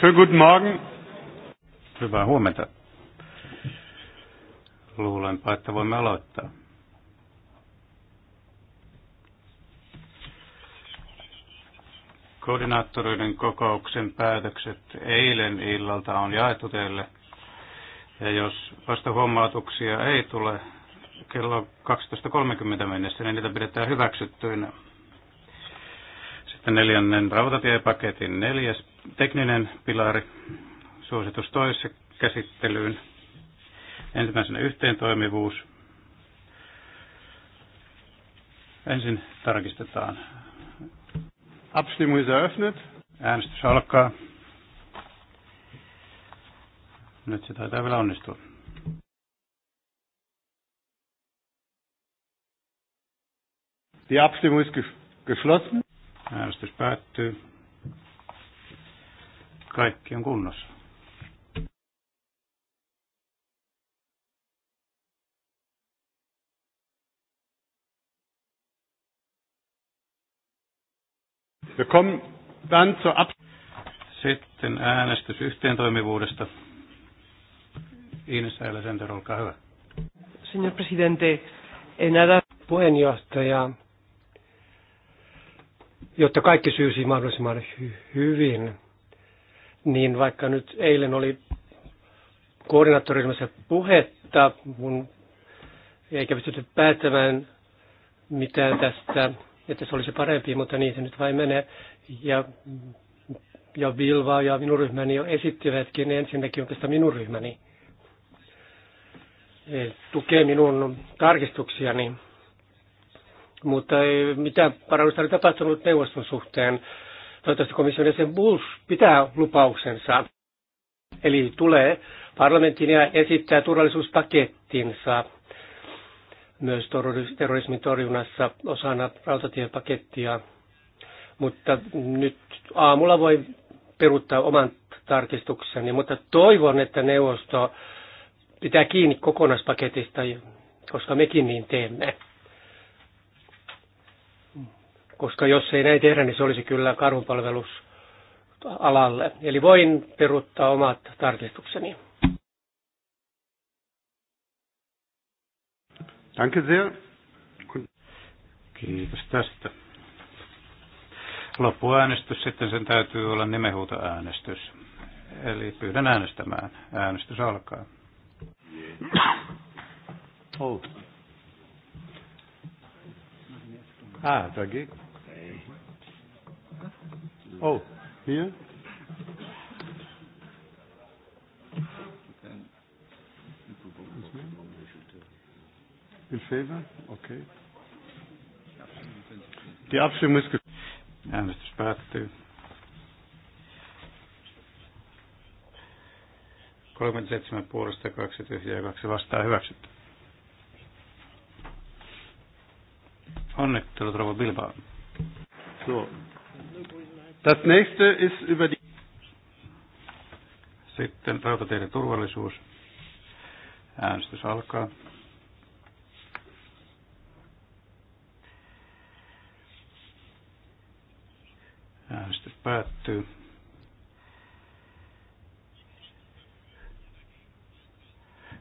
Schönen guten Morgen. Hyvää huomenta. Luulenpa, että voimme aloittaa. Koordinaattoreiden kokouksen päätökset eilen illalta on jaettu teille. Ja jos vasta huomautuksia ei tule kello 12.30 mennessä, niin niitä pidetään hyväksyttyinä. Sitten neljännen rautatiepaketin neljäs tekninen pilari, suositus toisessa käsittelyyn, ensimmäisenä yhteentoimivuus. Ensin tarkistetaan. Abstimmung ist eröffnet. Äänestys alkaa. Nyt se taitaa vielä onnistua. Die Abstimmung ist geschlossen. Äänestys päättyy kaikki on kunnossa. Sitten äänestys toimivuudesta. Ines Eiläsenter, olkaa hyvä. Señor presidente, nada... Puheenjohtaja, jotta kaikki syysi mahdollisimman hy- hyvin, niin vaikka nyt eilen oli koordinaattoriryhmässä puhetta, mun eikä pystytty päättämään mitään tästä, että se olisi parempi, mutta niin se nyt vain menee. Ja, ja Vilva ja minun ryhmäni jo esittivätkin ensinnäkin oikeastaan minun ryhmäni tukee minun tarkistuksiani, mutta ei mitään parannusta ole tapahtunut neuvoston suhteen Toivottavasti komission jäsen Bulls pitää lupauksensa. Eli tulee parlamenttiin ja esittää turvallisuuspakettinsa myös terrorismin torjunnassa osana rautatiepakettia. Mutta nyt aamulla voi peruuttaa oman tarkistukseni, mutta toivon, että neuvosto pitää kiinni kokonaispaketista, koska mekin niin teemme koska jos ei näin tehdä, niin se olisi kyllä karhunpalvelus alalle. Eli voin peruttaa omat tarkistukseni. Danke sehr. Kiitos tästä. Loppuäänestys sitten sen täytyy olla nimenhuutoäänestys. Eli pyydän äänestämään. Äänestys alkaa. Oh. Ah, dagegen. Oh, here? In favor? Okay. Die Abstimmung ist Äänestys päättyy. 37 puolesta, kaksi tyhjää, kaksi vastaa hyväksytty. Onnittelut Rova Bilbao. Joo. Das nächste ist über die Sitten rautateiden turvallisuus. Äänestys alkaa. Äänestys päättyy.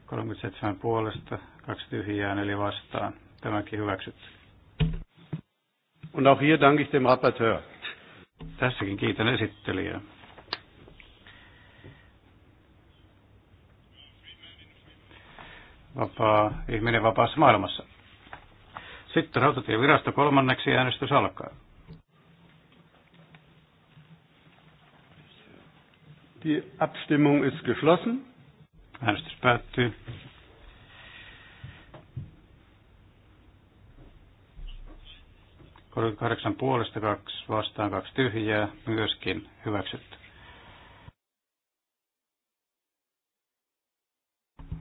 Kolmekymmentäseitsemän puolesta, kaksi tyhjää, neljä vastaan. Tämäkin hyväksytty. Und auch hier danke ich dem Rapporteur. Tässäkin kiitän esittelijää. Vapaa, ihminen vapaassa maailmassa. Sitten rautatievirasto kolmanneksi äänestys alkaa. Die Abstimmung ist geschlossen. Äänestys päättyy. 38 puolesta, 2 vastaan, 2 tyhjää, myöskin hyväksytty.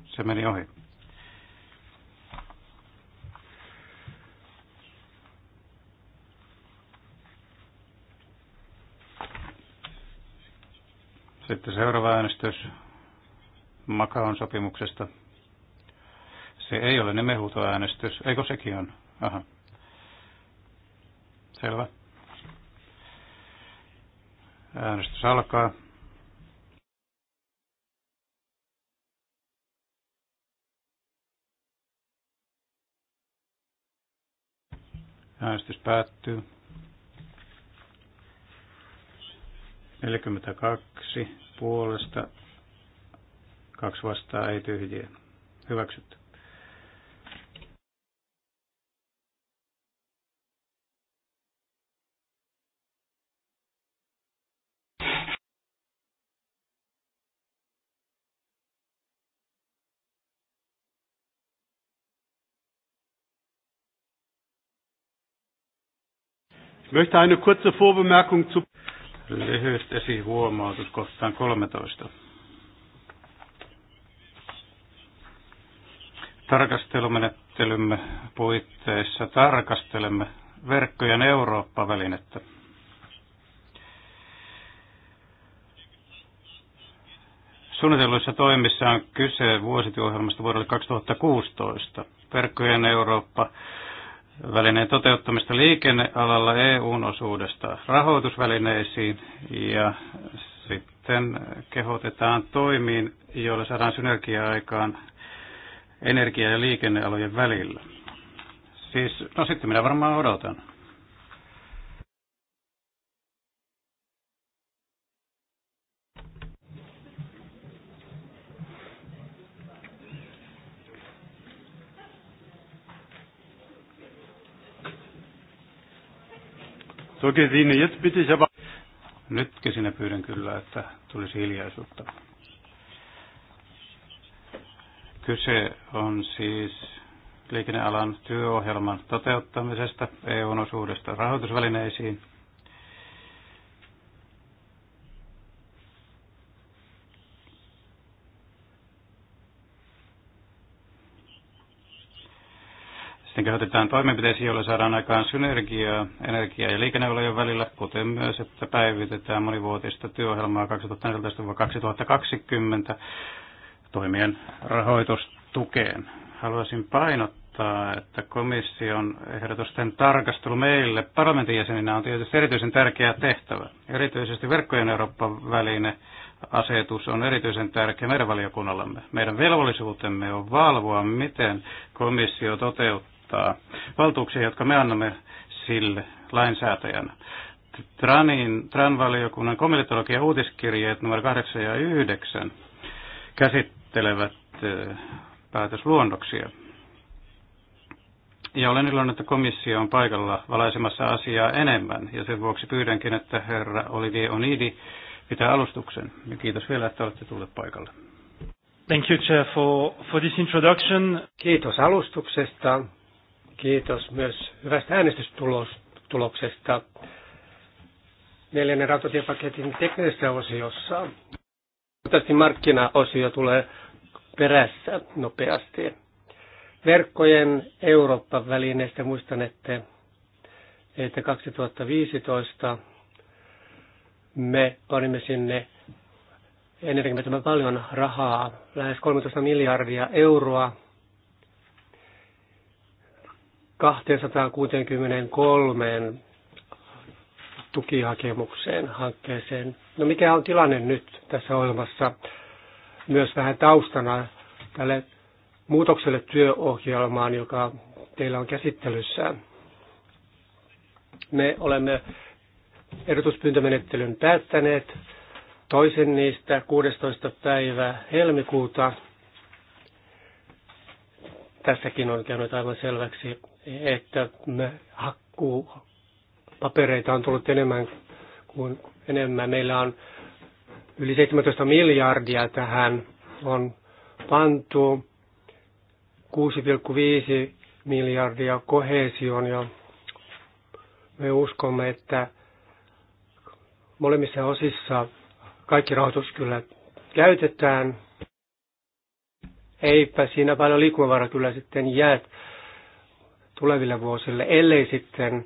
Se meni ohi. Sitten seuraava äänestys Makaon sopimuksesta. Se ei ole nimenhuutoäänestys. Eikö sekin on? Aha. Selvä. Äänestys alkaa. Äänestys päättyy. 42 puolesta, kaksi vastaa ei tyhjiä. Hyväksytty. Ich möchte eine kurze Vorbemerkung zu esi huomautus kohtaan 13. Tarkastelumenettelymme puitteissa tarkastelemme verkkojen Eurooppa-välinettä. Suunnitelluissa toimissa on kyse vuosityöohjelmasta vuodelle 2016. Verkkojen Eurooppa välineen toteuttamista liikennealalla EUn osuudesta rahoitusvälineisiin ja sitten kehotetaan toimiin, joilla saadaan synergiaa aikaan energia- ja liikennealojen välillä. Siis, no sitten minä varmaan odotan. Toki siinä jetzt bitte ich aber... Nyt sinä pyydän kyllä, että tulisi hiljaisuutta. Kyse on siis liikennealan työohjelman toteuttamisesta EUn osuudesta rahoitusvälineisiin – kehotetaan toimenpiteisiin, joilla saadaan aikaan synergiaa energia- ja liikenneolojen välillä, kuten myös, että päivitetään monivuotista työohjelmaa 2014-2020 toimien rahoitustukeen. Haluaisin painottaa, että komission ehdotusten tarkastelu meille parlamentin jäseninä on tietysti erityisen tärkeä tehtävä. Erityisesti verkkojen Euroopan väline asetus on erityisen tärkeä meidän valiokunnallamme. Meidän velvollisuutemme on valvoa, miten komissio toteuttaa rajoittaa valtuuksia, jotka me annamme sille lainsäätäjänä. Tranin, Tran-valiokunnan komitologian uutiskirjeet numero 8 ja 9 käsittelevät eh, päätösluonnoksia. Ja olen iloinen, että komissio on paikalla valaisemassa asiaa enemmän, ja sen vuoksi pyydänkin, että herra Olivier Onidi pitää alustuksen. Ja kiitos vielä, että olette tulleet paikalle. Thank you, Chair, for, for this introduction. Kiitos alustuksesta. Kiitos myös hyvästä äänestystuloksesta neljännen rautatiepaketin teknisessä osiossa. Toivottavasti markkinaosio tulee perässä nopeasti. Verkkojen Euroopan välineestä muistan, että, että 2015 me panimme sinne ennenkin paljon rahaa, lähes 13 miljardia euroa 263 tukihakemukseen hankkeeseen. No mikä on tilanne nyt tässä ohjelmassa? Myös vähän taustana tälle muutokselle työohjelmaan, joka teillä on käsittelyssä. Me olemme ehdotuspyyntömenettelyn päättäneet toisen niistä 16. päivä helmikuuta. Tässäkin on käynyt aivan selväksi, että hakkuu papereita on tullut enemmän kuin enemmän. Meillä on yli 17 miljardia tähän on pantu 6,5 miljardia kohesioon ja me uskomme, että molemmissa osissa kaikki rahoitus kyllä käytetään. Eipä siinä paljon liikkumavaraa kyllä sitten jää tuleville vuosille, ellei sitten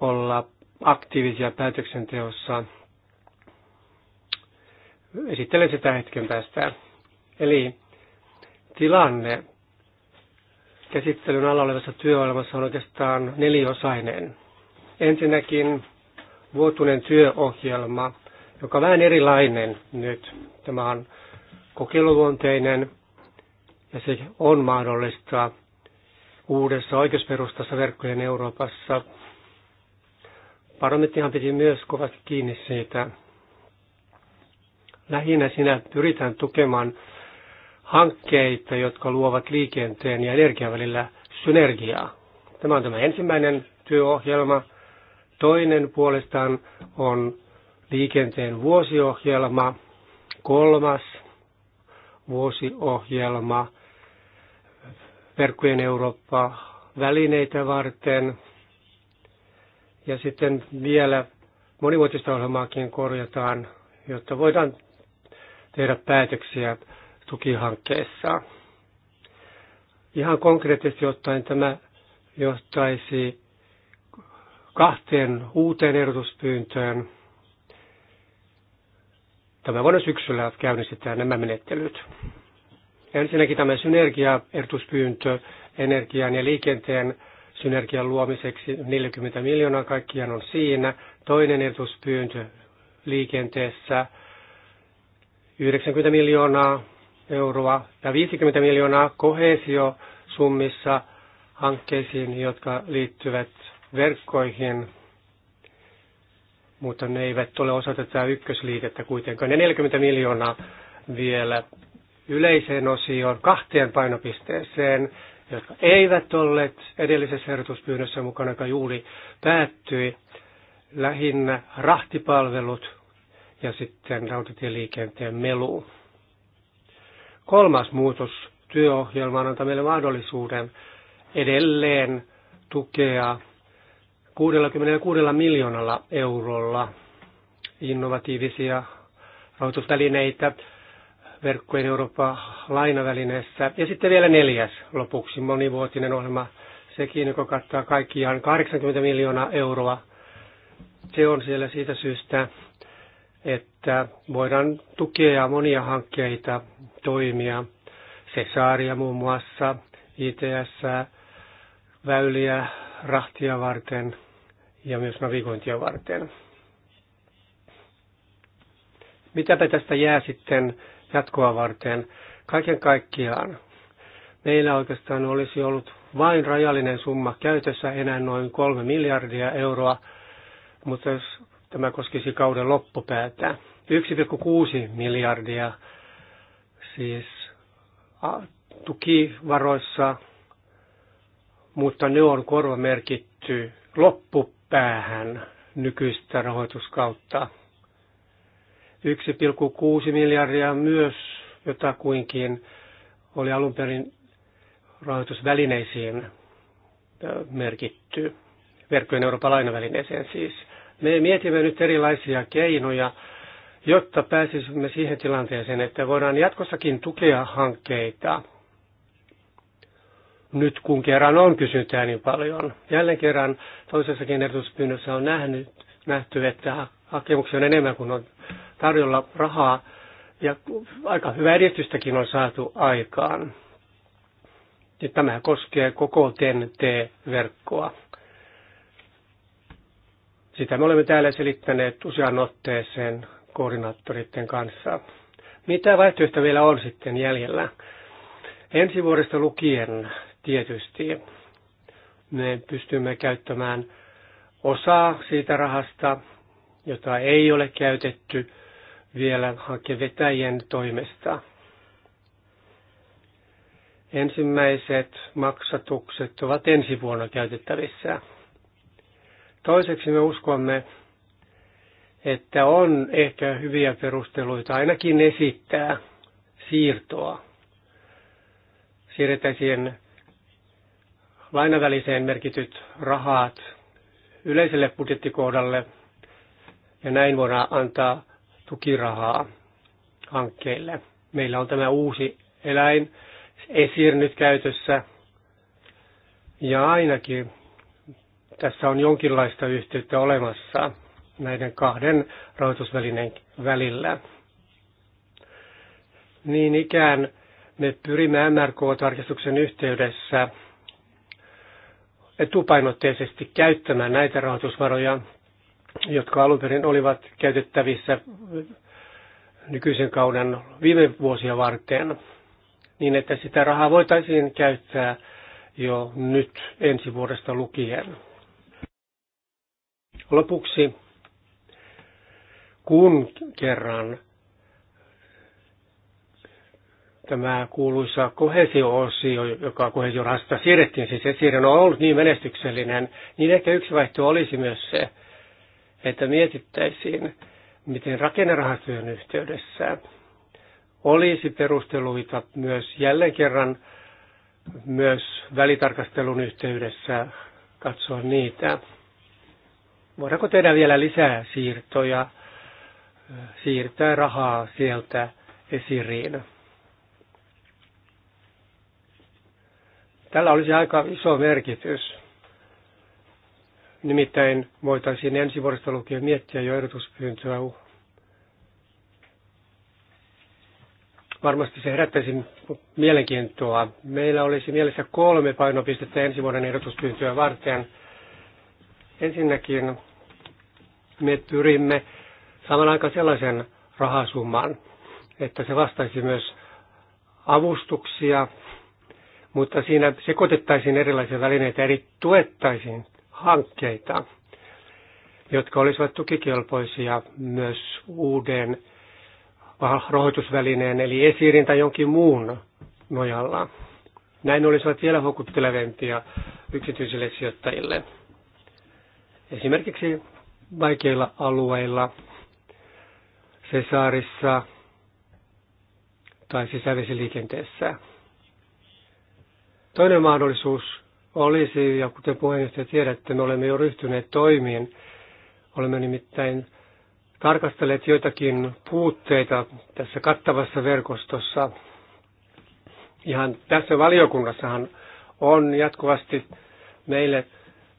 olla aktiivisia päätöksenteossa. Esittelen sitä hetken päästä. Eli tilanne käsittelyn alla olevassa työohjelmassa on oikeastaan neliosainen. Ensinnäkin vuotuinen työohjelma, joka on vähän erilainen nyt. Tämä on kokeiluluonteinen ja se on mahdollista uudessa oikeusperustassa verkkojen Euroopassa. Parlamenttihan piti myös kovasti kiinni siitä. Lähinnä sinä pyritään tukemaan hankkeita, jotka luovat liikenteen ja energian välillä synergiaa. Tämä on tämä ensimmäinen työohjelma. Toinen puolestaan on liikenteen vuosiohjelma. Kolmas vuosiohjelma – verkkojen Eurooppa-välineitä varten. Ja sitten vielä monivuotista ohjelmaakin korjataan, jotta voidaan tehdä päätöksiä tukihankkeessa. Ihan konkreettisesti ottaen tämä johtaisi kahteen uuteen erotuspyyntöön. Tämä vuonna syksyllä käynnistetään nämä menettelyt. Ensinnäkin tämä synergiaertuspyyntö energian ja liikenteen synergian luomiseksi 40 miljoonaa kaikkiaan on siinä. Toinen etuspyyntö liikenteessä 90 miljoonaa euroa ja 50 miljoonaa summissa hankkeisiin, jotka liittyvät verkkoihin, mutta ne eivät ole osa tätä ykkösliikettä kuitenkaan. Ja 40 miljoonaa vielä yleiseen osioon kahteen painopisteeseen, jotka eivät olleet edellisessä ehdotuspyynnössä mukana, joka juuri päättyi. Lähinnä rahtipalvelut ja sitten rautatieliikenteen melu. Kolmas muutos työohjelmaan antaa meille mahdollisuuden edelleen tukea 66 miljoonalla eurolla innovatiivisia rahoitusvälineitä verkkojen Euroopan lainavälineessä. Ja sitten vielä neljäs lopuksi monivuotinen ohjelma, sekin joka kattaa kaikkiaan 80 miljoonaa euroa. Se on siellä siitä syystä, että voidaan tukea monia hankkeita, toimia, sesaaria muun muassa, ITS, väyliä rahtia varten ja myös navigointia varten. Mitäpä tästä jää sitten jatkoa varten. Kaiken kaikkiaan meillä oikeastaan olisi ollut vain rajallinen summa käytössä enää noin kolme miljardia euroa, mutta jos tämä koskisi kauden loppupäätään. 1,6 miljardia siis tukivaroissa, mutta ne on korvamerkitty loppupäähän nykyistä rahoituskautta 1,6 miljardia myös jotakuinkin oli alun perin rahoitusvälineisiin merkitty, verkkojen Euroopan lainavälineeseen siis. Me mietimme nyt erilaisia keinoja, jotta pääsisimme siihen tilanteeseen, että voidaan jatkossakin tukea hankkeita, nyt kun kerran on kysyntää niin paljon. Jälleen kerran toisessakin erityispyynnössä on nähnyt, nähty, että hakemuksia on enemmän kuin on tarjolla rahaa ja aika hyvää edistystäkin on saatu aikaan. Ja tämä koskee koko TNT-verkkoa. Sitä me olemme täällä selittäneet usean otteeseen koordinaattoritten kanssa. Mitä vaihtoehtoja vielä on sitten jäljellä? Ensi vuodesta lukien tietysti me pystymme käyttämään osa siitä rahasta, jota ei ole käytetty vielä hankevetäjien toimesta. Ensimmäiset maksatukset ovat ensi vuonna käytettävissä. Toiseksi me uskomme, että on ehkä hyviä perusteluita ainakin esittää siirtoa. siihen lainaväliseen merkityt rahat yleiselle budjettikohdalle ja näin voidaan antaa tukirahaa hankkeille. Meillä on tämä uusi eläin esir nyt käytössä ja ainakin tässä on jonkinlaista yhteyttä olemassa näiden kahden rahoitusvälineen välillä. Niin ikään me pyrimme MRK-tarkistuksen yhteydessä etupainotteisesti käyttämään näitä rahoitusvaroja, jotka alun perin olivat käytettävissä nykyisen kauden viime vuosia varten, niin että sitä rahaa voitaisiin käyttää jo nyt ensi vuodesta lukien. Lopuksi, kun kerran tämä kuuluisa kohesio-osio, joka kohesiorahasta siirrettiin, siis Esirin on ollut niin menestyksellinen, niin ehkä yksi vaihtoehto olisi myös se, että mietittäisiin, miten rakennerahastojen yhteydessä olisi perusteluita myös jälleen kerran myös välitarkastelun yhteydessä katsoa niitä. Voidaanko tehdä vielä lisää siirtoja, siirtää rahaa sieltä esiriin? Tällä olisi aika iso merkitys. Nimittäin voitaisiin ensi vuodesta lukien miettiä jo erotuspyyntöä. Varmasti se herättäisi mielenkiintoa. Meillä olisi mielessä kolme painopistettä ensi vuoden erotuspyyntöä varten. Ensinnäkin me pyrimme saman aikaan sellaisen rahasumman, että se vastaisi myös avustuksia mutta siinä sekoitettaisiin erilaisia välineitä, eli tuettaisiin hankkeita, jotka olisivat tukikelpoisia myös uuden rahoitusvälineen, eli esiirin tai jonkin muun nojalla. Näin olisivat vielä houkuttelevempia yksityisille sijoittajille. Esimerkiksi vaikeilla alueilla, Sesaarissa tai sisävesiliikenteessä. Toinen mahdollisuus olisi, ja kuten puheenjohtaja tiedätte, me olemme jo ryhtyneet toimiin. Olemme nimittäin tarkastelleet joitakin puutteita tässä kattavassa verkostossa. Ihan tässä valiokunnassahan on jatkuvasti meille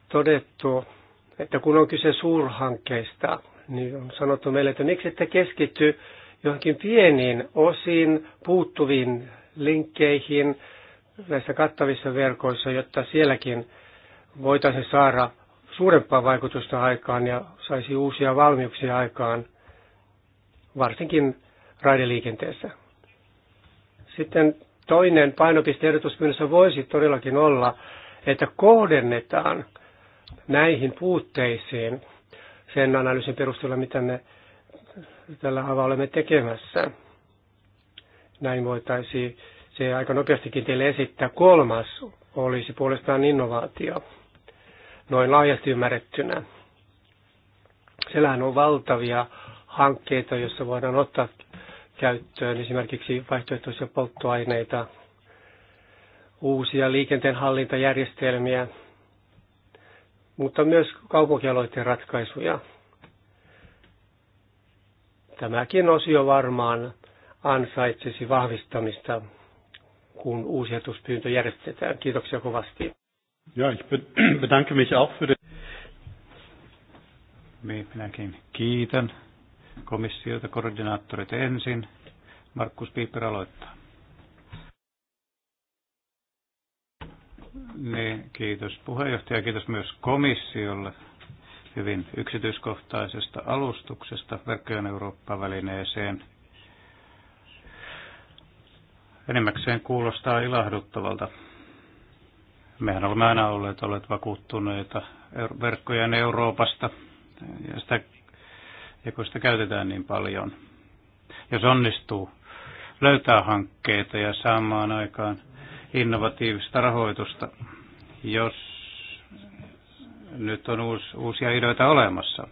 todettu, että kun on kyse suurhankkeista, niin on sanottu meille, että miksi ette keskitty johonkin pieniin osiin, puuttuviin linkkeihin, näissä kattavissa verkoissa, jotta sielläkin voitaisiin saada suurempaa vaikutusta aikaan ja saisi uusia valmiuksia aikaan, varsinkin raideliikenteessä. Sitten toinen painopisteehdotus minusta voisi todellakin olla, että kohdennetaan näihin puutteisiin sen analyysin perusteella, mitä me tällä havaa olemme tekemässä. Näin voitaisiin se aika nopeastikin teille esittää. Kolmas olisi puolestaan innovaatio, noin laajasti ymmärrettynä. Siellähän on valtavia hankkeita, joissa voidaan ottaa käyttöön esimerkiksi vaihtoehtoisia polttoaineita, uusia liikenteenhallintajärjestelmiä, mutta myös kaupunkialoitteen ratkaisuja. Tämäkin osio varmaan ansaitsisi vahvistamista kun uusi etuspyyntö järjestetään. Kiitoksia kovasti. Ja, ich bedanke mich auch für den... Niin, minäkin kiitän komissiota, koordinaattorit ensin. Markus Piipper aloittaa. Niin, kiitos puheenjohtaja, kiitos myös komissiolle hyvin yksityiskohtaisesta alustuksesta Verkkojen Eurooppa-välineeseen – enimmäkseen kuulostaa ilahduttavalta. Mehän olemme aina olleet, olleet vakuuttuneita verkkojen Euroopasta ja, sitä, ja kun sitä käytetään niin paljon. Jos onnistuu löytää hankkeita ja saamaan aikaan innovatiivista rahoitusta, jos nyt on uus, uusia ideoita olemassa,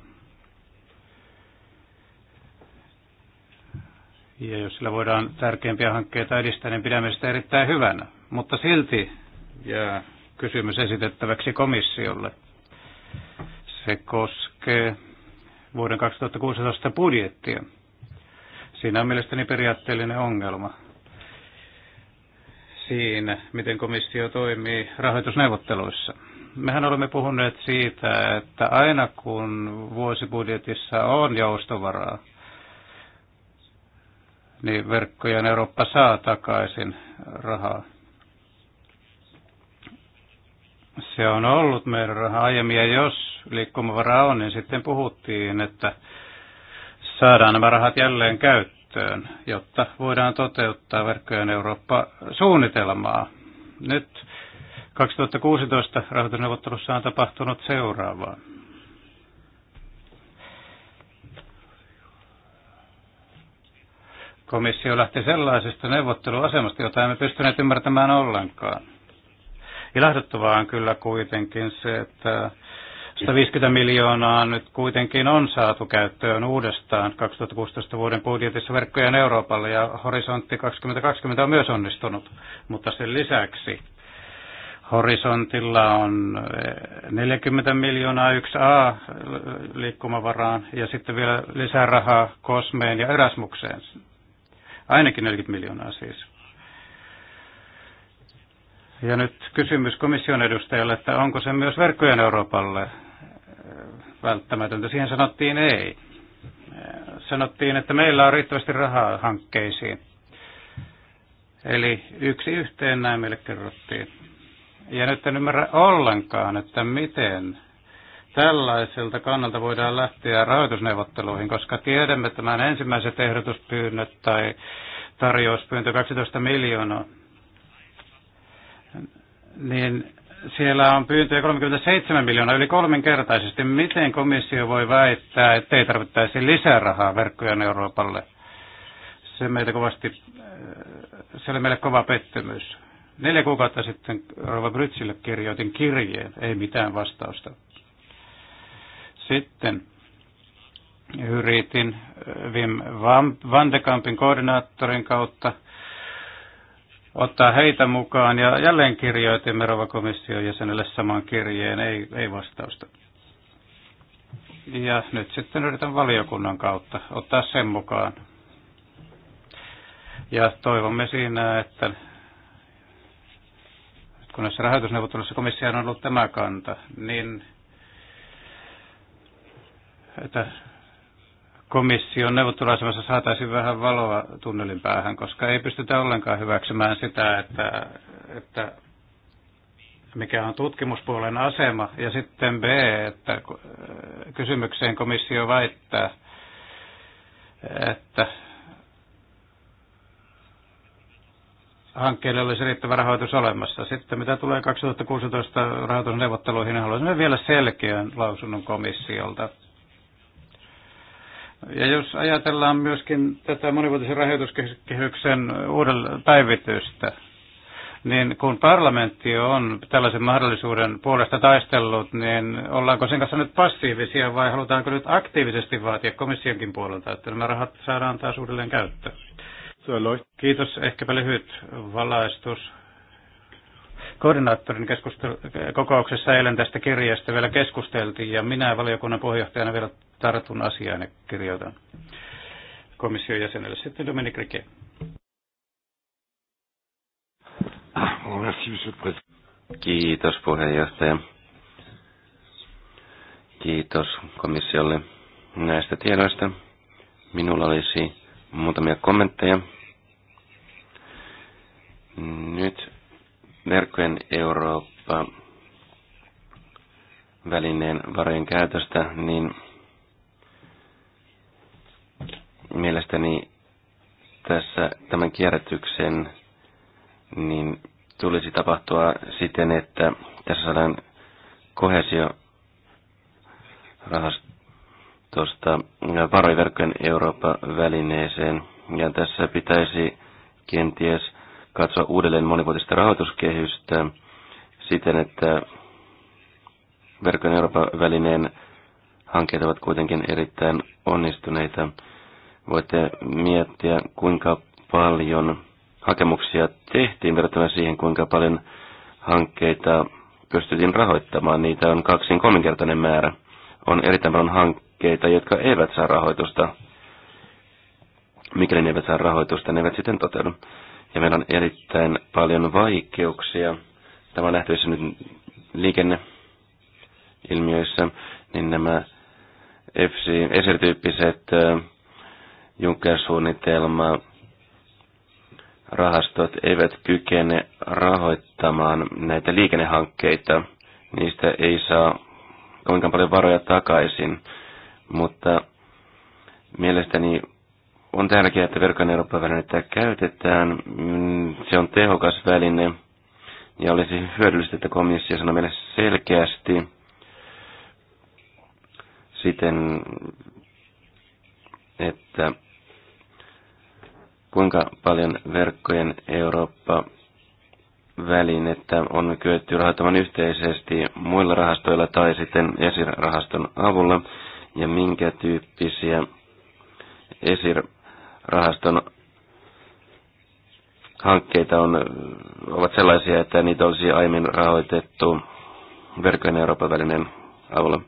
Ja jos sillä voidaan tärkeimpiä hankkeita edistää, niin pidämme sitä erittäin hyvänä. Mutta silti jää kysymys esitettäväksi komissiolle. Se koskee vuoden 2016 budjettia. Siinä on mielestäni periaatteellinen ongelma siinä, miten komissio toimii rahoitusneuvotteluissa. Mehän olemme puhuneet siitä, että aina kun vuosibudjetissa on joustovaraa, niin verkkojen Eurooppa saa takaisin rahaa. Se on ollut meidän rahaa aiemmin, ja jos liikkumavaraa on, niin sitten puhuttiin, että saadaan nämä rahat jälleen käyttöön, jotta voidaan toteuttaa verkkojen Eurooppa-suunnitelmaa. Nyt 2016 rahoitusneuvottelussa on tapahtunut seuraavaa. komissio lähti sellaisesta neuvotteluasemasta, jota emme pystyneet ymmärtämään ollenkaan. Ilahduttavaa on kyllä kuitenkin se, että 150 miljoonaa nyt kuitenkin on saatu käyttöön uudestaan 2016 vuoden budjetissa verkkojen Euroopalle ja horisontti 2020 on myös onnistunut, mutta sen lisäksi horisontilla on 40 miljoonaa 1A liikkumavaraan ja sitten vielä lisää rahaa Kosmeen ja Erasmukseen. Ainakin 40 miljoonaa siis. Ja nyt kysymys komission edustajalle, että onko se myös verkkojen Euroopalle äh, välttämätöntä. Siihen sanottiin ei. Äh, sanottiin, että meillä on riittävästi rahaa hankkeisiin. Eli yksi yhteen näin meille kerrottiin. Ja nyt en ymmärrä ollenkaan, että miten Tällaiselta kannalta voidaan lähteä rahoitusneuvotteluihin, koska tiedämme tämän ensimmäiset ehdotuspyynnöt tai tarjouspyyntö 12 miljoonaa, niin siellä on pyyntöjä 37 miljoonaa yli kolminkertaisesti. Miten komissio voi väittää, että ei tarvittaisi lisää rahaa verkkojen Euroopalle? Se, meitä kovasti, äh, se oli meille kova pettymys. Neljä kuukautta sitten Rova Brytsille kirjoitin kirjeen, ei mitään vastausta. Sitten yritin eh, Wim Vandekampin koordinaattorin kautta ottaa heitä mukaan ja jälleen Merova-komission jäsenelle saman kirjeen, ei, ei vastausta. Ja nyt sitten yritän valiokunnan kautta ottaa sen mukaan. Ja toivomme siinä, että kun näissä rahoitusneuvottelussa komissio on ollut tämä kanta, niin että komission neuvotteluasemassa saataisiin vähän valoa tunnelin päähän, koska ei pystytä ollenkaan hyväksymään sitä, että, että mikä on tutkimuspuolen asema, ja sitten B, että äh, kysymykseen komissio väittää, että hankkeelle olisi riittävä rahoitus olemassa. Sitten mitä tulee 2016 rahoitusneuvotteluihin, niin haluaisimme vielä selkeän lausunnon komissiolta ja jos ajatellaan myöskin tätä monivuotisen rahoituskehyksen uudelle päivitystä, niin kun parlamentti on tällaisen mahdollisuuden puolesta taistellut, niin ollaanko sen kanssa nyt passiivisia vai halutaanko nyt aktiivisesti vaatia komissionkin puolelta, että nämä rahat saadaan taas uudelleen käyttöön? Kiitos. Ehkäpä lyhyt valaistus koordinaattorin kokouksessa eilen tästä kirjasta vielä keskusteltiin ja minä valiokunnan puheenjohtajana vielä tartun asiaan ja kirjoitan komission jäsenelle. Sitten Dominic Riquet. Ah, Kiitos puheenjohtaja. Kiitos komissiolle näistä tiedoista. Minulla olisi muutamia kommentteja. Nyt merkkojen Eurooppa välineen varojen käytöstä, niin mielestäni tässä tämän kierrätyksen niin tulisi tapahtua siten, että tässä saadaan kohesio rahastosta varoiverkkojen Eurooppa-välineeseen. Ja tässä pitäisi kenties katsoa uudelleen monivuotista rahoituskehystä siten, että verkon Euroopan välineen hankkeet ovat kuitenkin erittäin onnistuneita. Voitte miettiä, kuinka paljon hakemuksia tehtiin verrattuna siihen, kuinka paljon hankkeita pystyttiin rahoittamaan. Niitä on kaksin kolminkertainen määrä. On erittäin paljon hankkeita, jotka eivät saa rahoitusta. Mikäli ne eivät saa rahoitusta, ne eivät sitten toteudu ja meillä on erittäin paljon vaikeuksia. Tämä on nähtävissä nyt liikenneilmiöissä, niin nämä FC, eser Junker-suunnitelma, rahastot eivät kykene rahoittamaan näitä liikennehankkeita. Niistä ei saa kovinkaan paljon varoja takaisin, mutta mielestäni on tärkeää, että verkan eurooppa käytetään. Mm, se on tehokas väline ja olisi hyödyllistä, että komissio sanoo meille selkeästi siten, että kuinka paljon verkkojen Eurooppa että on kyetty rahoittamaan yhteisesti muilla rahastoilla tai sitten esirahaston avulla, ja minkä tyyppisiä esir rahaston hankkeita on, ovat sellaisia, että niitä olisi aiemmin rahoitettu verkkojen Euroopan välinen avulla.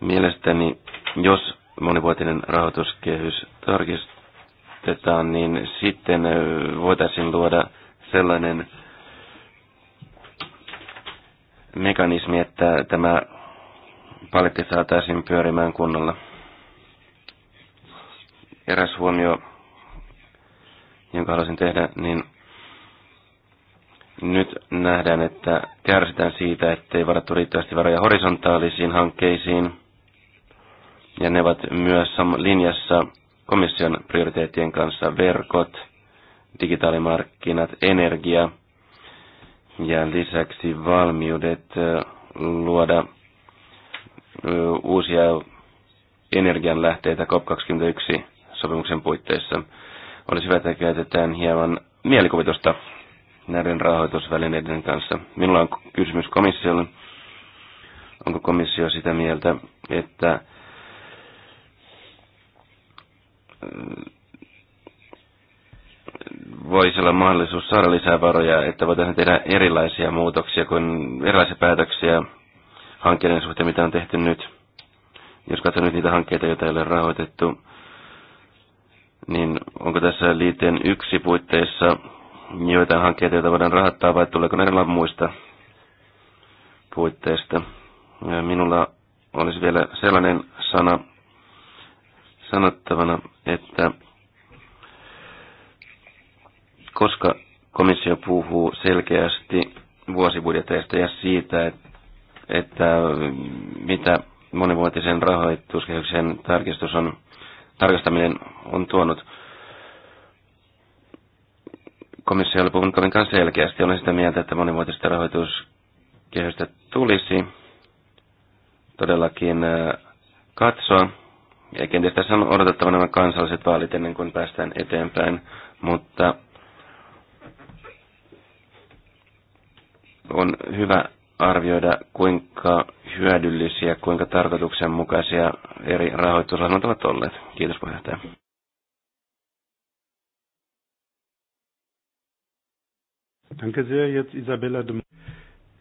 Mielestäni, jos monivuotinen rahoituskehys tarkistetaan, niin sitten voitaisiin luoda sellainen mekanismi, että tämä paletti saataisiin pyörimään kunnolla. Eräs huomio, jonka haluaisin tehdä, niin nyt nähdään, että kärsitään siitä, ettei varattu riittävästi varoja horisontaalisiin hankkeisiin, ja ne ovat myös linjassa komission prioriteettien kanssa verkot, digitaalimarkkinat, energia ja lisäksi valmiudet luoda uusia energianlähteitä COP21 sopimuksen puitteissa. Olisi hyvä, että käytetään hieman mielikuvitusta näiden rahoitusvälineiden kanssa. Minulla on kysymys komissiolle. Onko komissio sitä mieltä, että äh, voisi olla mahdollisuus saada lisää varoja, että voitaisiin tehdä erilaisia muutoksia kuin erilaisia päätöksiä hankkeiden suhteen, mitä on tehty nyt. Jos katsotaan nyt niitä hankkeita, joita ei ole rahoitettu, niin onko tässä liiteen yksi puitteissa joitain hankkeita, joita voidaan rahoittaa, vai tuleeko ne muista puitteista? Minulla olisi vielä sellainen sana sanottavana, että koska komissio puhuu selkeästi vuosibudjeteista ja siitä, että mitä monivuotisen rahoituskehyksen tarkistus on tarkastaminen on tuonut. komissiolle oli puhunut kovinkaan selkeästi. Olen sitä mieltä, että monivuotista rahoituskehystä tulisi todellakin äh, katsoa. Ja kenties tässä on odotettava nämä kansalliset vaalit ennen kuin päästään eteenpäin, mutta on hyvä arvioida, kuinka hyödyllisiä, kuinka tarkoituksenmukaisia eri rahoitusohjelmat ovat olleet. Kiitos puheenjohtaja. Danke sehr, jetzt Isabella de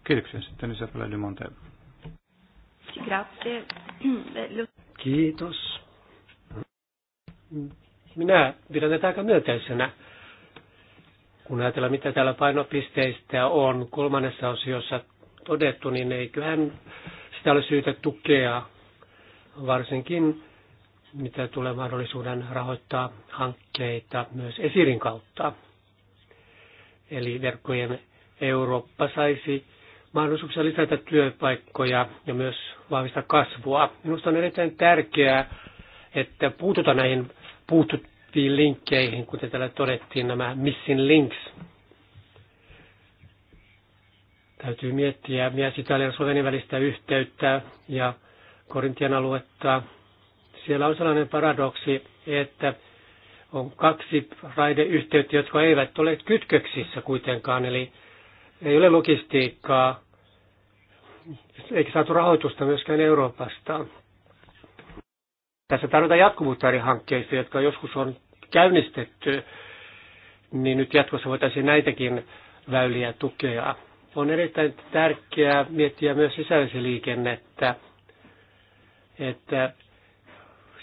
Kiitoksia sitten Isabella de Monte. Grazie. Kiitos. Minä pidän tätä aika myönteisenä. Kun ajatellaan, mitä täällä painopisteistä on, kolmannessa osiossa todettu, niin eiköhän sitä ole syytä tukea, varsinkin mitä tulee mahdollisuuden rahoittaa hankkeita myös esirin kautta. Eli verkkojen Eurooppa saisi mahdollisuuksia lisätä työpaikkoja ja myös vahvistaa kasvua. Minusta on erittäin tärkeää, että puututaan näihin puututtiin linkkeihin, kuten täällä todettiin, nämä missing links Täytyy miettiä myös Italian Slovenian välistä yhteyttä ja Korintian aluetta. Siellä on sellainen paradoksi, että on kaksi raideyhteyttä, jotka eivät ole kytköksissä kuitenkaan, eli ei ole logistiikkaa, eikä saatu rahoitusta myöskään Euroopasta. Tässä tarvitaan jatkuvuutta eri hankkeista, jotka joskus on käynnistetty, niin nyt jatkossa voitaisiin näitäkin väyliä tukea. On erittäin tärkeää miettiä myös sisävesiliikennettä, että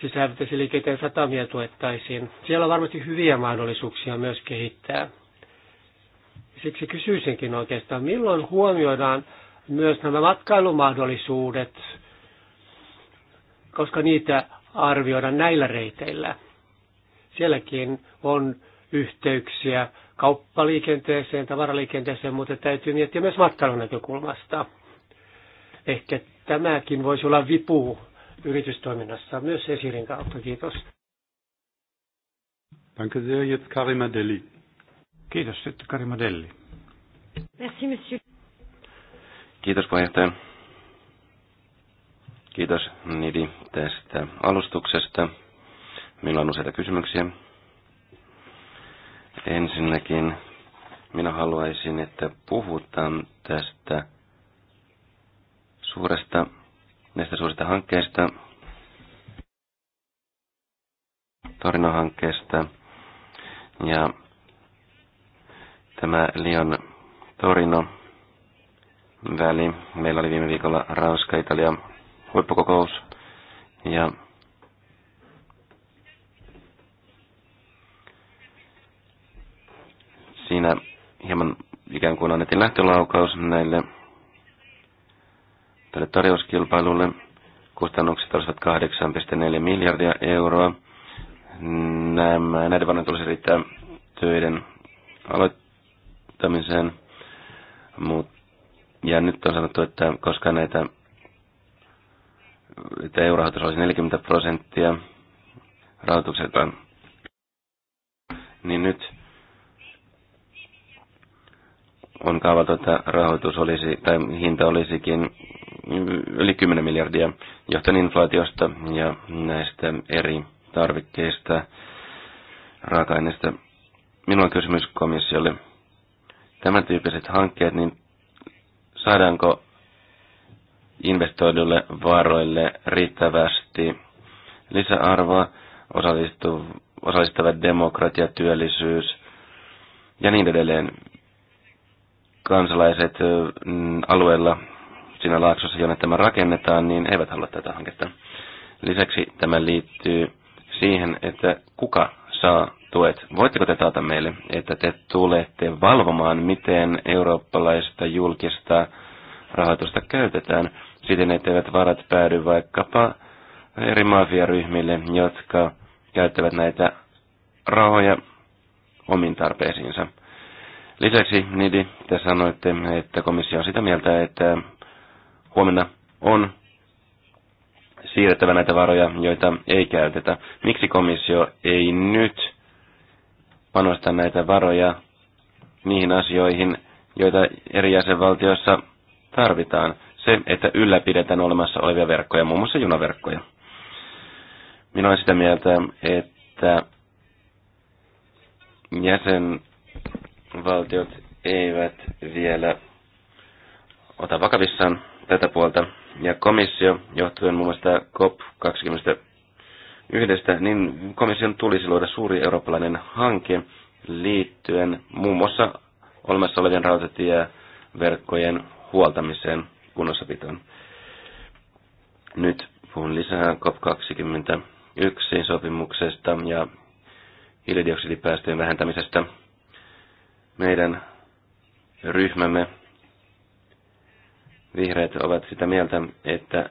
sisävesiliikenteen satamia tuettaisiin. Siellä on varmasti hyviä mahdollisuuksia myös kehittää. Siksi kysyisinkin oikeastaan, milloin huomioidaan myös nämä matkailumahdollisuudet, koska niitä arvioidaan näillä reiteillä. Sielläkin on yhteyksiä kauppaliikenteeseen, tavaraliikenteeseen, mutta täytyy miettiä myös matkailun näkökulmasta. Ehkä tämäkin voisi olla vipu yritystoiminnassa myös esirin kautta. Kiitos. Danke sehr, jetzt Karima Deli. Kiitos, sitten Karima Deli. Merci, monsieur. Kiitos puheenjohtaja. Kiitos Nidi tästä alustuksesta. Meillä on useita kysymyksiä. Ensinnäkin minä haluaisin, että puhutaan tästä suuresta, näistä suurista hankkeista, Torino-hankkeesta ja tämä Lion Torino väli. Meillä oli viime viikolla Ranska-Italia huippukokous ja Siinä hieman ikään kuin annettiin lähtölaukaus näille tälle tarjouskilpailulle. Kustannukset olisivat 8,4 miljardia euroa. Nämä, näiden varojen tulisi riittää töiden aloittamiseen. Mut, ja nyt on sanottu, että koska näitä että EU-rahoitus olisi 40 prosenttia rahoituksesta, niin nyt on kaavailtu, että rahoitus olisi, tai hinta olisikin yli 10 miljardia johtuen inflaatiosta ja näistä eri tarvikkeista, raaka-aineista. Minulla on kysymys komissiolle. Tämän tyyppiset hankkeet, niin saadaanko investoidulle varoille riittävästi lisäarvoa, osallistava demokratia, työllisyys ja niin edelleen kansalaiset mm, alueella siinä laaksossa, jonne tämä rakennetaan, niin eivät halua tätä hanketta. Lisäksi tämä liittyy siihen, että kuka saa tuet. Voitteko te taata meille, että te tulette valvomaan, miten eurooppalaista julkista rahoitusta käytetään, siten etteivät varat päädy vaikkapa eri mafiaryhmille, jotka käyttävät näitä rahoja omiin tarpeisiinsa. Lisäksi, Nidi, te sanoitte, että komissio on sitä mieltä, että huomenna on siirrettävä näitä varoja, joita ei käytetä. Miksi komissio ei nyt panosta näitä varoja niihin asioihin, joita eri jäsenvaltioissa tarvitaan? Se, että ylläpidetään olemassa olevia verkkoja, muun muassa junaverkkoja. Minä olen sitä mieltä, että jäsen valtiot eivät vielä ota vakavissaan tätä puolta. Ja komissio, johtuen muun muassa COP21, niin komission tulisi luoda suuri eurooppalainen hanke liittyen muun muassa olemassa olevien rautatieverkkojen huoltamiseen kunnossapitoon. Nyt puhun lisää COP21 sopimuksesta ja hiilidioksidipäästöjen vähentämisestä meidän ryhmämme vihreät ovat sitä mieltä, että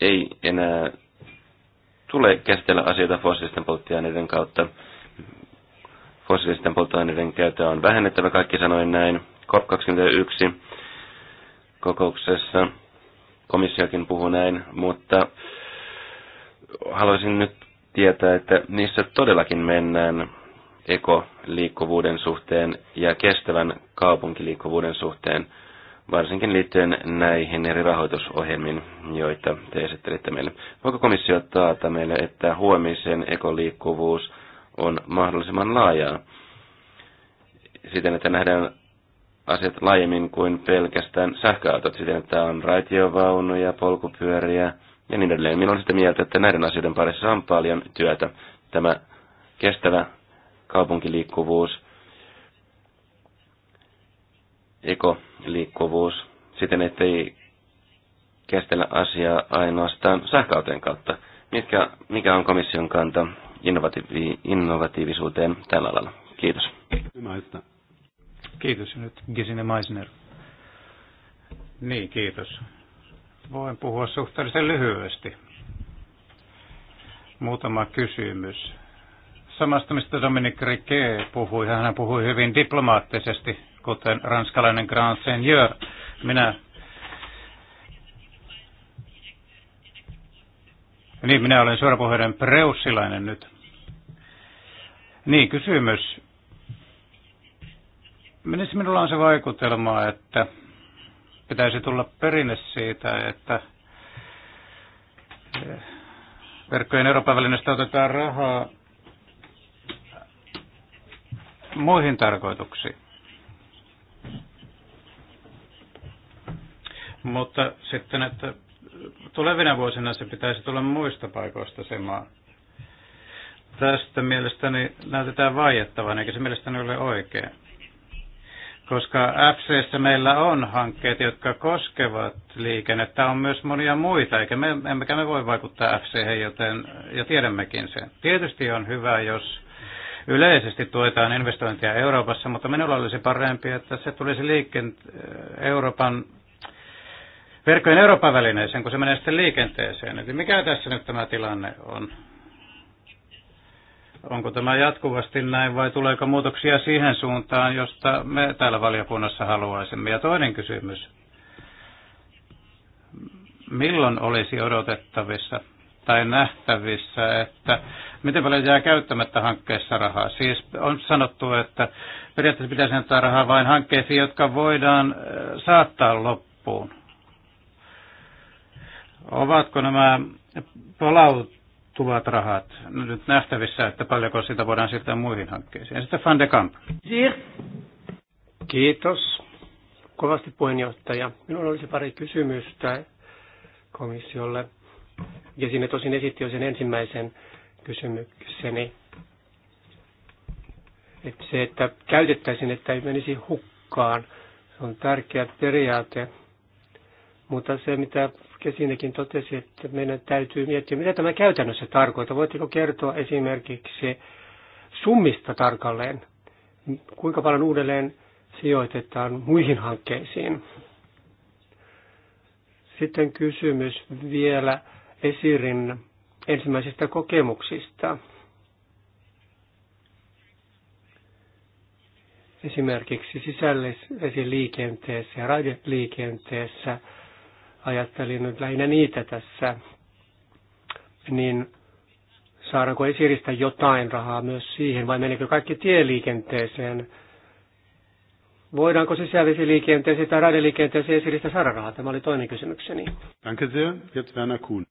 ei enää tule käsitellä asioita fossiilisten polttoaineiden kautta. Fossiilisten polttoaineiden käyttöä on vähennettävä, kaikki sanoin näin. COP21 kokouksessa komissiokin puhuu näin, mutta haluaisin nyt tietää, että niissä todellakin mennään ekoliikkuvuuden suhteen ja kestävän kaupunkiliikkuvuuden suhteen, varsinkin liittyen näihin eri rahoitusohjelmiin, joita te esittelitte meille. Voiko komissio taata meille, että huomisen ekoliikkuvuus on mahdollisimman laajaa siten, että nähdään asiat laajemmin kuin pelkästään sähköautot, siten että on raitiovaunuja, polkupyöriä ja niin edelleen. Minulla on sitä mieltä, että näiden asioiden parissa on paljon työtä. Tämä kestävä kaupunkiliikkuvuus, ekoliikkuvuus, siten ettei käsitellä asiaa ainoastaan sähköautojen kautta. Mitkä, mikä on komission kanta innovatiivi, innovatiivisuuteen tällä alalla? Kiitos. Kiitos. Ja nyt Gisine Meisner. Niin, kiitos. Voin puhua suhteellisen lyhyesti. Muutama kysymys samasta, mistä Dominique Riquet puhui. Hän puhui hyvin diplomaattisesti, kuten ranskalainen Grand Seigneur. Minä Niin, minä olen suorapuheiden preussilainen nyt. Niin, kysymys. Minulla on se vaikutelma, että pitäisi tulla perinne siitä, että eh, verkkojen Euroopan välineestä otetaan rahaa muihin tarkoituksiin. Mutta sitten, että tulevina vuosina se pitäisi tulla muista paikoista se maa. Tästä mielestäni näytetään vaiettavan, eikä se mielestäni ole oikein. Koska FCssä meillä on hankkeet, jotka koskevat liikennettä, on myös monia muita, eikä me, emmekä me voi vaikuttaa FC:hen, joten ja tiedämmekin sen. Tietysti on hyvä, jos yleisesti tuetaan investointia Euroopassa, mutta minulla olisi parempi, että se tulisi liikkeen Euroopan verkkojen Euroopan välineeseen, kun se menee sitten liikenteeseen. Eli mikä tässä nyt tämä tilanne on? Onko tämä jatkuvasti näin vai tuleeko muutoksia siihen suuntaan, josta me täällä valiokunnassa haluaisimme? Ja toinen kysymys. Milloin olisi odotettavissa tai nähtävissä, että miten paljon jää käyttämättä hankkeessa rahaa. Siis on sanottu, että periaatteessa pitäisi antaa rahaa vain hankkeisiin, jotka voidaan äh, saattaa loppuun. Ovatko nämä palautuvat rahat nyt nähtävissä, että paljonko sitä voidaan siirtää muihin hankkeisiin? Sitten Van de Kamp. Kiitos kovasti puheenjohtaja. Minulla olisi pari kysymystä komissiolle ja sinne tosin esitti jo sen ensimmäisen kysymykseni. Että se, että käytettäisiin, että ei menisi hukkaan, se on tärkeä periaate. Mutta se, mitä Kesinekin totesi, että meidän täytyy miettiä, mitä tämä käytännössä tarkoittaa. Voitteko kertoa esimerkiksi summista tarkalleen, kuinka paljon uudelleen sijoitetaan muihin hankkeisiin? Sitten kysymys vielä Esirin ensimmäisistä kokemuksista. Esimerkiksi sisällisvesiliikenteessä ja raideliikenteessä, ajattelin nyt lähinnä niitä tässä, niin saadaanko Esiristä jotain rahaa myös siihen vai menikö kaikki tieliikenteeseen? Voidaanko sisävesiliikenteeseen tai raideliikenteeseen Esiristä saada rahaa? Tämä oli toinen kysymykseni. Danke sehr. Jetzt Werner Kuhn.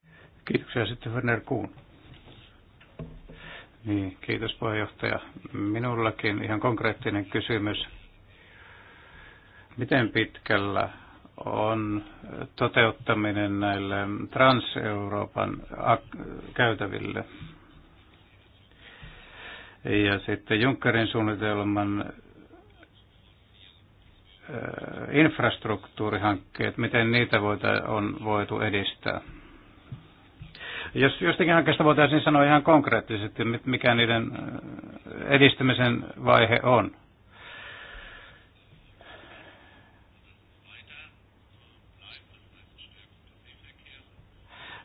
Kiitoksia sitten Werner Kuhn. Niin, kiitos puheenjohtaja. Minullakin ihan konkreettinen kysymys. Miten pitkällä on toteuttaminen näille trans-Euroopan käytäville? Ja sitten Junckerin suunnitelman äh, infrastruktuurihankkeet, miten niitä voita, on voitu edistää? Jos jostakin hankkeesta voitaisiin sanoa ihan konkreettisesti, mikä niiden äh, edistymisen vaihe on.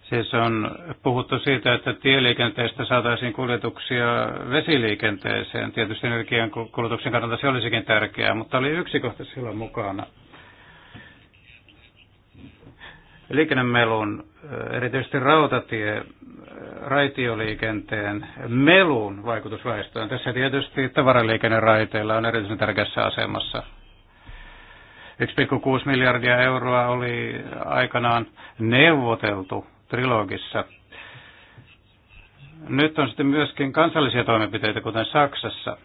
Siis on puhuttu siitä, että tieliikenteestä saataisiin kuljetuksia vesiliikenteeseen. Tietysti energian kulutuksen kannalta se olisikin tärkeää, mutta oli yksi kohta silloin mukana. Liikennemelun erityisesti rautatie, raitioliikenteen melun vaikutusväestöön. Tässä tietysti tavaraliikenneraiteilla on erityisen tärkeässä asemassa. 1,6 miljardia euroa oli aikanaan neuvoteltu trilogissa. Nyt on sitten myöskin kansallisia toimenpiteitä, kuten Saksassa,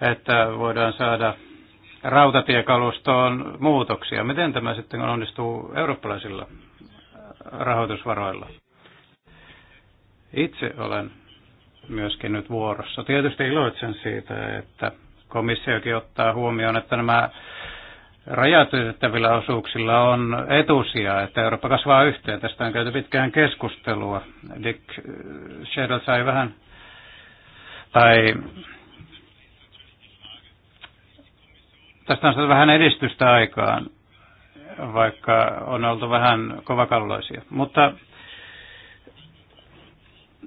että voidaan saada rautatiekalustoon muutoksia. Miten tämä sitten onnistuu eurooppalaisilla rahoitusvaroilla? Itse olen myöskin nyt vuorossa. Tietysti iloitsen siitä, että komissiokin ottaa huomioon, että nämä rajat osuuksilla on etusia, että Eurooppa kasvaa yhteen. Tästä on käyty pitkään keskustelua. Dick Shadow sai vähän, tai tästä on saatu vähän edistystä aikaan, vaikka on oltu vähän kovakalloisia. Mutta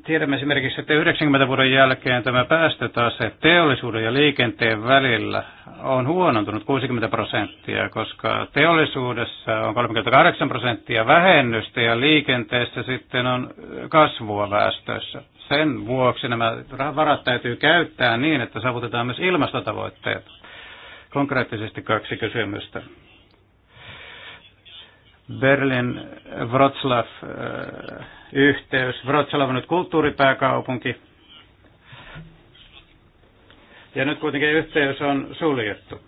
tiedämme esimerkiksi, että 90 vuoden jälkeen tämä päästötase teollisuuden ja liikenteen välillä on huonontunut 60 prosenttia, koska teollisuudessa on 38 prosenttia vähennystä ja liikenteessä sitten on kasvua väestössä. Sen vuoksi nämä varat täytyy käyttää niin, että saavutetaan myös ilmastotavoitteet. Konkreettisesti kaksi kysymystä. Berlin-Wroclaw-yhteys. Äh, Wroclaw on nyt kulttuuripääkaupunki. Ja nyt kuitenkin yhteys on suljettu.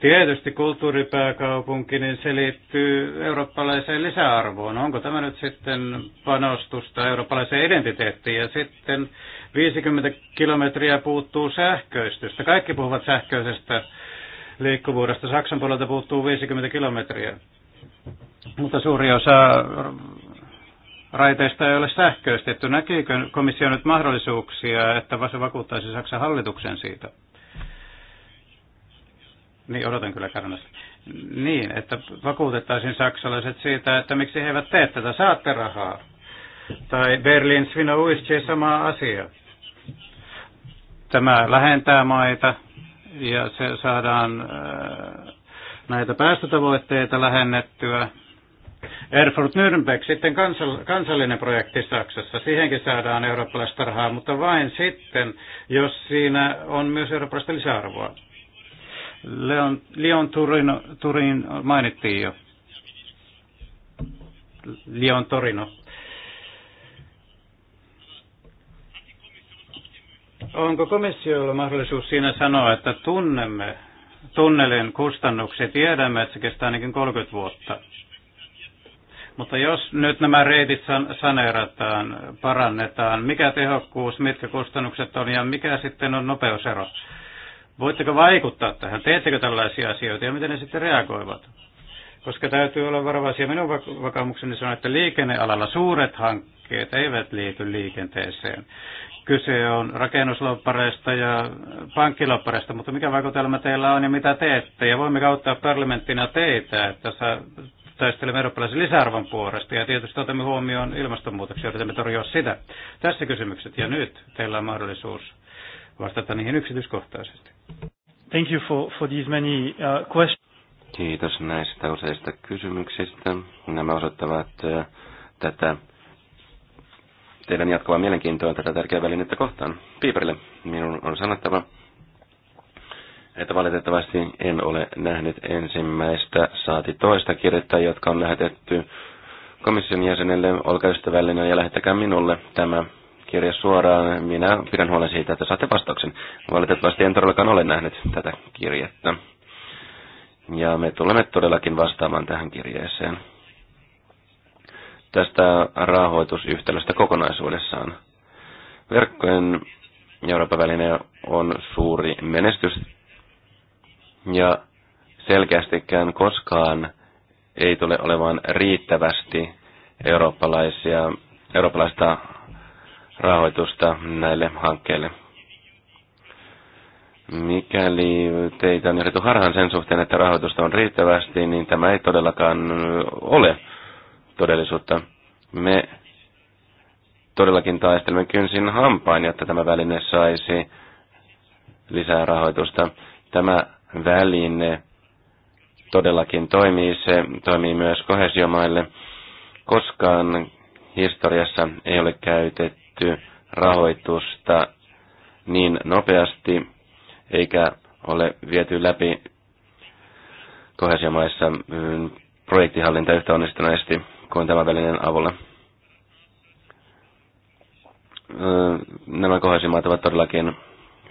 Tietysti kulttuuripääkaupunki, niin se liittyy eurooppalaiseen lisäarvoon. Onko tämä nyt sitten panostusta eurooppalaiseen identiteettiin? Ja sitten 50 kilometriä puuttuu sähköistystä. Kaikki puhuvat sähköisestä liikkuvuudesta. Saksan puolelta puuttuu 50 kilometriä. Mutta suuri osa raiteista ei ole sähköistetty. Näkyykö komissio nyt mahdollisuuksia, että se vakuuttaisi Saksan hallituksen siitä? Niin, odotan kyllä kärnästä. Niin, että vakuutettaisiin saksalaiset siitä, että miksi he eivät tee tätä, saatte rahaa. Tai Berliin svinouis Uisce, sama asia. Tämä lähentää maita ja se saadaan äh, näitä päästötavoitteita lähennettyä. Erfurt Nürnberg, sitten kansallinen projekti Saksassa. Siihenkin saadaan eurooppalaista rahaa, mutta vain sitten, jos siinä on myös eurooppalaista lisäarvoa. Leon, Leon Turin, Turin mainittiin jo. Leon Torino. Onko komissiolla mahdollisuus siinä sanoa, että tunnemme tunnelin kustannuksia, tiedämme, että se kestää ainakin 30 vuotta. Mutta jos nyt nämä reitit saneerataan, parannetaan, mikä tehokkuus, mitkä kustannukset on ja mikä sitten on nopeusero? Voitteko vaikuttaa tähän? Teettekö tällaisia asioita ja miten ne sitten reagoivat? Koska täytyy olla varovaisia. Minun vakaumukseni on, että liikennealalla suuret hankkeet, hankkeet eivät liity liikenteeseen. Kyse on rakennusloppareista ja pankkiloppareista, mutta mikä vaikutelma teillä on ja mitä teette? Ja voimme auttaa parlamenttina teitä, että taistelemme eurooppalaisen lisäarvon puolesta ja tietysti otamme huomioon ilmastonmuutoksia ja yritämme torjua sitä. Tässä kysymykset ja nyt teillä on mahdollisuus vastata niihin yksityiskohtaisesti. Thank you for, for these many, uh, questions. Kiitos näistä useista kysymyksistä. Nämä osoittavat uh, tätä teidän jatkuvaa mielenkiintoa tätä tärkeää välinettä kohtaan. Piiperille minun on sanottava, että valitettavasti en ole nähnyt ensimmäistä saati toista kirjettä, jotka on lähetetty komission jäsenelle, olkaa ystävällinen ja lähettäkää minulle tämä kirje suoraan. Minä pidän huolen siitä, että saatte vastauksen. Valitettavasti en todellakaan ole nähnyt tätä kirjettä. Ja me tulemme todellakin vastaamaan tähän kirjeeseen tästä rahoitusyhtälöstä kokonaisuudessaan. Verkkojen Euroopan väline on suuri menestys ja selkeästikään koskaan ei tule olemaan riittävästi eurooppalaisia, eurooppalaista rahoitusta näille hankkeille. Mikäli teitä on johdettu harhaan sen suhteen, että rahoitusta on riittävästi, niin tämä ei todellakaan ole todellisuutta. Me todellakin taistelemme kynsin hampain, jotta tämä väline saisi lisää rahoitusta. Tämä väline todellakin toimii, se toimii myös kohesiomaille. Koskaan historiassa ei ole käytetty rahoitusta niin nopeasti, eikä ole viety läpi kohesiomaissa mm, projektihallinta yhtä onnistuneesti kuin tämän välineen avulla. Nämä kohdaisimmat ovat todellakin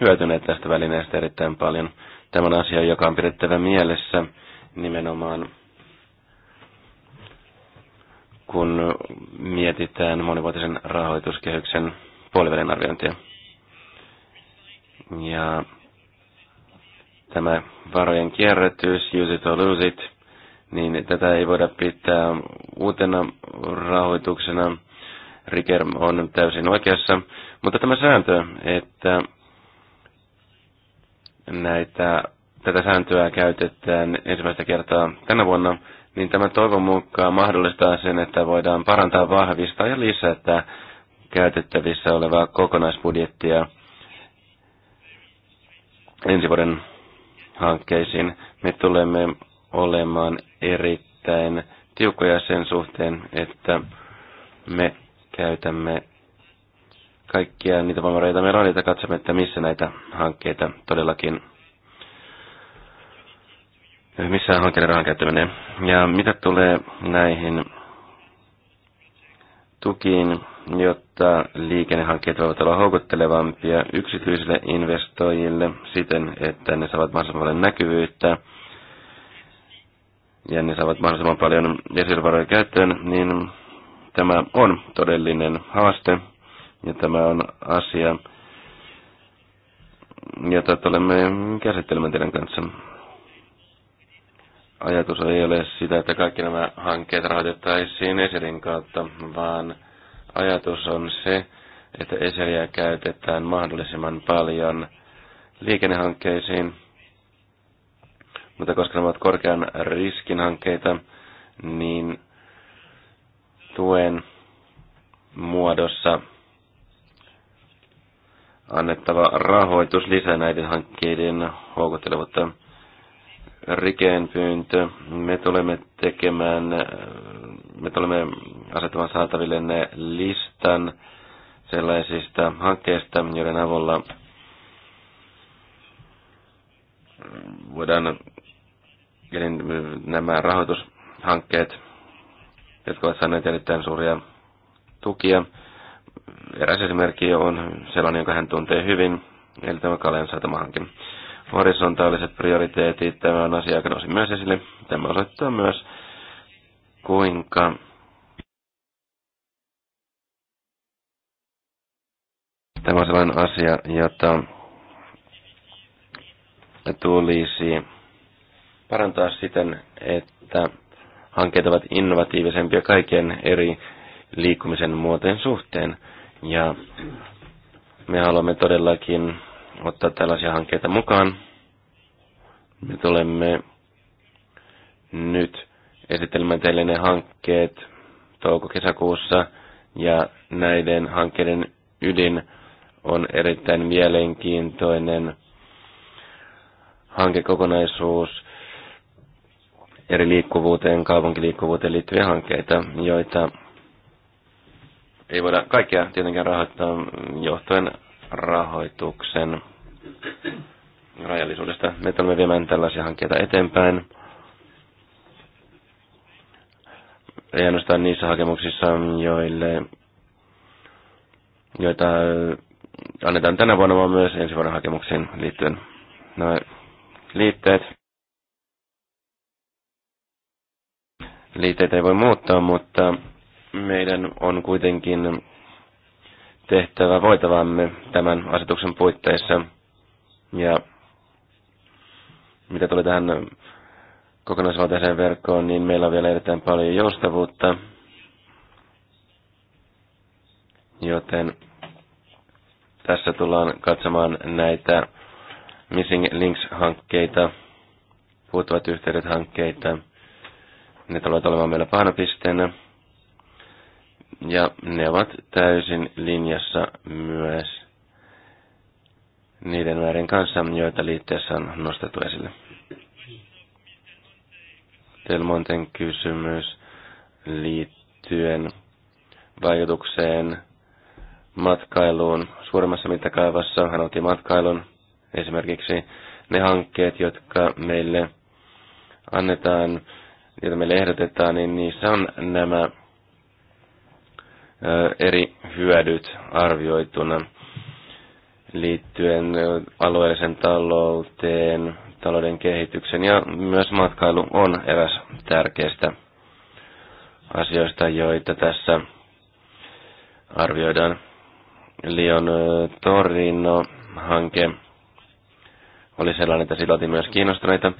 hyötyneet tästä välineestä erittäin paljon. Tämä on asia, joka on pidettävä mielessä nimenomaan kun mietitään monivuotisen rahoituskehyksen puolivälin arviointia. Ja tämä varojen kierrätys, use it or lose it, niin tätä ei voida pitää uutena rahoituksena. Riker on täysin oikeassa, mutta tämä sääntö, että näitä, tätä sääntöä käytetään ensimmäistä kertaa tänä vuonna, niin tämä toivon mukaan mahdollistaa sen, että voidaan parantaa, vahvistaa ja lisätä käytettävissä olevaa kokonaisbudjettia ensi vuoden hankkeisiin. Me tulemme olemaan erittäin tiukkoja sen suhteen, että me käytämme kaikkia niitä voimavaroja, me on, katsomme, että missä näitä hankkeita todellakin missä hankkeiden rahan käyttäminen. Ja mitä tulee näihin tukiin, jotta liikennehankkeet voivat olla houkuttelevampia yksityisille investoijille siten, että ne saavat mahdollisimman paljon näkyvyyttä, ja ne saavat mahdollisimman paljon jäsenvaroja käyttöön, niin tämä on todellinen haaste ja tämä on asia, jota tulemme käsittelemään teidän kanssa. Ajatus ei ole sitä, että kaikki nämä hankkeet rahoitettaisiin Eserin kautta, vaan ajatus on se, että Eseriä käytetään mahdollisimman paljon liikennehankkeisiin – mutta koska ne ovat korkean riskin hankkeita, niin tuen muodossa annettava rahoitus lisää näiden hankkeiden houkuttelevuutta. Rikeenpyyntö. Me tulemme tekemään, me tulemme asettamaan saataville ne listan sellaisista hankkeista, joiden avulla voidaan Eli äh, nämä rahoitushankkeet, jotka ovat saaneet erittäin suuria tukia. Eräs esimerkki on sellainen, jonka hän tuntee hyvin, eli tämä Kalen satamahanke. Horisontaaliset prioriteetit, tämä on asia, joka nousi myös esille. Tämä osoittaa myös, kuinka tämä on sellainen asia, jota tulisi parantaa siten, että hankkeet ovat innovatiivisempia kaiken eri liikkumisen muotojen suhteen. Ja me haluamme todellakin ottaa tällaisia hankkeita mukaan. Me tulemme nyt esittelemään teille ne hankkeet touko-kesäkuussa, ja näiden hankkeiden ydin on erittäin mielenkiintoinen hankekokonaisuus, eri liikkuvuuteen, kaupunkiliikkuvuuteen liittyviä hankkeita, joita ei voida kaikkea tietenkään rahoittaa johtuen rahoituksen rajallisuudesta. Me tulemme viemään tällaisia hankkeita eteenpäin. Ei ainoastaan niissä hakemuksissa, joille, joita annetaan tänä vuonna, vaan myös ensi vuoden hakemuksiin liittyen. Nämä liitteet liitteitä ei voi muuttaa, mutta meidän on kuitenkin tehtävä voitavamme tämän asetuksen puitteissa. Ja mitä tulee tähän kokonaisvaltaiseen verkkoon, niin meillä on vielä erittäin paljon joustavuutta, joten tässä tullaan katsomaan näitä Missing Links-hankkeita, puuttuvat yhteydet-hankkeita – ne tulevat olemaan meillä painopisteenä. Ja ne ovat täysin linjassa myös niiden määrin kanssa, joita liitteessä on nostettu esille. Telmonten kysymys liittyen vaikutukseen matkailuun suuremmassa mittakaavassa. Hän otti matkailun esimerkiksi ne hankkeet, jotka meille annetaan joita meille ehdotetaan, niin niissä on nämä eri hyödyt arvioituna liittyen alueellisen talouteen, talouden kehityksen ja myös matkailu on eräs tärkeistä asioista, joita tässä arvioidaan. Lion Torino-hanke oli sellainen, että sillä oltiin myös kiinnostuneita.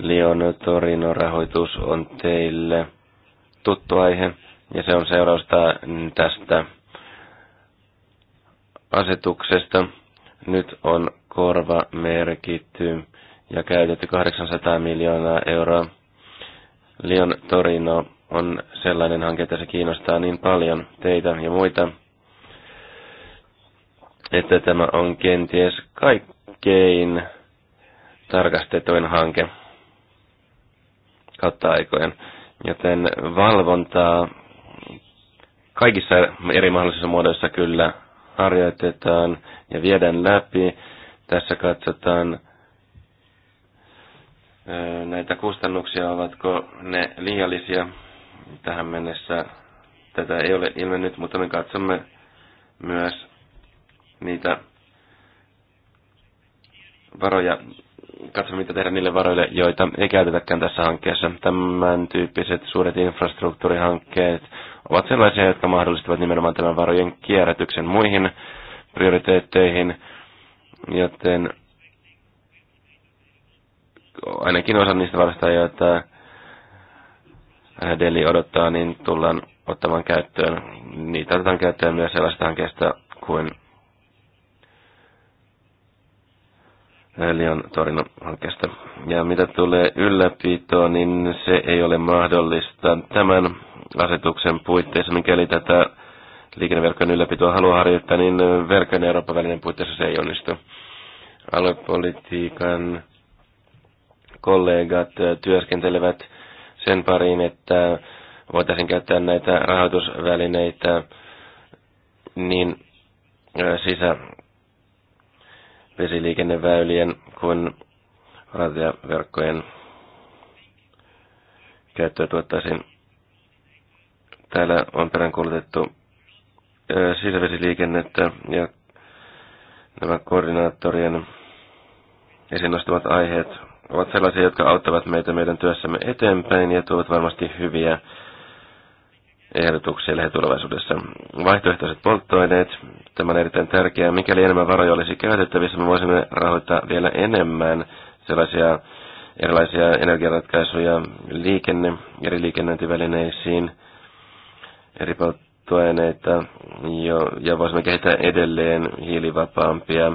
Lion Torino rahoitus on teille tuttu aihe ja se on seurausta tästä asetuksesta. Nyt on korva merkitty ja käytetty 800 miljoonaa euroa. Lion Torino on sellainen hanke, että se kiinnostaa niin paljon teitä ja muita, että tämä on kenties kaikkein tarkastetuin hanke kautta aikojen. Joten valvontaa kaikissa eri mahdollisissa muodoissa kyllä harjoitetaan ja viedään läpi. Tässä katsotaan näitä kustannuksia, ovatko ne liiallisia. Tähän mennessä tätä ei ole ilmennyt, mutta me katsomme myös niitä varoja, katsomme, mitä tehdä niille varoille, joita ei käytetäkään tässä hankkeessa. Tämän tyyppiset suuret infrastruktuurihankkeet ovat sellaisia, jotka mahdollistavat nimenomaan tämän varojen kierrätyksen muihin prioriteetteihin, joten ainakin osa niistä varoista, joita Deli odottaa, niin tullaan ottamaan käyttöön. Niitä otetaan käyttöön myös sellaista hankkeesta kuin Lion Torino hankkeesta. Ja mitä tulee ylläpitoon, niin se ei ole mahdollista tämän asetuksen puitteissa, mikäli tätä liikenneverkkojen ylläpitoa haluaa harjoittaa, niin verkon Euroopan välinen puitteissa se ei onnistu. Aluepolitiikan kollegat työskentelevät sen pariin, että voitaisiin käyttää näitä rahoitusvälineitä niin sisä vesiliikenneväylien kuin rautatieverkkojen käyttöä tuottaisiin. Täällä on peräänkuulutettu sisävesiliikennettä ja nämä koordinaattorien esiin nostamat aiheet ovat sellaisia, jotka auttavat meitä meidän työssämme eteenpäin ja tuovat varmasti hyviä ehdotuksille tulevaisuudessa. Vaihtoehtoiset polttoaineet, tämä on erittäin tärkeää. Mikäli enemmän varoja olisi käytettävissä, me voisimme rahoittaa vielä enemmän sellaisia erilaisia energiaratkaisuja liikenne, eri liikennöintivälineisiin, eri polttoaineita, jo, ja voisimme kehittää edelleen hiilivapaampia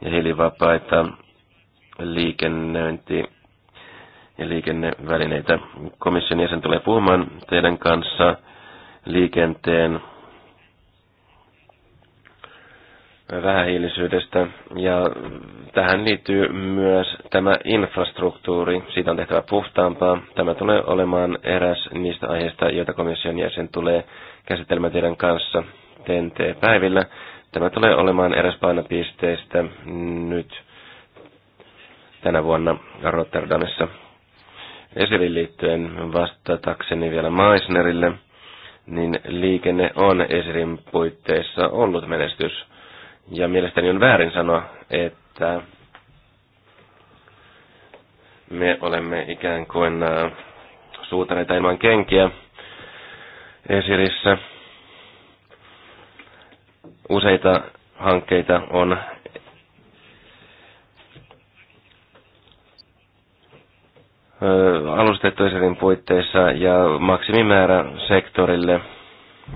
ja hiilivapaita liikennöinti ja liikennevälineitä. Komission jäsen tulee puhumaan teidän kanssa liikenteen vähähiilisyydestä. Ja tähän liittyy myös tämä infrastruktuuri. Siitä on tehtävä puhtaampaa. Tämä tulee olemaan eräs niistä aiheista, joita komission jäsen tulee käsittelemään teidän kanssa TNT-päivillä. Tämä tulee olemaan eräs painopisteistä nyt tänä vuonna Rotterdamissa. Esille liittyen vastatakseni vielä Maisnerille niin liikenne on Esrin puitteissa ollut menestys. Ja mielestäni on väärin sanoa, että me olemme ikään kuin äh, suutareita ilman kenkiä Esirissä. Useita hankkeita on alustettu puitteissa ja maksimimäärä sektorille,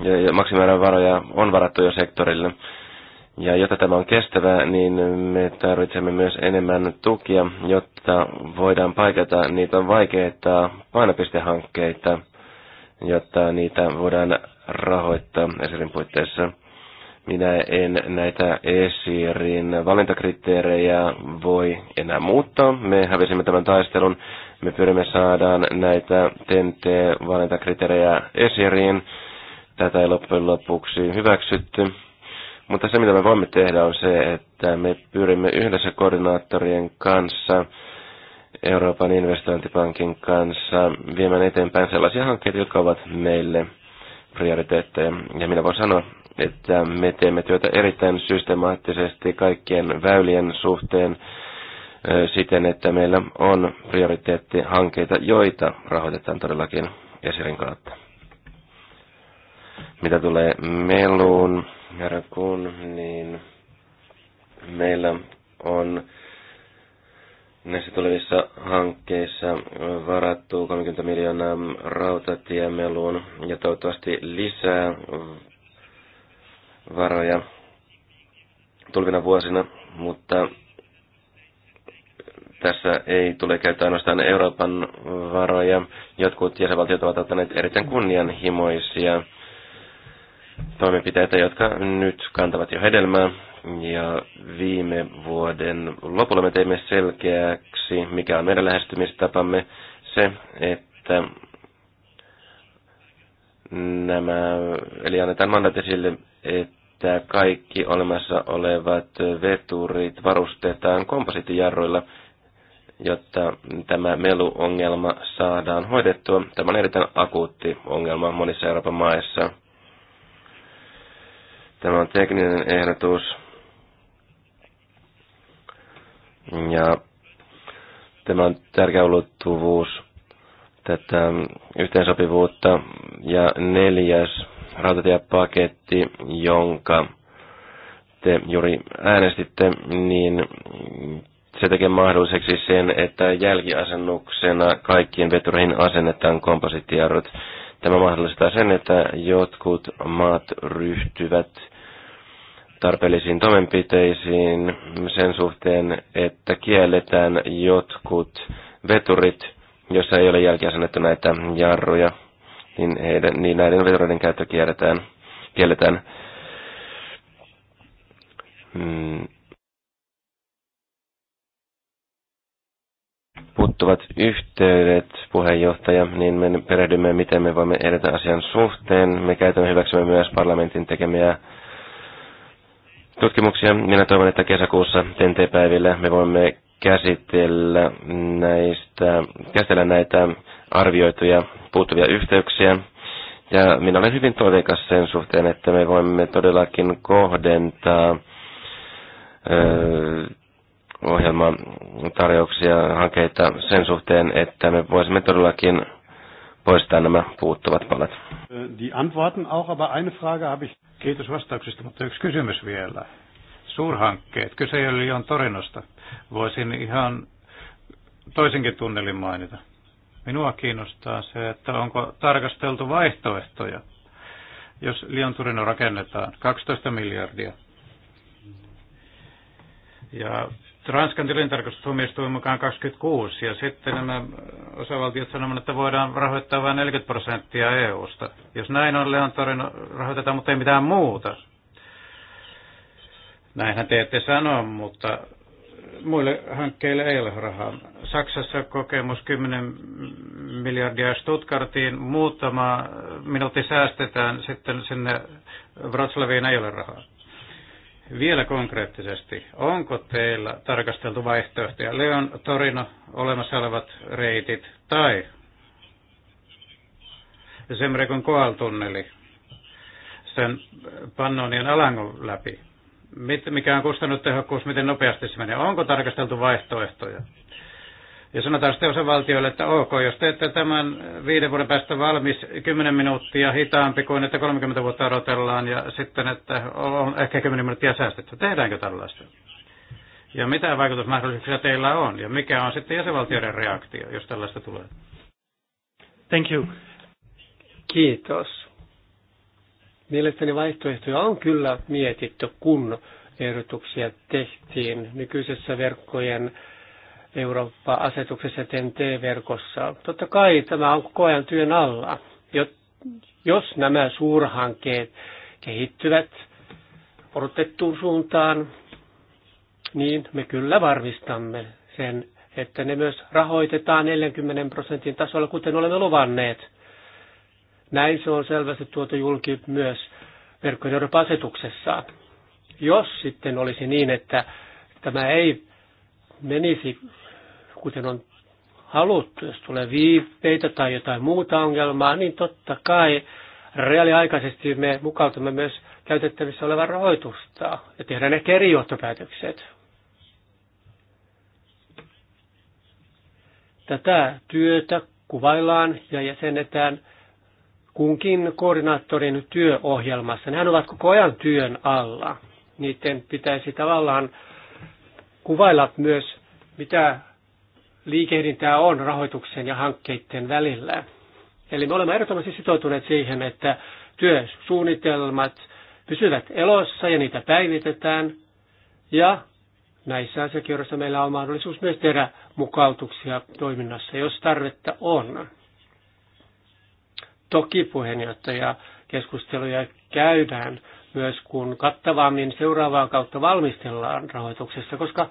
ja, ja maksimimäärän varoja on varattu jo sektorille. Ja jotta tämä on kestävää, niin me tarvitsemme myös enemmän tukia, jotta voidaan paikata niitä vaikeita painopistehankkeita, jotta niitä voidaan rahoittaa esimerkiksi puitteissa. Minä en näitä esirin valintakriteerejä voi enää muuttaa. Me hävisimme tämän taistelun. Me pyrimme saadaan näitä TNT-valintakriteerejä esiriin. Tätä ei loppujen lopuksi hyväksytty. Mutta se, mitä me voimme tehdä, on se, että me pyrimme yhdessä koordinaattorien kanssa Euroopan investointipankin kanssa viemään eteenpäin sellaisia hankkeita, jotka ovat meille prioriteetteja. Ja minä voin sanoa että me teemme työtä erittäin systemaattisesti kaikkien väylien suhteen siten, että meillä on prioriteettihankkeita, joita rahoitetaan todellakin Esirin kautta. Mitä tulee meluun, herra kun, niin meillä on näissä tulevissa hankkeissa varattu 30 miljoonaa rautatiemeluun ja toivottavasti lisää varoja tulvina vuosina, mutta tässä ei tule käyttää ainoastaan Euroopan varoja. Jotkut jäsenvaltiot ovat ottaneet erittäin kunnianhimoisia toimenpiteitä, jotka nyt kantavat jo hedelmää. Ja viime vuoden lopulla me teimme selkeäksi, mikä on meidän lähestymistapamme, se, että nämä, eli annetaan mandaatti sille, että kaikki olemassa olevat veturit varustetaan komposiittijarroilla, jotta tämä meluongelma saadaan hoidettua. Tämä on erittäin akuutti ongelma monissa Euroopan maissa. Tämä on tekninen ehdotus. Ja tämä on tärkeä ulottuvuus tätä yhteensopivuutta. Ja neljäs rautatiepaketti, jonka te juuri äänestitte, niin se tekee mahdolliseksi sen, että jälkiasennuksena kaikkien vetureihin asennetaan komposittijarrut. Tämä mahdollistaa sen, että jotkut maat ryhtyvät tarpeellisiin toimenpiteisiin sen suhteen, että kielletään jotkut veturit jossa ei ole jälkiasennettu näitä jarruja, niin, heidän, niin näiden vetureiden käyttö kierretään, kielletään. Mm. puuttuvat yhteydet, puheenjohtaja, niin me perehdymme, miten me voimme edetä asian suhteen. Me käytämme hyväksymme myös parlamentin tekemiä tutkimuksia. Minä toivon, että kesäkuussa TNT-päivillä me voimme käsitellä näistä, käsitellä näitä arvioituja puuttuvia yhteyksiä. Ja minä olen hyvin toiveikas sen suhteen, että me voimme todellakin kohdentaa ö, ohjelmatarjouksia, hankkeita sen suhteen, että me voisimme todellakin poistaa nämä puuttuvat palat. Äh, die Antworten auch, aber eine Frage habe ich. Kiitos vastauksesta, mutta yksi kysymys vielä suurhankkeet. Kyse ei ole liian Torinosta. Voisin ihan toisenkin tunnelin mainita. Minua kiinnostaa se, että onko tarkasteltu vaihtoehtoja, jos Lion Turino rakennetaan 12 miljardia. Ja Transkan tilintarkastustuomioistuin mukaan 26, ja sitten nämä osavaltiot sanovat, että voidaan rahoittaa vain 40 prosenttia EU-sta. Jos näin on, Leon Torino rahoitetaan, mutta ei mitään muuta. Näinhän te ette sanoa, mutta muille hankkeille ei ole rahaa. Saksassa kokemus 10 miljardia Stuttgartiin muutama minuutti säästetään, sitten sinne Wroclawiin ei ole rahaa. Vielä konkreettisesti, onko teillä tarkasteltu vaihtoehtoja Leon Torino olemassa olevat reitit tai Semrekon koaltunneli sen Pannonien Alangon läpi? mikä on kustannustehokkuus, miten nopeasti se menee. Onko tarkasteltu vaihtoehtoja? Ja sanotaan sitten osavaltioille, että ok, jos teette tämän viiden vuoden päästä valmis, 10 minuuttia hitaampi kuin että 30 vuotta odotellaan ja sitten, että on ehkä 10 minuuttia säästetty. Tehdäänkö tällaista? Ja mitä vaikutusmahdollisuuksia teillä on? Ja mikä on sitten jäsenvaltioiden reaktio, jos tällaista tulee? Thank you. Kiitos. Mielestäni vaihtoehtoja on kyllä mietitty, kun ehdotuksia tehtiin nykyisessä verkkojen Eurooppa-asetuksessa TNT-verkossa. Totta kai tämä on koko ajan työn alla. Jos nämä suurhankkeet kehittyvät odotettuun suuntaan, niin me kyllä varmistamme sen, että ne myös rahoitetaan 40 prosentin tasolla, kuten olemme luvanneet. Näin se on selvästi tuotu julki myös verkkojen Euroopan asetuksessa. Jos sitten olisi niin, että tämä ei menisi kuten on haluttu, jos tulee viipeitä tai jotain muuta ongelmaa, niin totta kai reaaliaikaisesti me mukautamme myös käytettävissä olevaa rahoitusta ja tehdään ne eri johtopäätökset. Tätä työtä kuvaillaan ja jäsennetään kunkin koordinaattorin työohjelmassa. Nehän ovat koko ajan työn alla. Niiden pitäisi tavallaan kuvailla myös, mitä liikehdintää on rahoituksen ja hankkeiden välillä. Eli me olemme ehdottomasti sitoutuneet siihen, että työsuunnitelmat pysyvät elossa ja niitä päivitetään. Ja näissä asiakirjoissa meillä on mahdollisuus myös tehdä mukautuksia toiminnassa, jos tarvetta on. Toki puheenjohtaja keskusteluja käydään myös, kun kattavammin seuraavaa kautta valmistellaan rahoituksessa, koska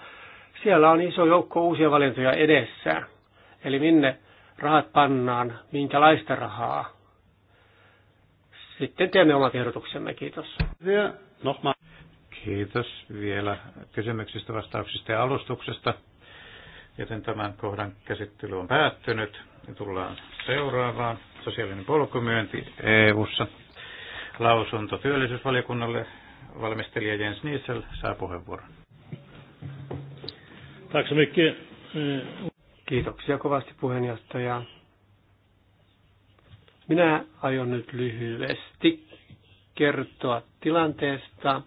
siellä on iso joukko uusia valintoja edessä. Eli minne rahat pannaan, minkälaista rahaa. Sitten teemme omat ehdotuksemme. Kiitos. Ja, Kiitos vielä kysymyksistä, vastauksista ja alustuksesta. Joten tämän kohdan käsittely on päättynyt ja tullaan seuraavaan sosiaalinen polkumyönti EU-ssa. Lausunto työllisyysvaliokunnalle. Valmistelija Jens Niisel saa puheenvuoron. Kiitoksia kovasti puheenjohtaja. Minä aion nyt lyhyesti kertoa tilanteesta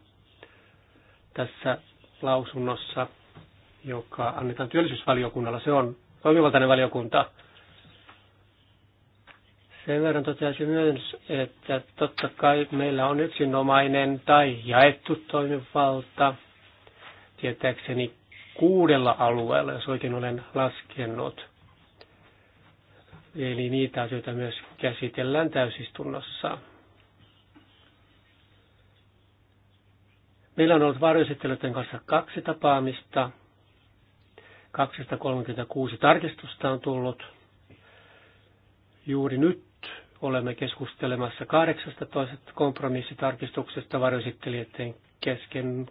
tässä lausunnossa, joka annetaan työllisyysvaliokunnalla. Se on toimivaltainen valiokunta. Sen verran toteaisin myös, että totta kai meillä on yksinomainen tai jaettu toimivalta, tietääkseni kuudella alueella, jos oikein olen laskenut. Eli niitä asioita myös käsitellään täysistunnossa. Meillä on ollut varjoesittelyiden kanssa kaksi tapaamista. 236 tarkistusta on tullut. Juuri nyt olemme keskustelemassa 18 kompromissitarkistuksesta varjoesittelijöiden kesken.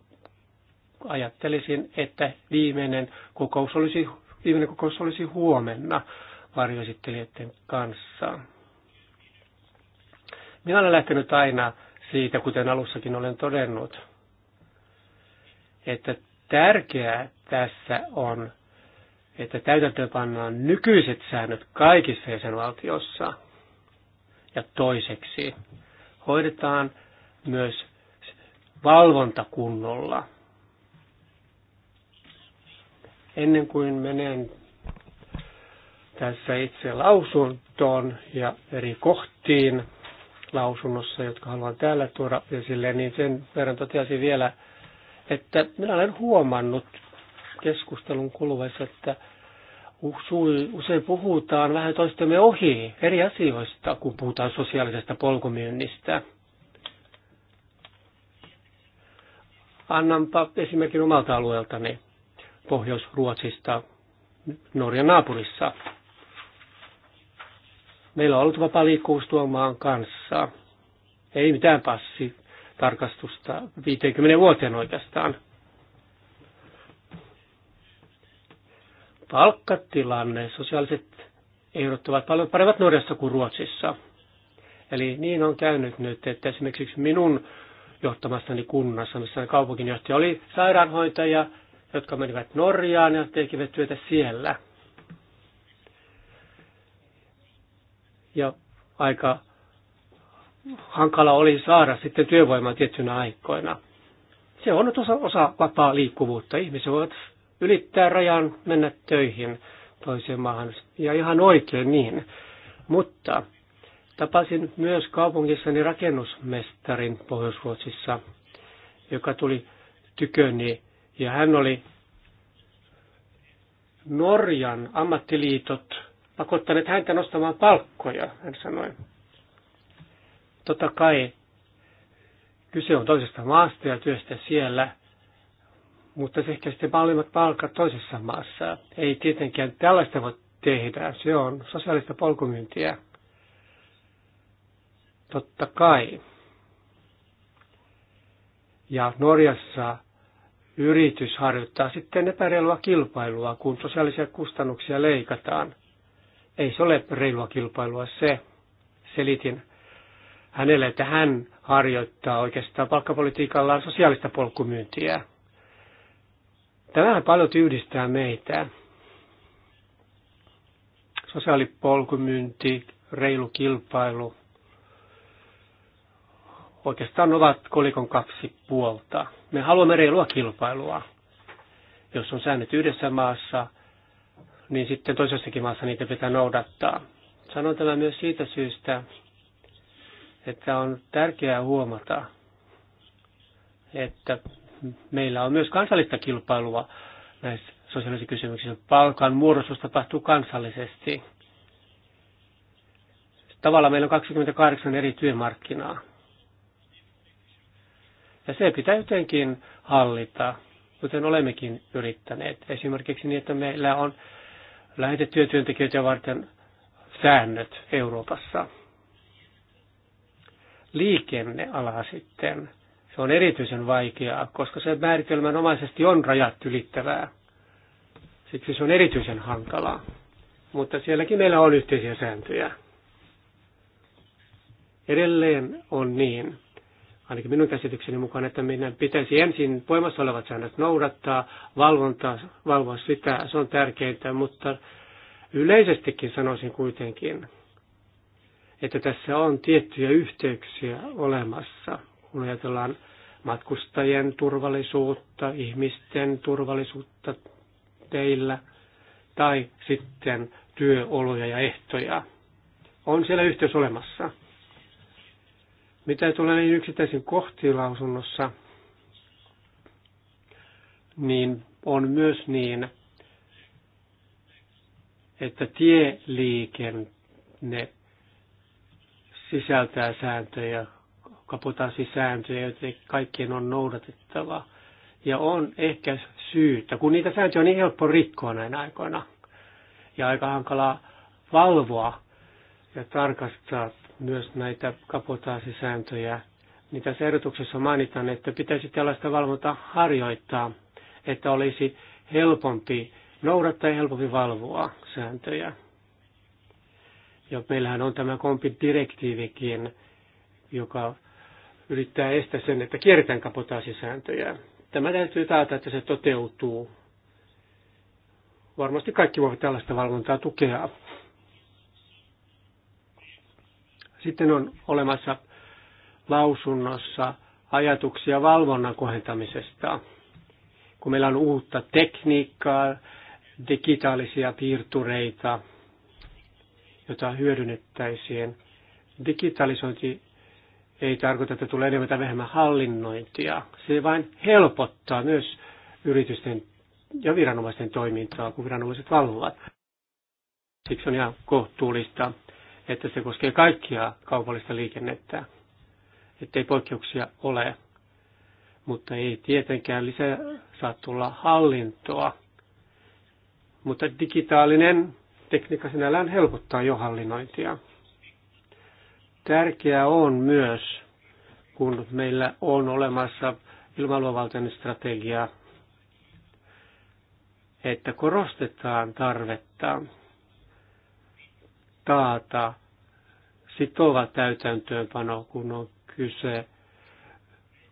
Ajattelisin, että viimeinen kokous olisi, viimeinen kokous olisi huomenna varjoesittelijöiden kanssa. Minä olen lähtenyt aina siitä, kuten alussakin olen todennut, että tärkeää tässä on, että täytäntöön pannaan nykyiset säännöt kaikissa jäsenvaltioissa – ja toiseksi hoidetaan myös valvontakunnolla. Ennen kuin menen tässä itse lausuntoon ja eri kohtiin lausunnossa, jotka haluan täällä tuoda esille, niin sen verran toteaisin vielä, että minä olen huomannut keskustelun kuluessa, että Uh, usein puhutaan vähän toistemme ohi eri asioista, kun puhutaan sosiaalisesta polkumyynnistä. Annanpa esimerkin omalta alueeltani Pohjois-Ruotsista, Norjan naapurissa. Meillä on ollut vapaa liikkuvuus tuomaan kanssa. Ei mitään passi tarkastusta 50 vuoteen oikeastaan. Palkkatilanne, sosiaaliset ehdot ovat paljon paremmat Norjassa kuin Ruotsissa. Eli niin on käynyt nyt, että esimerkiksi minun johtamassani kunnassa, missä kaupunkinjohtaja oli sairaanhoitaja, jotka menivät Norjaan ja tekivät työtä siellä. Ja aika hankala oli saada sitten työvoimaa tiettynä aikoina. Se on osa, osa vapaa liikkuvuutta. Ihmiset voivat ylittää rajan, mennä töihin toiseen maahan. Ja ihan oikein niin. Mutta tapasin myös kaupungissani rakennusmestarin Pohjois-Ruotsissa, joka tuli tyköni. Ja hän oli Norjan ammattiliitot pakottaneet häntä nostamaan palkkoja, hän sanoi. Totta kai kyse on toisesta maasta ja työstä siellä – mutta ehkä sitten paljon palkat toisessa maassa. Ei tietenkään tällaista voi tehdä. Se on sosiaalista polkumyyntiä. Totta kai. Ja Norjassa yritys harjoittaa sitten epäreilua kilpailua, kun sosiaalisia kustannuksia leikataan. Ei se ole reilua kilpailua se. Selitin hänelle, että hän harjoittaa oikeastaan palkkapolitiikallaan sosiaalista polkumyyntiä. Tämähän paljon yhdistää meitä. Sosiaalipolkumyynti, reilu kilpailu, oikeastaan ovat kolikon kaksi puolta. Me haluamme reilua kilpailua. Jos on säännöt yhdessä maassa, niin sitten toisessakin maassa niitä pitää noudattaa. Sanon tämä myös siitä syystä, että on tärkeää huomata, että meillä on myös kansallista kilpailua näissä sosiaalisissa kysymyksissä. Palkan muodostus tapahtuu kansallisesti. Tavallaan meillä on 28 eri työmarkkinaa. Ja se pitää jotenkin hallita, kuten olemmekin yrittäneet. Esimerkiksi niin, että meillä on lähetettyä työntekijöitä varten säännöt Euroopassa. Liikenneala sitten se on erityisen vaikeaa, koska se määritelmänomaisesti on rajat ylittävää. Siksi se on erityisen hankalaa. Mutta sielläkin meillä on yhteisiä sääntöjä. Edelleen on niin, ainakin minun käsitykseni mukaan, että meidän pitäisi ensin voimassa olevat säännöt noudattaa, valvontaa, valvoa sitä, se on tärkeintä, mutta yleisestikin sanoisin kuitenkin, että tässä on tiettyjä yhteyksiä olemassa – kun ajatellaan matkustajien turvallisuutta, ihmisten turvallisuutta teillä tai sitten työoloja ja ehtoja. On siellä yhteys olemassa. Mitä tulee niin yksittäisiin kohtiin lausunnossa, niin on myös niin, että tieliikenne sisältää sääntöjä kaputaan sisääntöjä, joita kaikkien on noudatettava. Ja on ehkä syytä, kun niitä sääntöjä on niin helppo rikkoa näin aikoina. Ja aika hankalaa valvoa ja tarkastaa myös näitä kapotaasisääntöjä. Niin tässä ehdotuksessa mainitaan, että pitäisi tällaista valvontaa harjoittaa, että olisi helpompi noudattaa ja helpompi valvoa sääntöjä. Ja meillähän on tämä kompidirektiivikin, joka yrittää estää sen, että kierretään kapotaasisääntöjä. Tämä täytyy taata, että se toteutuu. Varmasti kaikki voivat tällaista valvontaa tukea. Sitten on olemassa lausunnossa ajatuksia valvonnan kohentamisesta. Kun meillä on uutta tekniikkaa, digitaalisia piirtureita, jota hyödynnettäisiin, digitalisointi ei tarkoita, että tulee enemmän tai vähemmän hallinnointia. Se vain helpottaa myös yritysten ja viranomaisten toimintaa, kun viranomaiset valvovat. Siksi on ihan kohtuullista, että se koskee kaikkia kaupallista liikennettä, ettei poikkeuksia ole. Mutta ei tietenkään lisää saa tulla hallintoa. Mutta digitaalinen tekniikka sinällään helpottaa jo hallinnointia. Tärkeää on myös, kun meillä on olemassa ilmailuvaltainen strategia, että korostetaan tarvetta taata sitova täytäntöönpano, kun on kyse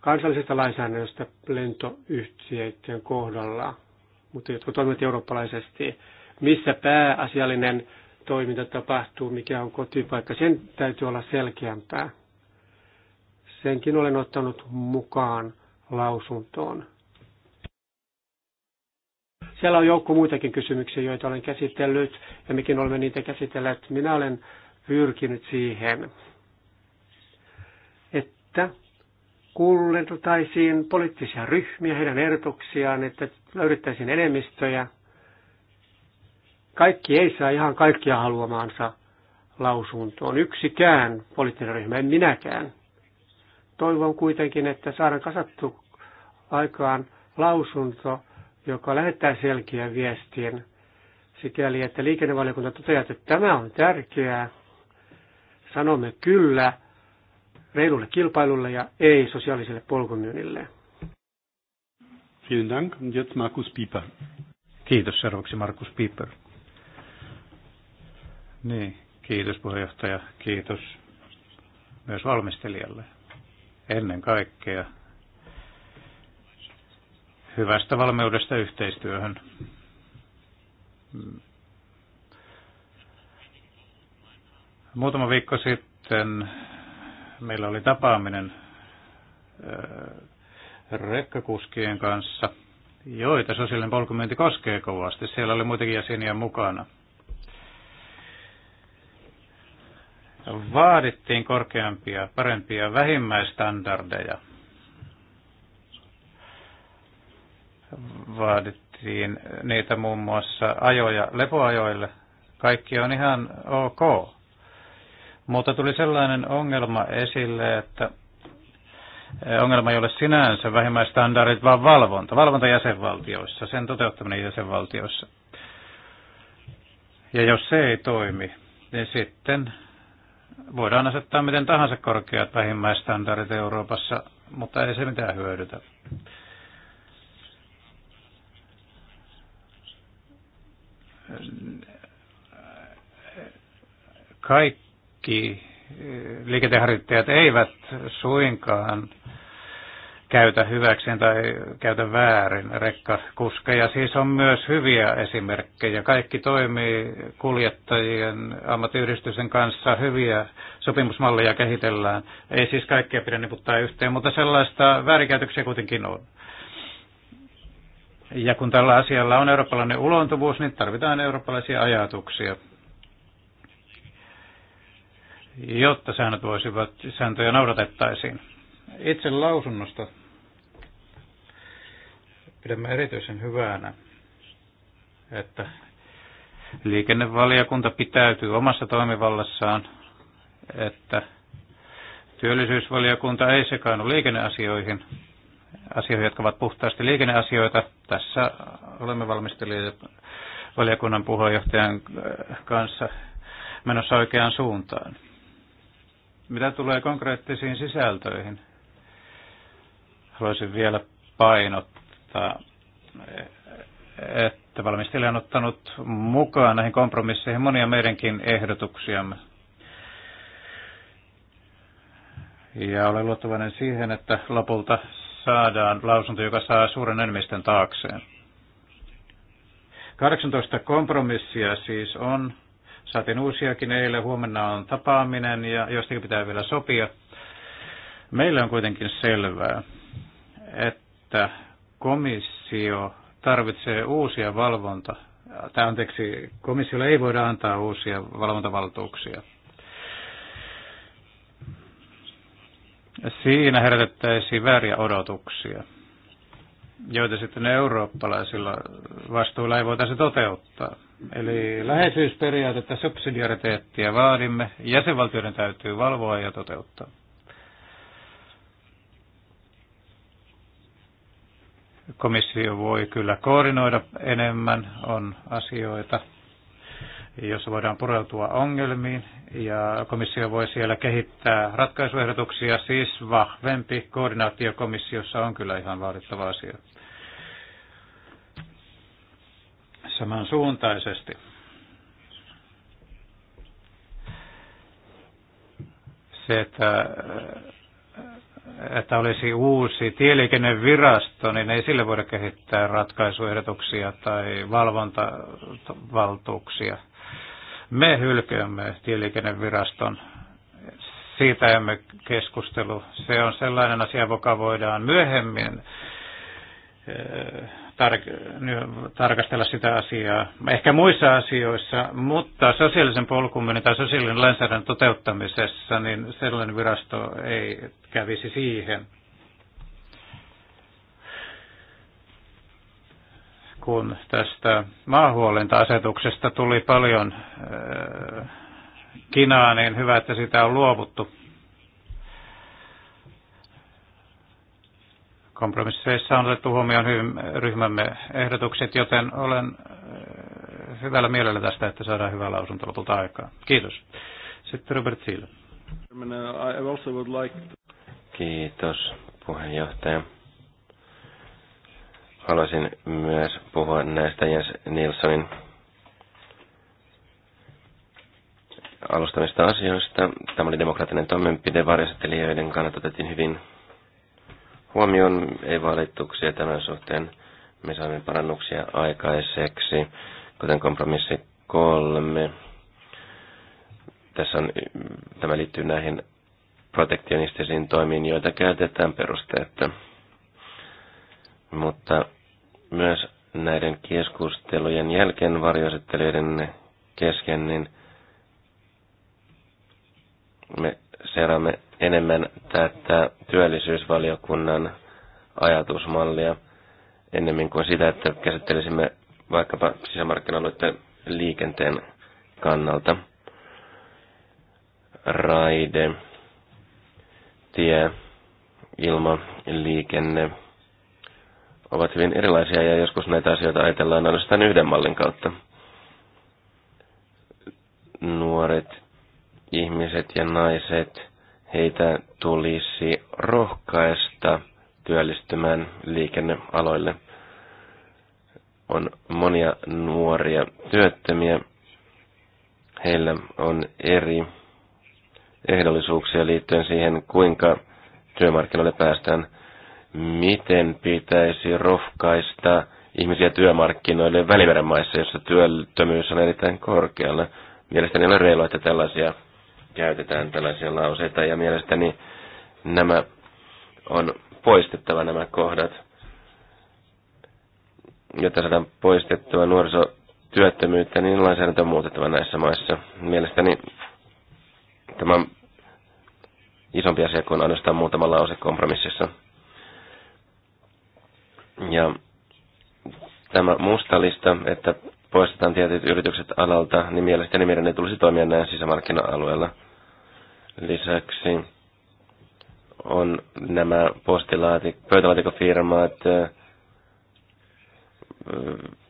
kansallisesta lainsäädännöstä lentoyhtiöiden kohdalla, mutta jotka toimivat eurooppalaisesti, missä pääasiallinen toiminta tapahtuu, mikä on kotipaikka. Sen täytyy olla selkeämpää. Senkin olen ottanut mukaan lausuntoon. Siellä on joukko muitakin kysymyksiä, joita olen käsitellyt, ja mekin olemme niitä käsitelleet. Minä olen pyrkinyt siihen, että kuunneltaisiin poliittisia ryhmiä, heidän ehdotuksiaan, että löydettäisiin enemmistöjä – kaikki ei saa ihan kaikkia haluamaansa lausuntoon. Yksikään poliittinen ryhmä, en minäkään. Toivon kuitenkin, että saadaan kasattu aikaan lausunto, joka lähettää selkeän viestin sikäli, että liikennevaliokunta toteaa, että tämä on tärkeää. Sanomme kyllä reilulle kilpailulle ja ei sosiaaliselle polkumyynnille. Vielen Dank. Und jetzt Markus Pieper. Kiitos seuraavaksi Markus Pieper. Niin, kiitos puheenjohtaja, kiitos myös valmistelijalle. Ennen kaikkea hyvästä valmiudesta yhteistyöhön. Muutama viikko sitten meillä oli tapaaminen äh, rekkakuskien kanssa, joita sosiaalinen polkumyynti koskee kovasti. Siellä oli muitakin jäseniä mukana. vaadittiin korkeampia, parempia vähimmäistandardeja. Vaadittiin niitä muun muassa ajoja lepoajoille. Kaikki on ihan ok. Mutta tuli sellainen ongelma esille, että ongelma ei ole sinänsä vähimmäistandardit, vaan valvonta. Valvonta jäsenvaltioissa, sen toteuttaminen jäsenvaltioissa. Ja jos se ei toimi, niin sitten voidaan asettaa miten tahansa korkeat vähimmäistandardit Euroopassa, mutta ei se mitään hyödytä. Kaikki liikenteenharjoittajat eivät suinkaan käytä hyväkseen tai käytä väärin rekkakuskeja. Siis on myös hyviä esimerkkejä. Kaikki toimii kuljettajien ammattiyhdistysten kanssa. Hyviä sopimusmalleja kehitellään. Ei siis kaikkia pidä niputtaa yhteen, mutta sellaista väärinkäytöksiä kuitenkin on. Ja kun tällä asialla on eurooppalainen ulontuvuus, niin tarvitaan eurooppalaisia ajatuksia jotta säännöt voisivat, sääntöjä noudatettaisiin. Itse lausunnosta Pidämme erityisen hyvänä, että liikennevaliokunta pitäytyy omassa toimivallassaan, että työllisyysvaliokunta ei sekaannu liikenneasioihin, asioihin, jotka ovat puhtaasti liikenneasioita. Tässä olemme valmistelleet valiokunnan puheenjohtajan kanssa menossa oikeaan suuntaan. Mitä tulee konkreettisiin sisältöihin, haluaisin vielä painottaa mutta että valmistelija on ottanut mukaan näihin kompromisseihin monia meidänkin ehdotuksiamme. Ja olen luottavainen siihen, että lopulta saadaan lausunto, joka saa suuren enemmistön taakseen. 18 kompromissia siis on. Saatiin uusiakin eilen, huomenna on tapaaminen ja jostakin pitää vielä sopia. Meillä on kuitenkin selvää, että komissio tarvitsee uusia valvonta, tai anteeksi, komissiolle ei voida antaa uusia valvontavaltuuksia. Siinä herätettäisiin vääriä odotuksia, joita sitten eurooppalaisilla vastuulla ei voitaisiin toteuttaa. Eli läheisyysperiaatetta, subsidiariteettia vaadimme, jäsenvaltioiden täytyy valvoa ja toteuttaa. Komissio voi kyllä koordinoida enemmän, on asioita, joissa voidaan pureutua ongelmiin, ja komissio voi siellä kehittää ratkaisuehdotuksia, siis vahvempi koordinaatio komissiossa on kyllä ihan vaadittava asia. Samansuuntaisesti. Se, että että olisi uusi tieliikennevirasto, niin ei sille voida kehittää ratkaisuehdotuksia tai valvontavaltuuksia. Me hylkäämme tieliikenneviraston. Siitä emme keskustelu. Se on sellainen asia, joka voidaan myöhemmin tar- tarkastella sitä asiaa. Ehkä muissa asioissa, mutta sosiaalisen polkuminen tai sosiaalinen lainsäädännön toteuttamisessa, niin sellainen virasto ei kävisi siihen. Kun tästä maahuolinta asetuksesta tuli paljon öö, kinaa, niin hyvä, että sitä on luovuttu Kompromisseissa on otettu huomioon ryhmämme ehdotukset, joten olen äh, hyvällä mielellä tästä, että saadaan hyvä lausunto lopulta aikaa. Kiitos. Sitten Robert Thiel. Kiitos puheenjohtaja. Haluaisin myös puhua näistä Jens Nilssonin alustamista asioista. Tämä oli demokraattinen toimenpide. Varjostelijoiden kannat otettiin hyvin huomioon, ei valituksia tämän suhteen. Me saamme parannuksia aikaiseksi, kuten kompromissi kolme. Tässä on, tämä liittyy näihin protektionistisiin toimiin, joita käytetään perusteetta. Mutta myös näiden keskustelujen jälkeen varjoesittelijöiden kesken, niin me seuraamme enemmän tätä työllisyysvaliokunnan ajatusmallia ennemmin kuin sitä, että käsittelisimme vaikkapa sisämarkkinoiden liikenteen kannalta raide, tie, ilma, liikenne ovat hyvin erilaisia ja joskus näitä asioita ajatellaan ainoastaan yhden mallin kautta. Nuoret ihmiset ja naiset – Heitä tulisi rohkaista työllistymään liikennealoille. On monia nuoria työttömiä. Heillä on eri ehdollisuuksia liittyen siihen, kuinka työmarkkinoille päästään. Miten pitäisi rohkaista ihmisiä työmarkkinoille Välimeren maissa, jossa työttömyys on erittäin korkealla? Mielestäni on reilua, että tällaisia käytetään tällaisia lauseita ja mielestäni nämä on poistettava nämä kohdat, jotta saadaan poistettua nuorisotyöttömyyttä, niin lainsäädäntö on muutettava näissä maissa. Mielestäni tämä on isompi asia kuin ainoastaan muutama lause kompromississa. Ja tämä musta lista, että poistetaan tietyt yritykset alalta, niin mielestäni meidän ei tulisi toimia näin sisämarkkina-alueella – Lisäksi on nämä postilaatik- pöytälaatikofirmaat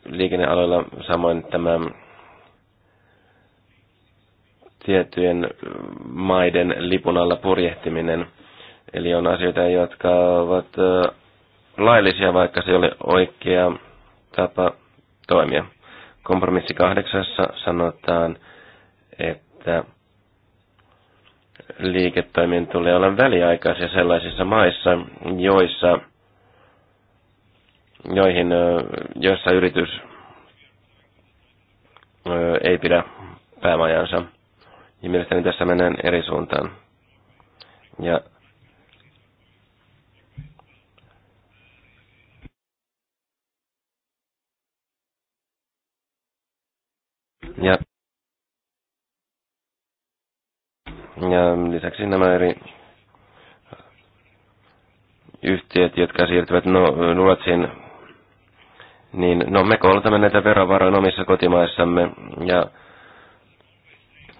liikennealoilla, samoin tämä tiettyjen maiden lipun alla purjehtiminen. Eli on asioita, jotka ovat laillisia, vaikka se ei ole oikea tapa toimia. Kompromissi kahdeksassa sanotaan, että liiketoimien tulee olla väliaikaisia sellaisissa maissa, joissa, joihin, joissa yritys ei pidä päämajansa. Ja mielestäni tässä mennään eri suuntaan. Ja ja Ja lisäksi nämä eri yhtiöt, jotka siirtyvät no, Nulatsin, niin no, me koulutamme näitä verovaroja omissa kotimaissamme ja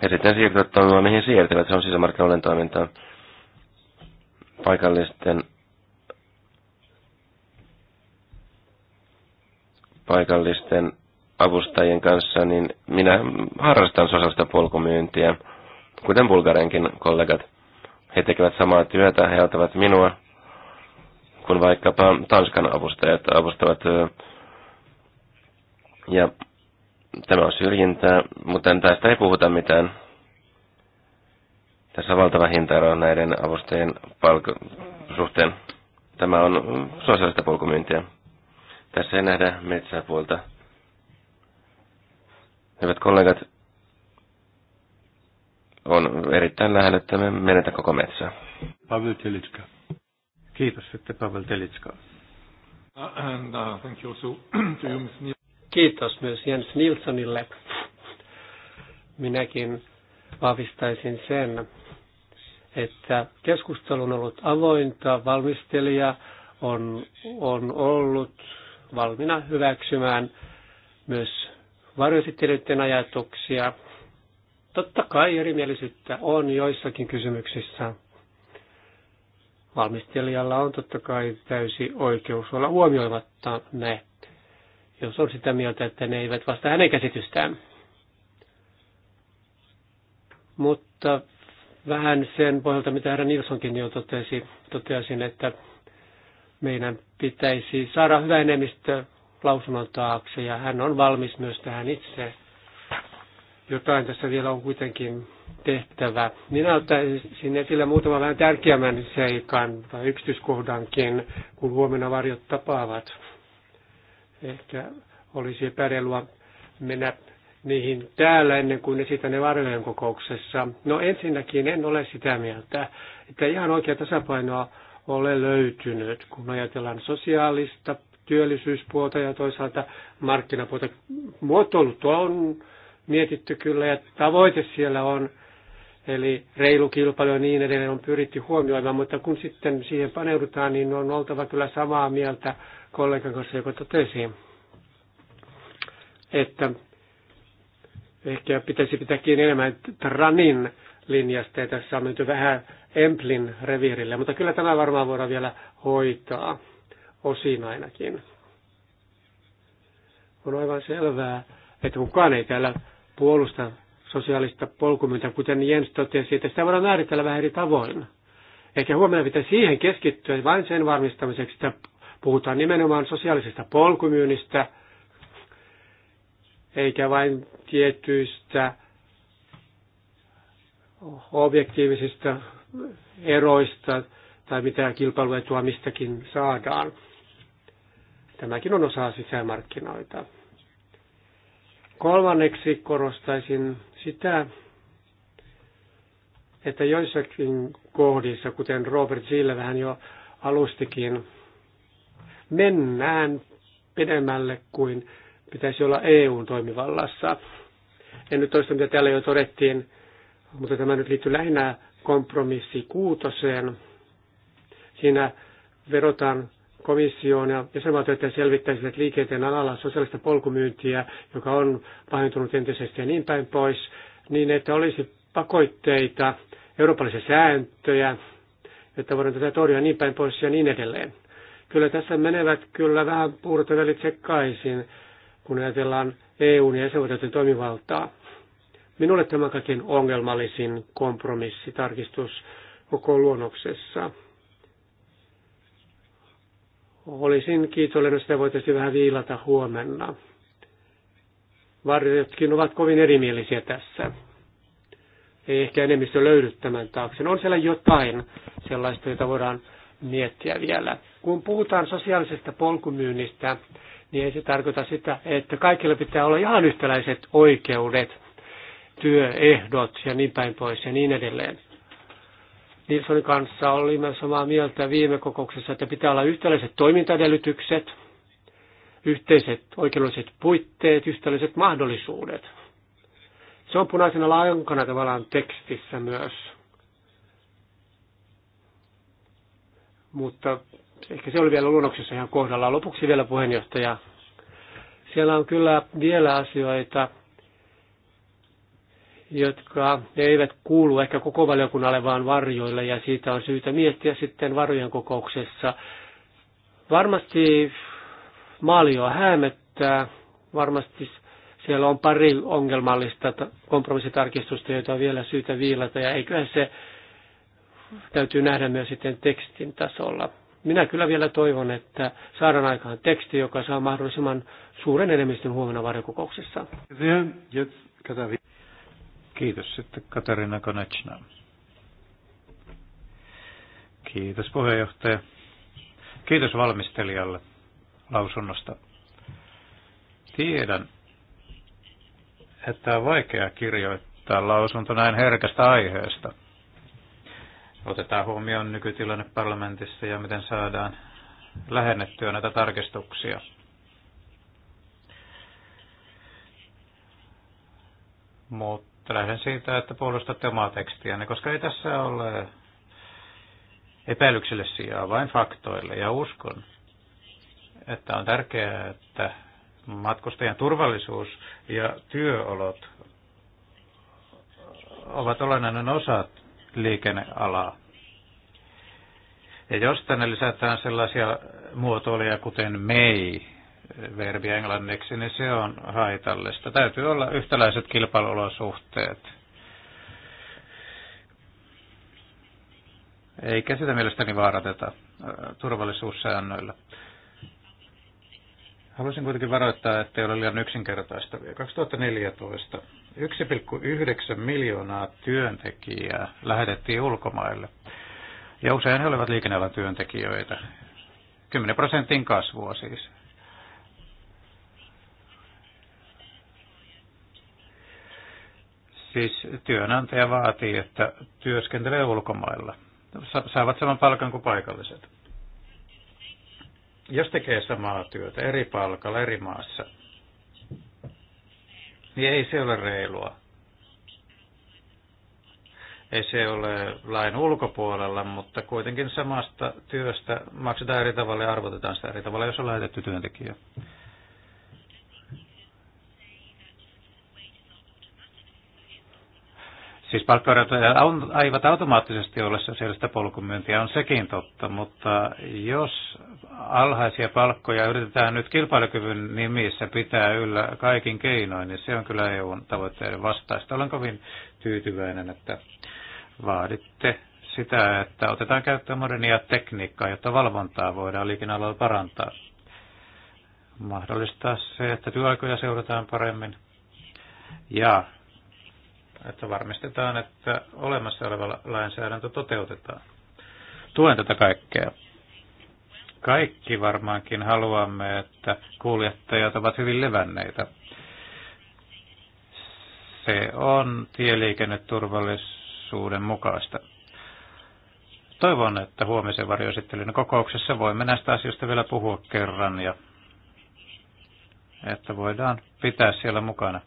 he sitten siirtyvät toimimaan, mihin siirtyvät. Se on sisämarkkinoiden toimintaa paikallisten paikallisten avustajien kanssa, niin minä harrastan sosiaalista polkumyyntiä – kuten bulgarenkin kollegat. He tekevät samaa työtä, he auttavat minua, kun vaikkapa Tanskan avustajat avustavat. Ja tämä on syrjintää, mutta tästä ei puhuta mitään. Tässä on valtava hintaero näiden avustajien palk- suhteen. Tämä on sosiaalista polkumyyntiä. Tässä ei nähdä metsäpuolta. Hyvät kollegat, on erittäin lähellä, että me menetä koko metsää. Pavel Telitska. Kiitos, että Pavel Telitska. And, uh, thank you also to you, Ms. Kiitos myös Jens Nilssonille. Minäkin vahvistaisin sen, että keskustelu on ollut avointa, valmistelija on, on ollut valmiina hyväksymään myös varjoesittelyiden ajatuksia Totta kai erimielisyyttä on joissakin kysymyksissä. Valmistelijalla on totta kai täysi oikeus olla huomioimatta ne, jos on sitä mieltä, että ne eivät vastaa hänen käsitystään. Mutta vähän sen pohjalta, mitä herra Nilssonkin jo totesi, toteasin, että meidän pitäisi saada hyvä enemmistö lausunnon taakse ja hän on valmis myös tähän itse jotain tässä vielä on kuitenkin tehtävä. Minä ottaisin esille muutaman vähän tärkeämmän seikan tai yksityiskohdankin, kun huomenna varjot tapaavat. Ehkä olisi epäreilua mennä niihin täällä ennen kuin esitän ne varjojen kokouksessa. No ensinnäkin en ole sitä mieltä, että ihan oikea tasapainoa ole löytynyt, kun ajatellaan sosiaalista työllisyyspuolta ja toisaalta markkinapuolta. Muotoilut on mietitty kyllä ja tavoite siellä on, eli reilu kilpailu ja niin edelleen on pyritty huomioimaan, mutta kun sitten siihen paneudutaan, niin on oltava kyllä samaa mieltä kollegan kanssa, joka totesi, että ehkä pitäisi pitääkin enemmän Tranin linjasta ja tässä on menty vähän Emplin reviirille, mutta kyllä tämä varmaan voidaan vielä hoitaa, osin ainakin. On aivan selvää, että kukaan ei täällä puolusta sosiaalista polkumyyntiä, kuten Jens totesi, että sitä voidaan määritellä vähän eri tavoin. Ehkä huomenna pitää siihen keskittyä vain sen varmistamiseksi, että puhutaan nimenomaan sosiaalisesta polkumyynnistä, eikä vain tietyistä objektiivisista eroista tai mitä kilpailuetua mistäkin saadaan. Tämäkin on osa sisämarkkinoita. Kolmanneksi korostaisin sitä, että joissakin kohdissa, kuten Robert Sille vähän jo alustikin, mennään pidemmälle kuin pitäisi olla EUn toimivallassa. En nyt toista, mitä täällä jo todettiin, mutta tämä nyt liittyy lähinnä kompromissi kuutoseen. Siinä verotaan komissioon ja jäsenvaltioiden selvittäisivät liikenteen alalla sosiaalista polkumyyntiä, joka on pahentunut entisestään ja niin päin pois, niin että olisi pakotteita, eurooppalaisia sääntöjä, että voidaan tätä torjua niin päin pois ja niin edelleen. Kyllä tässä menevät kyllä vähän puurot ja välit sekaisin, kun ajatellaan EUn ja jäsenvaltioiden toimivaltaa. Minulle tämä kaikkein ongelmallisin kompromissitarkistus koko luonnoksessa. Olisin kiitollinen, jos sitä voitaisiin vähän viilata huomenna. Varjotkin ovat kovin erimielisiä tässä. Ei ehkä enemmistö löydy tämän taakse. No, on siellä jotain sellaista, jota voidaan miettiä vielä. Kun puhutaan sosiaalisesta polkumyynnistä, niin ei se tarkoita sitä, että kaikilla pitää olla ihan yhtäläiset oikeudet, työehdot ja niin päin pois ja niin edelleen. Nilssonin kanssa olimme samaa mieltä viime kokouksessa, että pitää olla yhtäläiset toimintaedellytykset, yhteiset oikeudelliset puitteet, yhtäläiset mahdollisuudet. Se on punaisena lankana tavallaan tekstissä myös. Mutta ehkä se oli vielä luonnoksessa ihan kohdalla Lopuksi vielä puheenjohtaja. Siellä on kyllä vielä asioita, jotka eivät kuulu ehkä koko valiokunnalle, vaan varjoille, ja siitä on syytä miettiä sitten varjojen kokouksessa. Varmasti maalio häämöttää, varmasti siellä on pari ongelmallista kompromissitarkistusta, joita on vielä syytä viilata, ja eiköhän se täytyy nähdä myös sitten tekstin tasolla. Minä kyllä vielä toivon, että saadaan aikaan teksti, joka saa mahdollisimman suuren enemmistön huomenna varjokokouksessa. Kiitos sitten Katarina Konechna. Kiitos puheenjohtaja. Kiitos valmistelijalle lausunnosta. Tiedän, että on vaikea kirjoittaa lausunto näin herkästä aiheesta. Otetaan huomioon nykytilanne parlamentissa ja miten saadaan lähennettyä näitä tarkistuksia. Mutta lähden siitä, että puolustatte omaa tekstiä, koska ei tässä ole epäilyksille sijaa, vain faktoille. Ja uskon, että on tärkeää, että matkustajan turvallisuus ja työolot ovat olennainen osa liikennealaa. Ja jos tänne lisätään sellaisia muotoiluja kuten mei, Verbi englanniksi, niin se on haitallista. Täytyy olla yhtäläiset kilpailuolosuhteet. Eikä sitä mielestäni vaarateta äh, turvallisuussäännöillä. Haluaisin kuitenkin varoittaa, että ei ole liian yksinkertaista vielä. 2014 1,9 miljoonaa työntekijää lähetettiin ulkomaille. Ja usein he olivat liikennealan työntekijöitä. 10 prosentin kasvua siis. Siis työnantaja vaatii, että työskentelee ulkomailla. Saavat saman palkan kuin paikalliset. Jos tekee samaa työtä eri palkalla eri maassa, niin ei se ole reilua. Ei se ole lain ulkopuolella, mutta kuitenkin samasta työstä maksetaan eri tavalla ja arvotetaan sitä eri tavalla, jos on lähetetty työntekijä. Siis on aivan automaattisesti olla sosiaalista polkumyyntiä, on sekin totta, mutta jos alhaisia palkkoja yritetään nyt kilpailukyvyn nimissä pitää yllä kaikin keinoin, niin se on kyllä EUn tavoitteiden vastaista. Olen kovin tyytyväinen, että vaaditte sitä, että otetaan käyttöön modernia tekniikkaa, jotta valvontaa voidaan liikennealueella parantaa. Mahdollistaa se, että työaikoja seurataan paremmin ja että varmistetaan, että olemassa oleva lainsäädäntö toteutetaan. Tuen tätä kaikkea. Kaikki varmaankin haluamme, että kuljettajat ovat hyvin levänneitä. Se on tieliikenneturvallisuuden mukaista. Toivon, että huomisen varjoesittelyn kokouksessa voimme näistä asioista vielä puhua kerran ja että voidaan pitää siellä mukana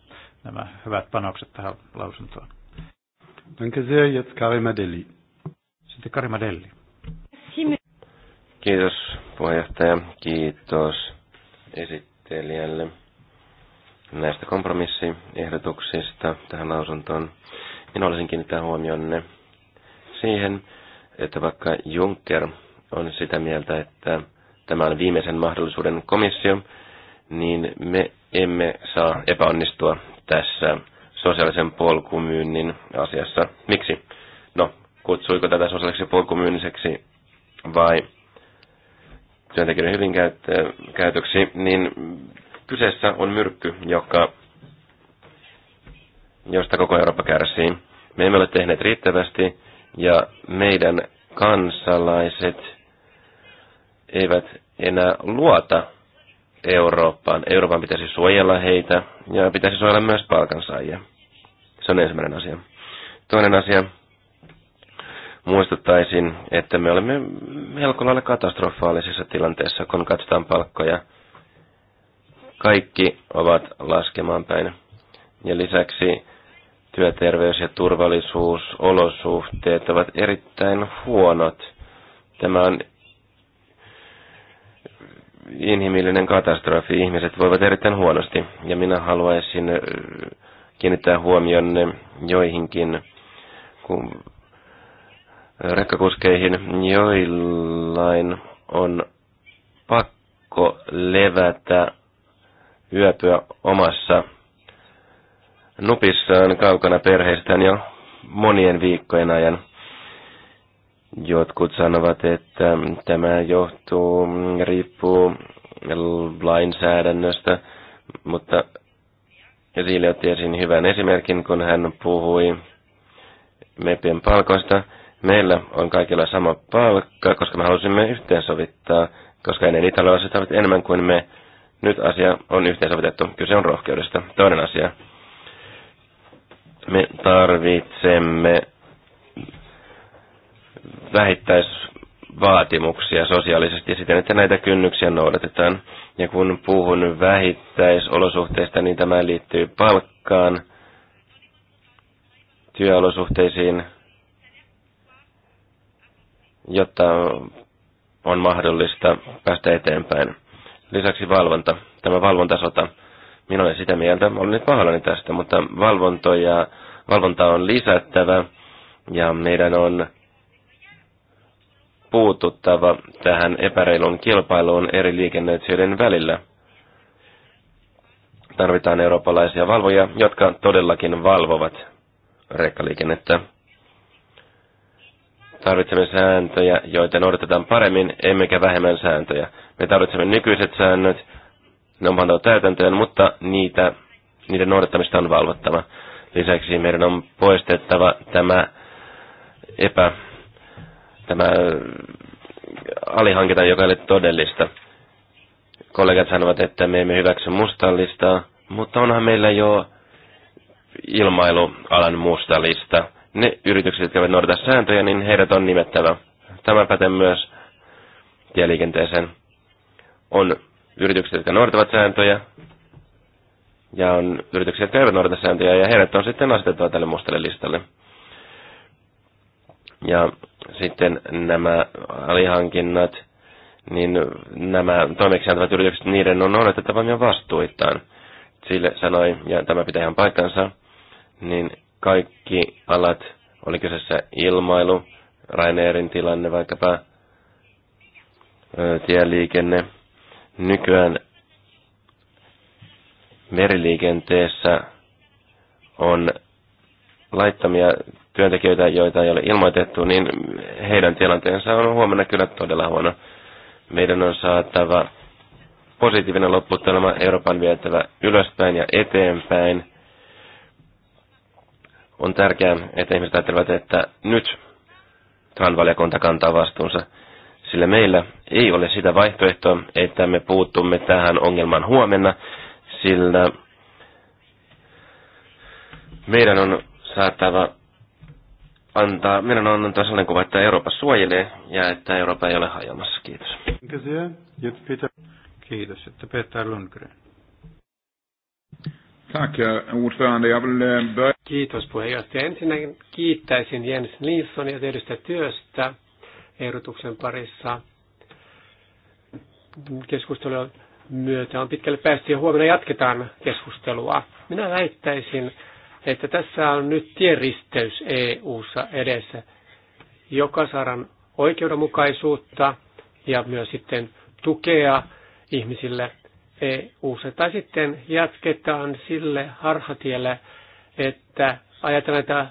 nämä hyvät panokset tähän lausuntoon. Danke sehr, jetzt Karima Delli. Sitten Karima Delli. Kiitos puheenjohtaja, kiitos esittelijälle näistä kompromissiehdotuksista tähän lausuntoon. Minä olisin kiinnittää huomionne siihen, että vaikka Juncker on sitä mieltä, että tämä on viimeisen mahdollisuuden komissio, niin me emme saa epäonnistua tässä sosiaalisen polkumyynnin asiassa. Miksi? No, kutsuiko tätä sosiaaliseksi polkumyynniseksi vai työntekijöiden hyvin käytöksi, niin kyseessä on myrkky, joka, josta koko Eurooppa kärsii. Me emme ole tehneet riittävästi ja meidän kansalaiset eivät enää luota Eurooppaan. Euroopan pitäisi suojella heitä ja pitäisi suojella myös palkansaajia. Se on ensimmäinen asia. Toinen asia, muistuttaisin, että me olemme melko lailla katastrofaalisessa tilanteessa, kun katsotaan palkkoja. Kaikki ovat laskemaan päin. Ja lisäksi työterveys ja turvallisuus, olosuhteet ovat erittäin huonot. Tämä on inhimillinen katastrofi. Ihmiset voivat erittäin huonosti ja minä haluaisin kiinnittää huomionne joihinkin kun rekkakuskeihin, joillain on pakko levätä, yöpyä omassa nupissaan kaukana perheestään jo monien viikkojen ajan. Jotkut sanovat, että tämä johtuu, riippuu lainsäädännöstä, mutta Siili otti esiin hyvän esimerkin, kun hän puhui MEPien palkoista. Meillä on kaikilla sama palkka, koska me halusimme yhteensovittaa, koska ennen italialaiset ovat enemmän kuin me. Nyt asia on yhteensovitettu. Kyse on rohkeudesta. Toinen asia. Me tarvitsemme vähittäisvaatimuksia sosiaalisesti siten, että näitä kynnyksiä noudatetaan. Ja kun puhun vähittäisolosuhteista, niin tämä liittyy palkkaan, työolosuhteisiin, jotta on mahdollista päästä eteenpäin. Lisäksi valvonta, tämä valvontasota. Minä olen sitä mieltä, olen nyt pahoillani tästä, mutta valvontoja, valvontaa on lisättävä ja meidän on puututtava tähän epäreilun kilpailuun eri liikennöitsijöiden välillä. Tarvitaan eurooppalaisia valvoja, jotka todellakin valvovat rekkaliikennettä. Tarvitsemme sääntöjä, joita noudatetaan paremmin, emmekä vähemmän sääntöjä. Me tarvitsemme nykyiset säännöt, ne on pantava täytäntöön, mutta niitä, niiden noudattamista on valvottava. Lisäksi meidän on poistettava tämä epä tämä alihankinta, joka oli todellista. Kollegat sanovat, että me emme hyväksy mustallista, mutta onhan meillä jo ilmailualan mustallista. Ne yritykset, jotka eivät noudata sääntöjä, niin heidät on nimettävä. Tämä pätee myös tieliikenteeseen. On yritykset, jotka noudattavat sääntöjä, ja on yrityksiä, jotka eivät noudata sääntöjä, ja heidät on sitten asetettava tälle mustalle listalle. Ja sitten nämä alihankinnat, niin nämä toimeksiantavat yritykset, niiden on noudatettava myös vastuitaan. Sille sanoi, ja tämä pitää ihan paikkansa, niin kaikki alat, oli kyseessä ilmailu, Raineerin tilanne vaikkapa, tieliikenne. Nykyään meriliikenteessä on laittomia työntekijöitä, joita ei ole ilmoitettu, niin heidän tilanteensa on huomenna kyllä todella huono. Meidän on saatava positiivinen lopputtelema Euroopan vietävä ylöspäin ja eteenpäin. On tärkeää, että ihmiset ajattelevat, että nyt TRAN-valiokunta kantaa vastuunsa, sillä meillä ei ole sitä vaihtoehtoa, että me puuttumme tähän ongelmaan huomenna, sillä meidän on saatava antaa, meidän on antaa sellainen kuva, että Eurooppa suojelee ja että Eurooppa ei ole hajoamassa. Kiitos. Kiitos, että Peter Lundgren. Tack, ordförande. Jag vill eh, börja... Kiitos puheenjohtaja. Ensinnäkin kiittäisin Jens ja tehdystä työstä ehdotuksen parissa. keskustelun myötä on pitkälle päästy ja huomenna jatketaan keskustelua. Minä väittäisin, että tässä on nyt tieristeys EU-ssa edessä, joka saadaan oikeudenmukaisuutta ja myös sitten tukea ihmisille eu Tai sitten jatketaan sille harhatielle, että ajatellaan, että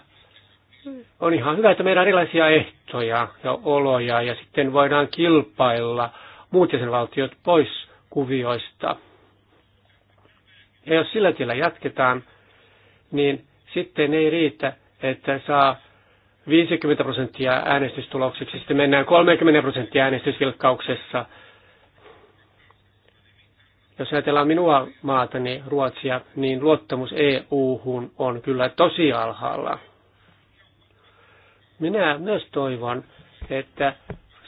on ihan hyvä, että meillä on erilaisia ehtoja ja oloja ja sitten voidaan kilpailla muut jäsenvaltiot pois kuvioista. Ja jos sillä tiellä jatketaan, niin sitten ei riitä, että saa 50 prosenttia äänestystuloksiksi. Sitten mennään 30 prosenttia äänestysvilkkauksessa. Jos ajatellaan minua maatani, niin Ruotsia, niin luottamus EU-hun on kyllä tosi alhaalla. Minä myös toivon, että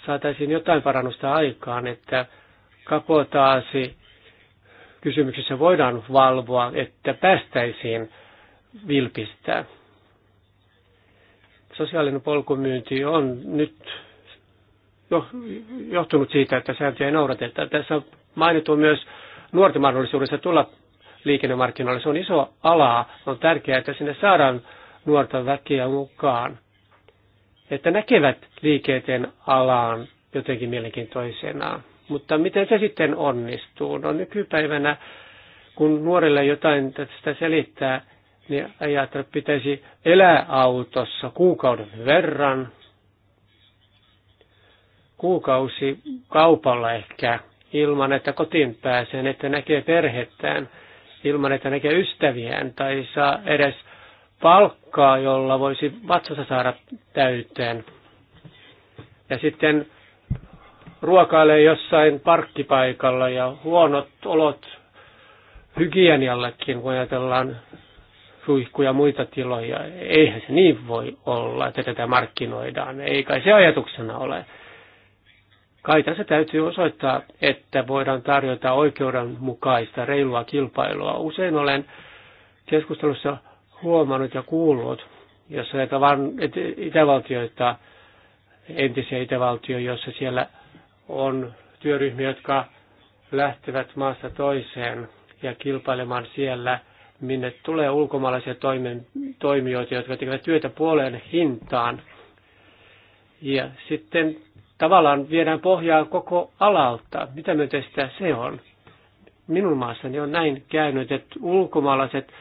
saataisiin jotain parannusta aikaan, että kapotaasi kysymyksessä voidaan valvoa, että päästäisiin vilpistää. Sosiaalinen polkumyynti on nyt johtunut siitä, että sääntöjä ei noudateta. Tässä on mainittu myös nuorten mahdollisuudessa tulla liikennemarkkinoille. Se on iso ala. On tärkeää, että sinne saadaan nuorta väkeä mukaan. Että näkevät liikenteen alaan jotenkin mielenkiintoisena. Mutta miten se sitten onnistuu? No nykypäivänä, kun nuorille jotain tästä selittää, niin ajatella, että pitäisi elää autossa kuukauden verran, kuukausi kaupalla ehkä, ilman että kotiin pääsee, että näkee perhettään, ilman että näkee ystäviään tai saa edes palkkaa, jolla voisi vatsassa saada täyteen. Ja sitten ruokailee jossain parkkipaikalla ja huonot olot hygieniallekin, kun ajatellaan suihkuja muita tiloja. Eihän se niin voi olla, että tätä markkinoidaan. Ei kai se ajatuksena ole. Kai tässä täytyy osoittaa, että voidaan tarjota oikeudenmukaista, reilua kilpailua. Usein olen keskustelussa huomannut ja kuullut, jos ajatellaan itävaltioita, entisiä itävaltioita, jossa siellä on työryhmiä, jotka lähtevät maasta toiseen ja kilpailemaan siellä – minne tulee ulkomaalaisia toimen, toimijoita, jotka tekevät työtä puoleen hintaan. Ja sitten tavallaan viedään pohjaa koko alalta. Mitä myönteistä se on? Minun maassani on näin käynyt, että ulkomaalaiset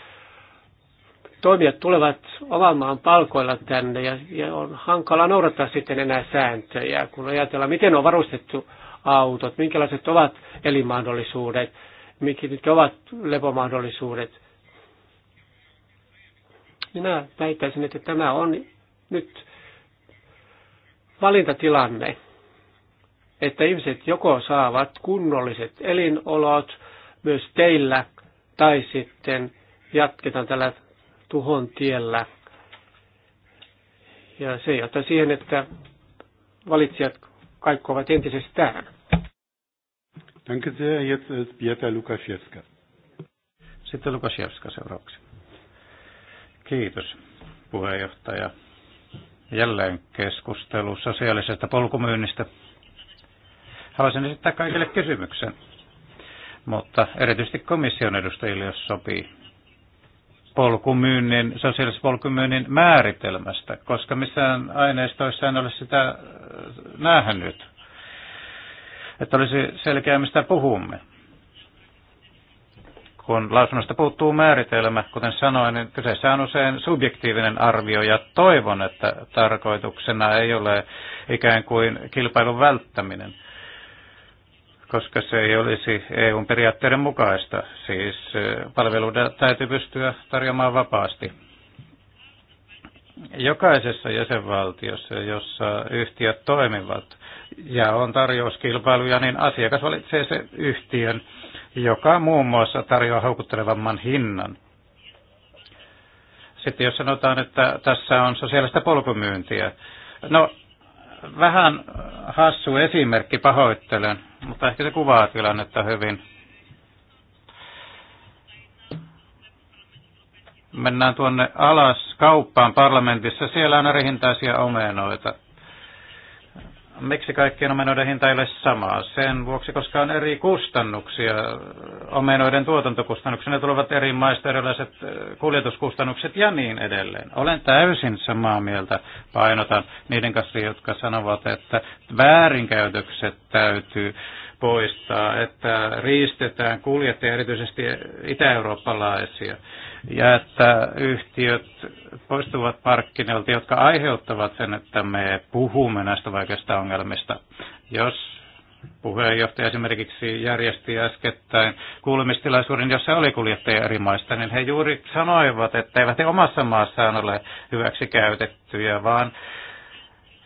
toimijat tulevat oman maan palkoilla tänne ja, ja on hankala noudattaa sitten enää sääntöjä, kun ajatellaan, miten on varustettu autot, minkälaiset ovat elinmahdollisuudet, mitkä ovat lepomahdollisuudet. Minä väittäisin, että tämä on nyt valintatilanne, että ihmiset joko saavat kunnolliset elinolot myös teillä, tai sitten jatketaan tällä tuhon tiellä. Ja se johtaa siihen, että valitsijat kaikkoavat entisestään. Danke sehr, jetzt Lukasiewska. Sitten Lukasiewska seuraavaksi. Kiitos puheenjohtaja. Jälleen keskustelu sosiaalisesta polkumyynnistä. Haluaisin esittää kaikille kysymyksen, mutta erityisesti komission edustajille, jos sopii polkumyynnin, sosiaalisen polkumyynnin määritelmästä, koska missään aineistoissa en ole sitä äh, nähnyt. Että olisi selkeää, mistä puhumme kun lausunnosta puuttuu määritelmä, kuten sanoin, niin kyseessä on usein subjektiivinen arvio ja toivon, että tarkoituksena ei ole ikään kuin kilpailun välttäminen, koska se ei olisi EUn periaatteiden mukaista. Siis palveluita täytyy pystyä tarjoamaan vapaasti. Jokaisessa jäsenvaltiossa, jossa yhtiöt toimivat ja on tarjouskilpailuja, niin asiakas valitsee se yhtiön joka muun muassa tarjoaa houkuttelevamman hinnan. Sitten jos sanotaan, että tässä on sosiaalista polkumyyntiä. No, vähän hassu esimerkki, pahoittelen, mutta ehkä se kuvaa tilannetta hyvin. Mennään tuonne alas kauppaan parlamentissa, siellä on erihintaisia omenoita. Miksi kaikkien omenoiden hinta ei ole samaa? Sen vuoksi, koska on eri kustannuksia. Omenoiden tuotantokustannuksia ne tulevat eri maista, erilaiset kuljetuskustannukset ja niin edelleen. Olen täysin samaa mieltä, painotan niiden kanssa, jotka sanovat, että väärinkäytökset täytyy poistaa, että riistetään kuljettajia, erityisesti itä-eurooppalaisia ja että yhtiöt poistuvat markkinoilta, jotka aiheuttavat sen, että me puhumme näistä vaikeista ongelmista. Jos puheenjohtaja esimerkiksi järjesti äskettäin kuulemistilaisuuden, jossa oli kuljettajia eri maista, niin he juuri sanoivat, että eivät he omassa maassaan ole hyväksi käytettyjä, vaan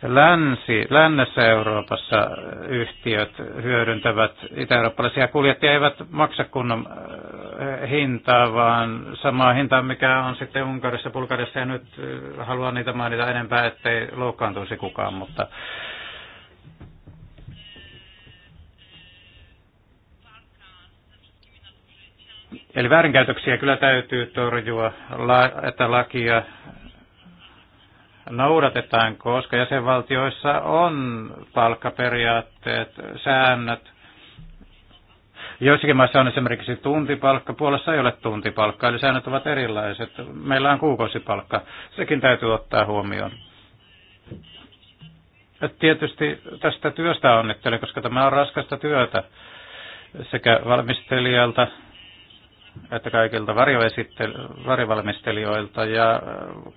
Länsi, lännessä Euroopassa yhtiöt hyödyntävät itä-eurooppalaisia kuljettajia, eivät maksa kunnon äh, hintaa, vaan samaa hintaa, mikä on sitten Unkarissa, Bulgarissa, ja nyt äh, haluan niitä mainita enempää, ettei loukkaantuisi kukaan, mutta Eli väärinkäytöksiä kyllä täytyy torjua, että lakia noudatetaan, koska jäsenvaltioissa on palkkaperiaatteet, säännöt. Joissakin maissa on esimerkiksi tuntipalkka, puolessa ei ole tuntipalkka, eli säännöt ovat erilaiset. Meillä on kuukausipalkka, sekin täytyy ottaa huomioon. Tietysti tästä työstä onnittelen, koska tämä on raskasta työtä sekä valmistelijalta että kaikilta varjovalmistelijoilta ja äh,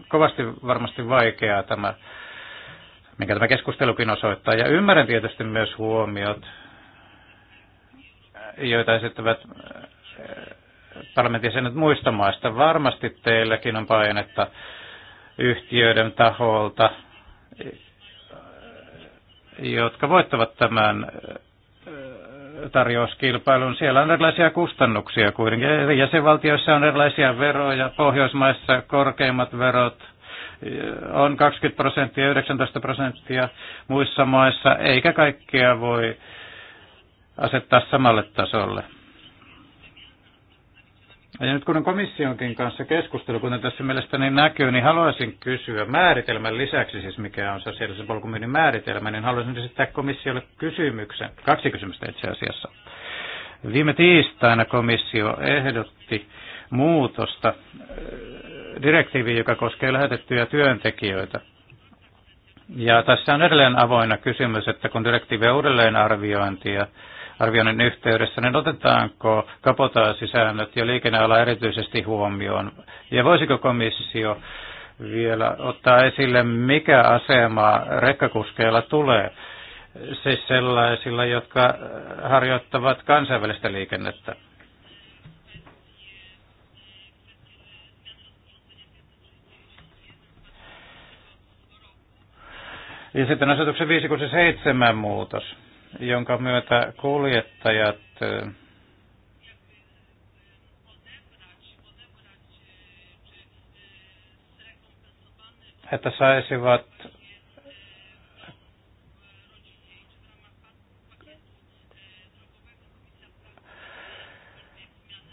kovasti varmasti vaikeaa tämä, minkä tämä keskustelukin osoittaa. Ja ymmärrän tietysti myös huomiot, joita esittävät äh, parlamentin jäsenet muista maista. Varmasti teilläkin on painetta yhtiöiden taholta, jotka voittavat tämän äh, tarjouskilpailun. Siellä on erilaisia kustannuksia kuitenkin. Eri jäsenvaltioissa on erilaisia veroja. Pohjoismaissa korkeimmat verot eh, on 20 prosenttia, 19 prosenttia muissa maissa, eikä kaikkia voi asettaa samalle tasolle. Ja nyt kun on komissionkin kanssa keskustelu, kuten tässä mielestäni näkyy, niin haluaisin kysyä määritelmän lisäksi, siis mikä on sosiaalisen polkumyynnin määritelmä, niin haluaisin esittää komissiolle kysymyksen, kaksi kysymystä itse asiassa. Viime tiistaina komissio ehdotti muutosta äh, direktiiviin, joka koskee lähetettyjä työntekijöitä. Ja tässä on edelleen avoinna kysymys, että kun direktiivi uudelleenarviointia arviointia arvioinnin yhteydessä, niin otetaanko kapotaasisäännöt ja liikenneala erityisesti huomioon? Ja voisiko komissio vielä ottaa esille, mikä asema rekkakuskeilla tulee? Siis sellaisilla, jotka harjoittavat kansainvälistä liikennettä. Ja sitten asetuksen 567 muutos jonka myötä kuljettajat että saisivat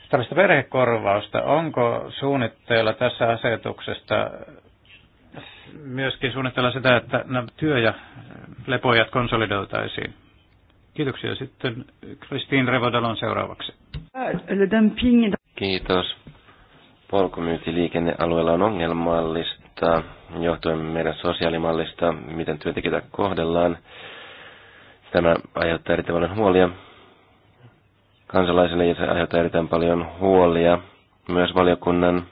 tällaista perhekorvausta. Onko suunnitteilla tässä asetuksesta myöskin suunnitella sitä, että nämä työ- ja lepojat konsolidoitaisiin? Kiitoksia. Sitten Kristiin Revodalon seuraavaksi. Kiitos. Polkumyyntiliikennealueella on ongelmallista, johtuen meidän sosiaalimallista, miten työntekijöitä kohdellaan. Tämä aiheuttaa erittäin paljon huolia kansalaisille ja se aiheuttaa erittäin paljon huolia myös valiokunnan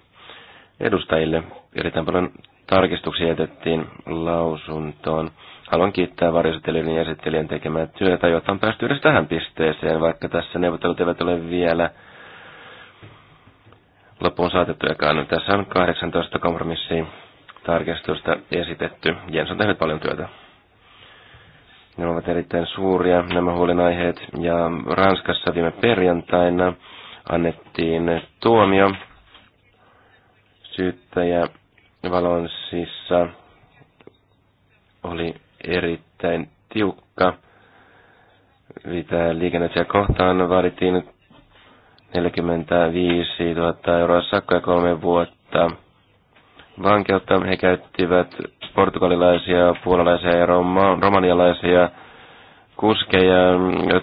edustajille. Erittäin paljon tarkistuksia jätettiin lausuntoon. Haluan kiittää varjositelijan ja esittelijän tekemää työtä, jotta on päästy edes tähän pisteeseen, vaikka tässä neuvottelut eivät ole vielä loppuun saatettujakaan. No, tässä on 18 kompromissia tarkistusta esitetty. Jens on tehnyt paljon työtä. Ne ovat erittäin suuria, nämä huolenaiheet. Ja Ranskassa viime perjantaina annettiin tuomio syyttäjä Valonsissa oli erittäin tiukka. Mitä liikennöitsijä kohtaan vaadittiin 45 000 euroa sakkoja kolme vuotta vankeutta. He käyttivät portugalilaisia, puolalaisia ja roma- romanialaisia kuskeja,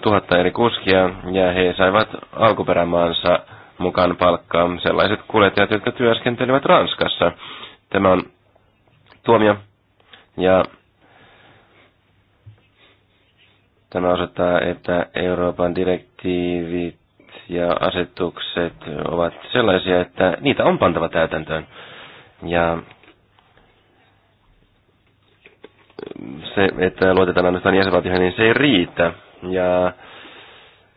tuhatta eri kuskia, ja he saivat alkuperämaansa mukaan palkkaa sellaiset kuljettajat, jotka työskentelevät Ranskassa. Tämä on tuomio, ja Tämä osoittaa, että Euroopan direktiivit ja asetukset ovat sellaisia, että niitä on pantava täytäntöön. Ja se, että luotetaan ainoastaan jäsenvaltioihin, niin se ei riitä. Ja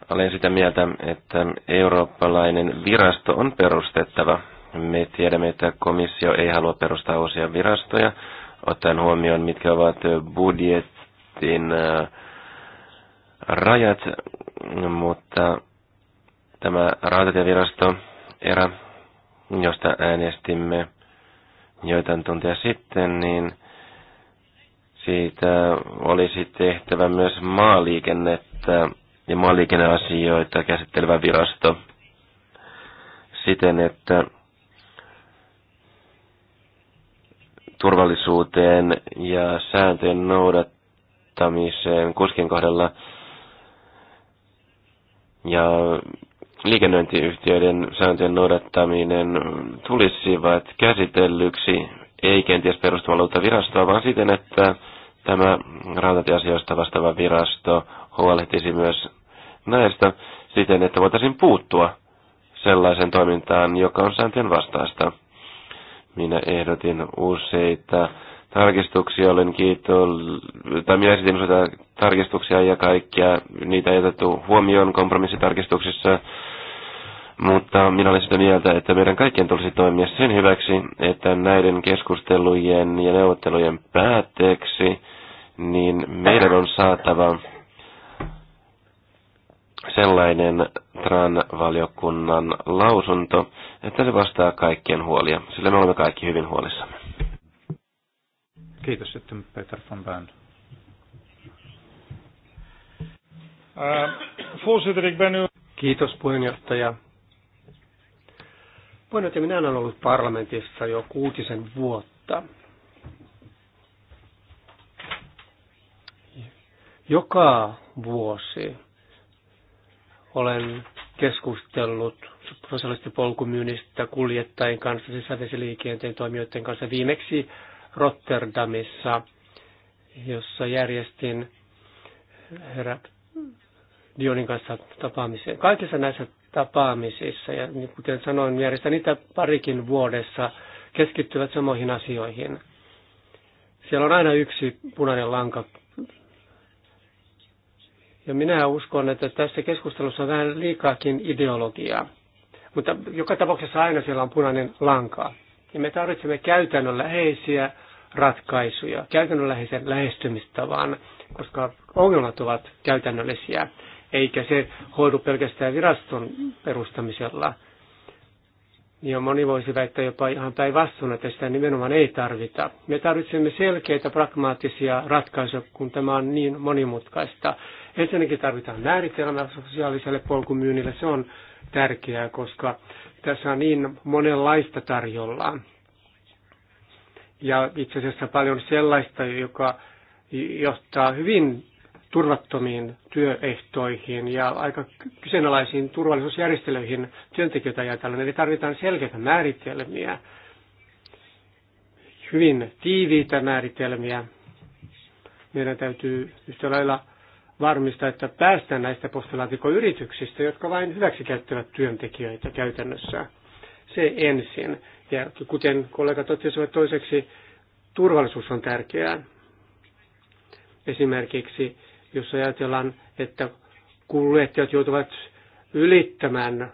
olen sitä mieltä, että eurooppalainen virasto on perustettava. Me tiedämme, että komissio ei halua perustaa uusia virastoja, ottaen huomioon, mitkä ovat budjetin äh, rajat, mutta tämä rautatievirasto erä, josta äänestimme joitain tuntia sitten, niin siitä olisi tehtävä myös maaliikennettä ja maaliikenneasioita käsittelevä virasto siten, että turvallisuuteen ja sääntöjen noudattamiseen kuskin kohdalla ja liikennöintiyhtiöiden sääntöjen noudattaminen tulisivat käsitellyksi ei kenties perustamalla virastoa, vaan siten, että tämä rautatieasioista vastaava virasto huolehtisi myös näistä siten, että voitaisiin puuttua sellaisen toimintaan, joka on sääntöjen vastaista. Minä ehdotin useita tarkistuksia. Olen kiitollinen, tai minä esitin noita tarkistuksia ja kaikkia. Niitä ei otettu huomioon kompromissitarkistuksissa. Mutta minä olen sitä mieltä, että meidän kaikkien tulisi toimia sen hyväksi, että näiden keskustelujen ja neuvottelujen päätteeksi niin meidän on saatava sellainen TRAN-valiokunnan lausunto, että se vastaa kaikkien huolia, sillä me olemme kaikki hyvin huolissamme. Kiitos sitten Peter von Bern. Äh, Kiitos puheenjohtaja. Puheenjohtaja, minä olen ollut parlamentissa jo kuutisen vuotta. Joka vuosi olen keskustellut sosiaalista polkumyynnistä kuljettajien kanssa, sisävesiliikenteen toimijoiden kanssa. Viimeksi Rotterdamissa, jossa järjestin herra Dionin kanssa tapaamisen. Kaikissa näissä tapaamisissa, ja niin kuten sanoin, järjestän niitä parikin vuodessa, keskittyvät samoihin asioihin. Siellä on aina yksi punainen lanka. Ja minä uskon, että tässä keskustelussa on vähän liikaakin ideologiaa. Mutta joka tapauksessa aina siellä on punainen lanka niin me tarvitsemme käytännönläheisiä ratkaisuja, käytännönläheisen lähestymistavan, koska ongelmat ovat käytännöllisiä, eikä se hoidu pelkästään viraston perustamisella. Ja moni voisi väittää jopa ihan päinvastoin, että sitä nimenomaan ei tarvita. Me tarvitsemme selkeitä pragmaattisia ratkaisuja, kun tämä on niin monimutkaista. Ensinnäkin tarvitaan määritelmä sosiaaliselle polkumyynnille. Se on tärkeää, koska tässä on niin monenlaista tarjolla. Ja itse asiassa paljon sellaista, joka johtaa hyvin turvattomiin työehtoihin ja aika kyseenalaisiin turvallisuusjärjestelyihin työntekijöitä ajatellen. Eli tarvitaan selkeitä määritelmiä, hyvin tiiviitä määritelmiä. Meidän täytyy yhtä lailla varmista, että päästään näistä postilaatikoyrityksistä, jotka vain hyväksikäyttävät työntekijöitä käytännössä. Se ensin. Ja kuten kollega totesivat toiseksi, turvallisuus on tärkeää. Esimerkiksi jos ajatellaan, että kuljettajat joutuvat ylittämään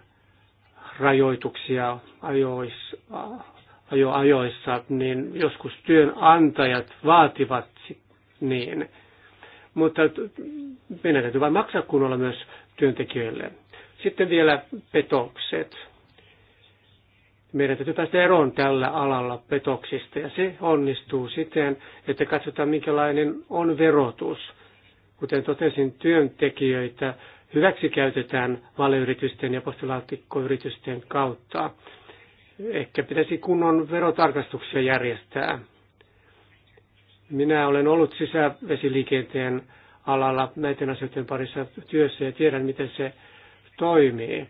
rajoituksia ajoissa, ajo, ajoissa, niin joskus työnantajat vaativat niin mutta meidän täytyy vain maksaa kunnolla myös työntekijöille. Sitten vielä petokset. Meidän täytyy päästä eroon tällä alalla petoksista ja se onnistuu siten, että katsotaan minkälainen on verotus. Kuten totesin, työntekijöitä hyväksi käytetään valeyritysten ja postilaatikkoyritysten kautta. Ehkä pitäisi kunnon verotarkastuksia järjestää minä olen ollut sisävesiliikenteen alalla näiden asioiden parissa työssä ja tiedän, miten se toimii.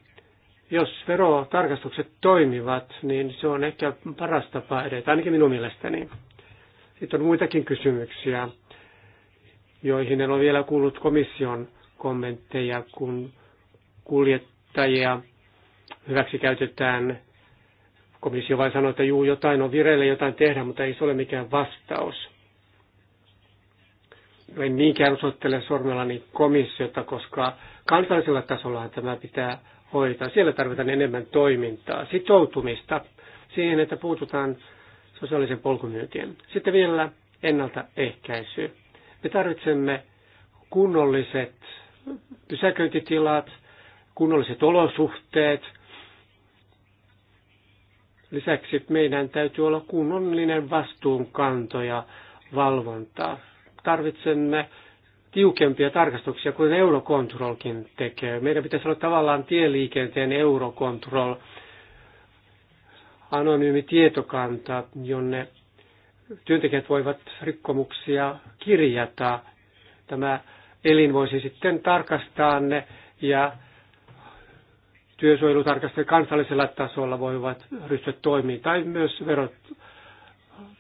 Jos verotarkastukset toimivat, niin se on ehkä paras tapa edetä, ainakin minun mielestäni. Sitten on muitakin kysymyksiä, joihin en ole vielä kuullut komission kommentteja, kun kuljettajia hyväksi käytetään. Komissio vain sanoo, että juu, jotain on vireillä, jotain tehdä, mutta ei se ole mikään vastaus en niinkään osoittele sormellani komissiota, koska kansallisella tasolla tämä pitää hoitaa. Siellä tarvitaan enemmän toimintaa, sitoutumista siihen, että puututaan sosiaalisen polkumyyntiin. Sitten vielä ennaltaehkäisy. Me tarvitsemme kunnolliset pysäköintitilat, kunnolliset olosuhteet. Lisäksi meidän täytyy olla kunnollinen vastuunkanto ja valvontaa tarvitsemme tiukempia tarkastuksia kuin Eurocontrolkin tekee. Meidän pitäisi olla tavallaan tieliikenteen Eurocontrol, anonyymi tietokanta, jonne työntekijät voivat rikkomuksia kirjata. Tämä elin voisi sitten tarkastaa ne ja työsuojelutarkastajat kansallisella tasolla voivat ryhtyä toimiin tai myös verot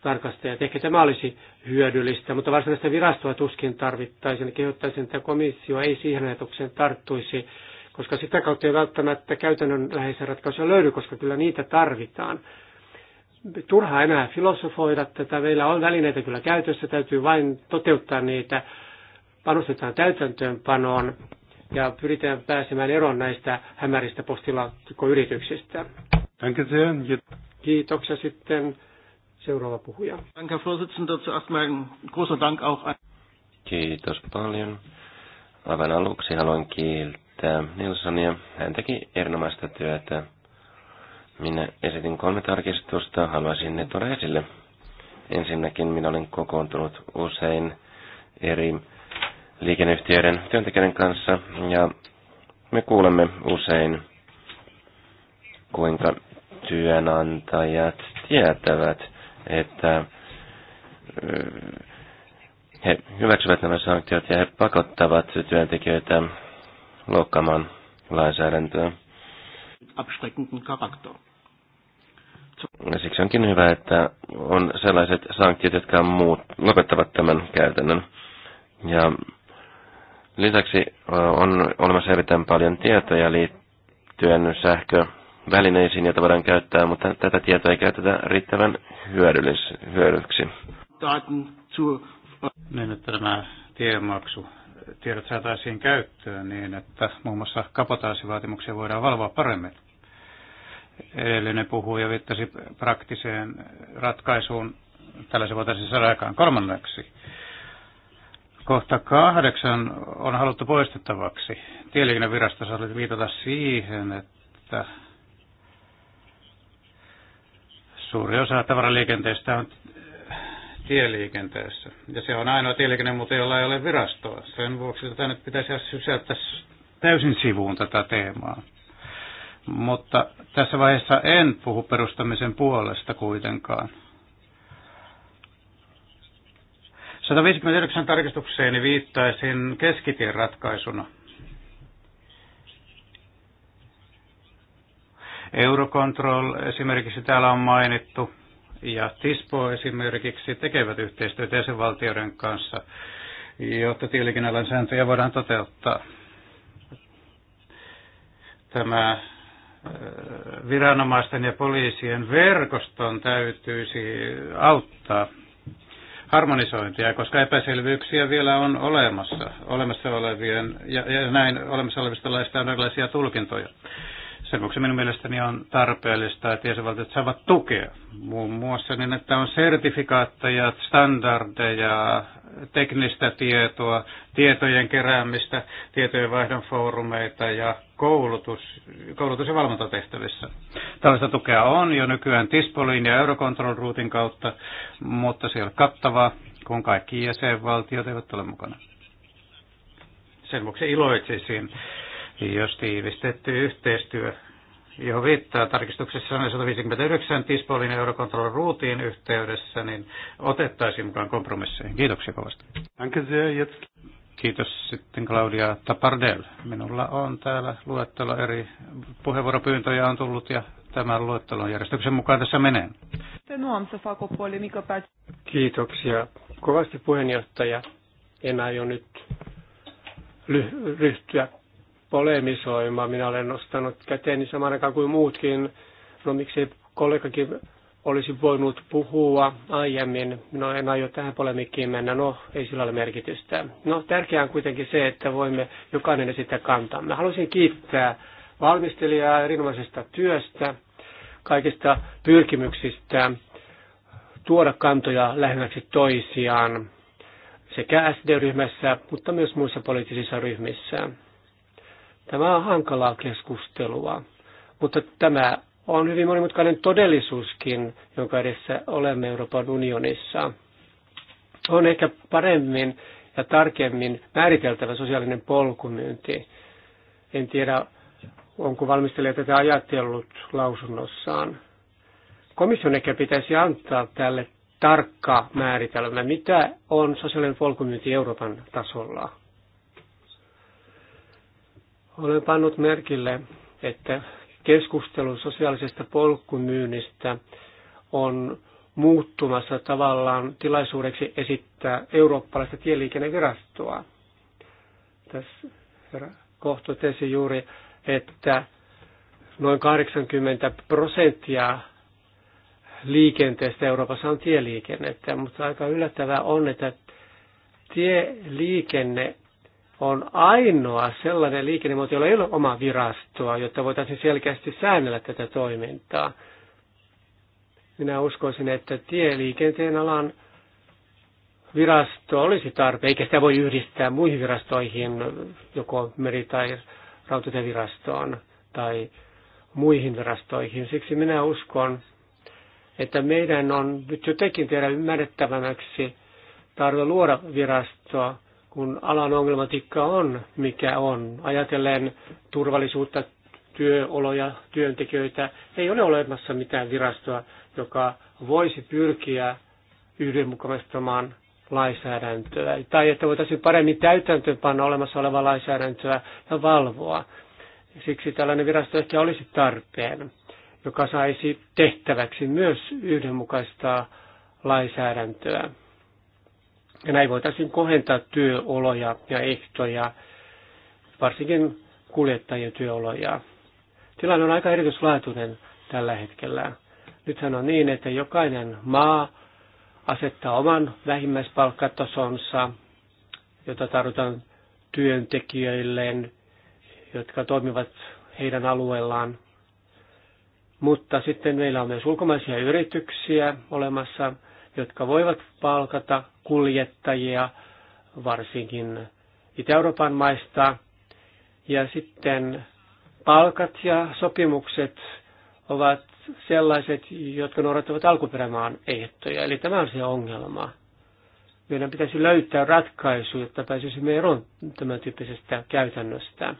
tarkastajat. Ehkä tämä olisi hyödyllistä, mutta varsinaista virastoa tuskin tarvittaisiin. Kehottaisin, että komissio ei siihen ajatukseen tarttuisi, koska sitä kautta ei välttämättä käytännön läheisen ratkaisuja löydy, koska kyllä niitä tarvitaan. Turha enää filosofoida tätä. Meillä on välineitä kyllä käytössä, täytyy vain toteuttaa niitä. Panostetaan täytäntöönpanoon ja pyritään pääsemään eroon näistä hämäristä postilaatikkoyrityksistä. Kiitoksia sitten Seuraava puhuja. Kiitos paljon. Aivan aluksi haluan kiittää Nilssonia. Hän teki erinomaista työtä. Minä esitin kolme tarkistusta, haluaisin ne tuoda esille. Ensinnäkin minä olen kokoontunut usein eri liikenneyhtiöiden työntekijöiden kanssa ja me kuulemme usein, kuinka työnantajat tietävät, että he hyväksyvät nämä sanktiot ja he pakottavat työntekijöitä luokkaamaan lainsäädäntöä. Siksi onkin hyvä, että on sellaiset sanktiot, jotka muut, lopettavat tämän käytännön. Ja lisäksi on olemassa erittäin paljon tietoja liittyen sähkö välineisiin, joita voidaan käyttää, mutta tätä tietoa ei käytetä riittävän hyödyllis, hyödyksi. Niin, että nämä tiemaksu tiedot saataisiin käyttöön niin, että muun muassa kapotaasivaatimuksia voidaan valvoa paremmin. Edellinen puhuu ja viittasi praktiseen ratkaisuun. Tällaisen voitaisiin saada aikaan kolmanneksi. Kohta kahdeksan on haluttu poistettavaksi. Tieliikennevirastossa oli viitata siihen, että Suuri osa tavaraliikenteestä on tieliikenteessä. Ja se on ainoa tieliikenne, mutta jolla ei ole virastoa. Sen vuoksi tätä nyt pitäisi sysäyttää täysin sivuun tätä teemaa. Mutta tässä vaiheessa en puhu perustamisen puolesta kuitenkaan. 159 tarkistukseeni viittaisin keskitien ratkaisuna. Eurocontrol esimerkiksi täällä on mainittu ja TISPO esimerkiksi tekevät yhteistyötä jäsenvaltioiden kanssa, jotta tieliikennealan sääntöjä voidaan toteuttaa. Tämä äh, viranomaisten ja poliisien verkoston täytyisi auttaa harmonisointia, koska epäselvyyksiä vielä on olemassa, olemassa olevien, ja, ja näin olemassa olevista laista on erilaisia tulkintoja. Sen vuoksi minun mielestäni on tarpeellista, että jäsenvaltiot saavat tukea muun muassa niin, että on sertifikaatteja, standardeja, teknistä tietoa, tietojen keräämistä, tietojen vaihdon foorumeita ja koulutus, koulutus- ja valvontatehtävissä. Tällaista tukea on jo nykyään Tispolin ja Eurocontrol ruutin kautta, mutta se ei ole kattavaa, kun kaikki jäsenvaltiot eivät ole mukana. Sen vuoksi iloitsisin jos tiivistetty yhteistyö johon viittaa tarkistuksessa 159 Tispolin ja Eurocontrol ruutiin yhteydessä, niin otettaisiin mukaan kompromisseihin. Kiitoksia kovasti. Kiitos sitten Claudia Tapardel. Minulla on täällä luettelo eri puheenvuoropyyntöjä on tullut ja tämän luettelon järjestyksen mukaan tässä menee. Kiitoksia kovasti puheenjohtaja. En aio nyt ryhtyä polemisoimaan. Minä olen nostanut käteeni samaan aikaan kuin muutkin. No miksi kollegakin olisi voinut puhua aiemmin. No en aio tähän polemikkiin mennä, no ei sillä ole merkitystä. No tärkeää on kuitenkin se, että voimme jokainen esittää kantaa. Mä haluaisin kiittää valmistelijaa erinomaisesta työstä, kaikista pyrkimyksistä tuoda kantoja lähemmäksi toisiaan sekä SD-ryhmässä, mutta myös muissa poliittisissa ryhmissä. Tämä on hankalaa keskustelua, mutta tämä on hyvin monimutkainen todellisuuskin, jonka edessä olemme Euroopan unionissa. On ehkä paremmin ja tarkemmin määriteltävä sosiaalinen polkumyynti. En tiedä, onko valmistelija tätä ajatellut lausunnossaan. Komission ehkä pitäisi antaa tälle tarkka määritelmä, mitä on sosiaalinen polkumyynti Euroopan tasolla. Olen pannut merkille, että keskustelu sosiaalisesta polkkumyynnistä on muuttumassa tavallaan tilaisuudeksi esittää eurooppalaista tieliikennevirastoa. Tässä herra Kohto tesi juuri, että noin 80 prosenttia liikenteestä Euroopassa on tieliikennettä, mutta aika yllättävää on, että tieliikenne on ainoa sellainen liikennemuoto, jolla ei ole omaa virastoa, jotta voitaisiin selkeästi säännellä tätä toimintaa. Minä uskoisin, että tieliikenteen alan virasto olisi tarpeen, eikä sitä voi yhdistää muihin virastoihin, joko meri- tai rautatievirastoon tai muihin virastoihin. Siksi minä uskon, että meidän on nyt jotenkin tehdä ymmärrettävämmäksi tarve luoda virastoa, kun alan ongelmatikka on, mikä on, ajatellen turvallisuutta, työoloja, työntekijöitä, ei ole olemassa mitään virastoa, joka voisi pyrkiä yhdenmukaistamaan lainsäädäntöä, tai että voitaisiin paremmin täytäntöönpanna olemassa olevaa lainsäädäntöä ja valvoa. Siksi tällainen virasto ehkä olisi tarpeen, joka saisi tehtäväksi myös yhdenmukaistaa lainsäädäntöä. Ja näin voitaisiin kohentaa työoloja ja ehtoja, varsinkin kuljettajien työoloja. Tilanne on aika erityislaatuinen tällä hetkellä. Nythän on niin, että jokainen maa asettaa oman vähimmäispalkkatasonsa, jota tarvitaan työntekijöilleen, jotka toimivat heidän alueellaan. Mutta sitten meillä on myös ulkomaisia yrityksiä olemassa, jotka voivat palkata kuljettajia, varsinkin Itä-Euroopan maista. Ja sitten palkat ja sopimukset ovat sellaiset, jotka noudattavat alkuperämaan ehtoja. Eli tämä on se ongelma. Meidän pitäisi löytää ratkaisu, jotta pääsisimme eroon tämän tyyppisestä käytännöstä.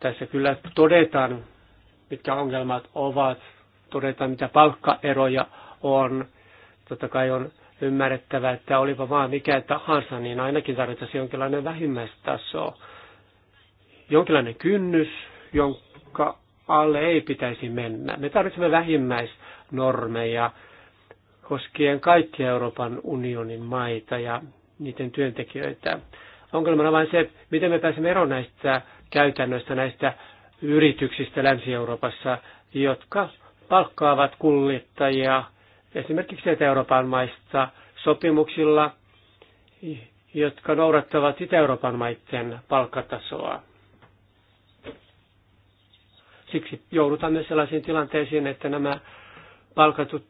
Tässä kyllä todetaan, mitkä ongelmat ovat todeta, mitä palkkaeroja on. Totta kai on ymmärrettävä, että olipa vaan mikä tahansa, niin ainakin tarvittaisiin jonkinlainen vähimmäistaso, jonkinlainen kynnys, jonka alle ei pitäisi mennä. Me tarvitsemme vähimmäisnormeja koskien kaikkia Euroopan unionin maita ja niiden työntekijöitä. Ongelmana vain se, miten me pääsemme eroon näistä käytännöistä, näistä yrityksistä Länsi-Euroopassa, jotka palkkaavat kuljettajia esimerkiksi Etä-Euroopan maista sopimuksilla, jotka noudattavat Itä-Euroopan maiden palkkatasoa. Siksi joudutaan myös sellaisiin tilanteisiin, että nämä palkatut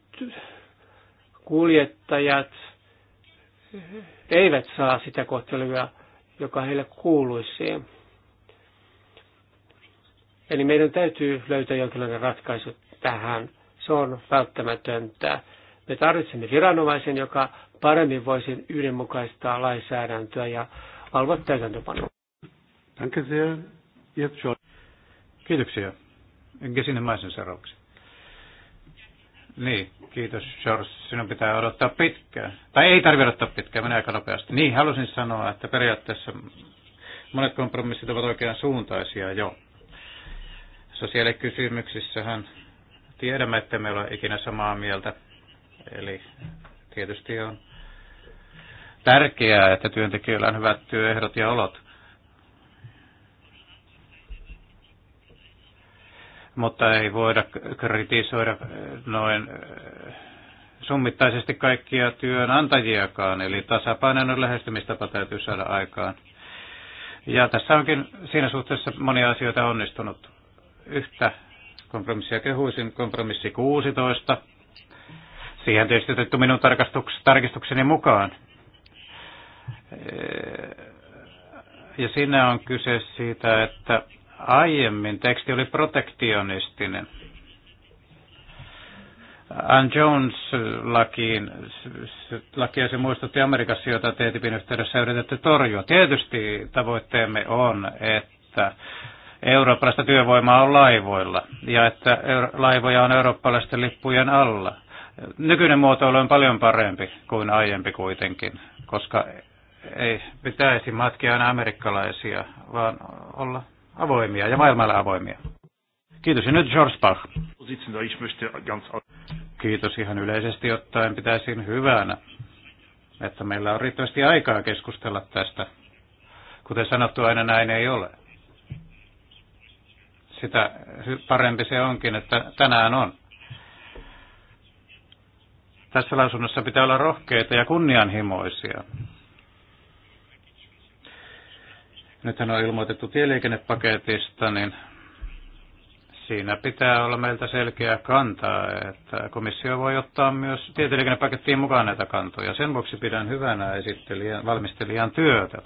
kuljettajat eivät saa sitä kohtelua, joka heille kuuluisi. Eli meidän täytyy löytää jonkinlainen ratkaisu tähän. Se on välttämätöntä. Me tarvitsemme viranomaisen, joka paremmin voisi yhdenmukaistaa lainsäädäntöä ja valvoa täytäntöpanoa. Kiitoksia. Enkä sinne maisen seuraavaksi. Niin, kiitos George. Sinun pitää odottaa pitkään. Tai ei tarvitse odottaa pitkään, menee aika nopeasti. Niin, halusin sanoa, että periaatteessa monet kompromissit ovat oikean suuntaisia jo. Sosiaalikysymyksissähän Tiedämme, että me ole ikinä samaa mieltä. Eli tietysti on tärkeää, että työntekijöillä on hyvät työehdot ja olot. Mutta ei voida kritisoida noin summittaisesti kaikkia työnantajiakaan, eli tasapainoinen lähestymistapa täytyy saada aikaan. Ja tässä onkin siinä suhteessa monia asioita onnistunut. Yhtä kompromissia kehuisin. Kompromissi 16. Siihen tietysti otettu minun tarkistukseni mukaan. Ja siinä on kyse siitä, että aiemmin teksti oli protektionistinen. Ann Jones-lakiin, lakia se muistutti Amerikassa, jota TTIPin yhteydessä yritetty torjua. Tietysti tavoitteemme on, että eurooppalaista työvoimaa on laivoilla ja että laivoja on eurooppalaisten lippujen alla. Nykyinen muotoilu on paljon parempi kuin aiempi kuitenkin, koska ei pitäisi matkia aina amerikkalaisia, vaan olla avoimia ja maailmalle avoimia. Kiitos. Ja nyt George Bach. Kiitos ihan yleisesti ottaen pitäisin hyvänä, että meillä on riittävästi aikaa keskustella tästä. Kuten sanottu, aina näin ei ole sitä parempi se onkin, että tänään on. Tässä lausunnossa pitää olla rohkeita ja kunnianhimoisia. Nythän on ilmoitettu tieliikennepaketista, niin siinä pitää olla meiltä selkeä kantaa, että komissio voi ottaa myös tieliikennepakettiin mukaan näitä kantoja. Sen vuoksi pidän hyvänä esittelijän, valmistelijan työtä.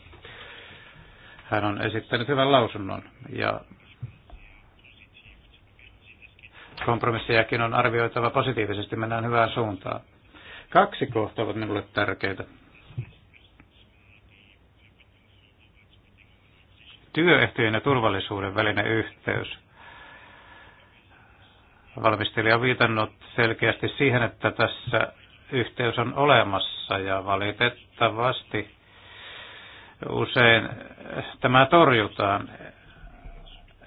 Hän on esittänyt hyvän lausunnon ja Kompromissejakin on arvioitava positiivisesti, mennään hyvään suuntaan. Kaksi kohtaa ovat minulle tärkeitä. Työehtojen ja turvallisuuden välinen yhteys. Valmistelija on viitannut selkeästi siihen, että tässä yhteys on olemassa ja valitettavasti usein tämä torjutaan.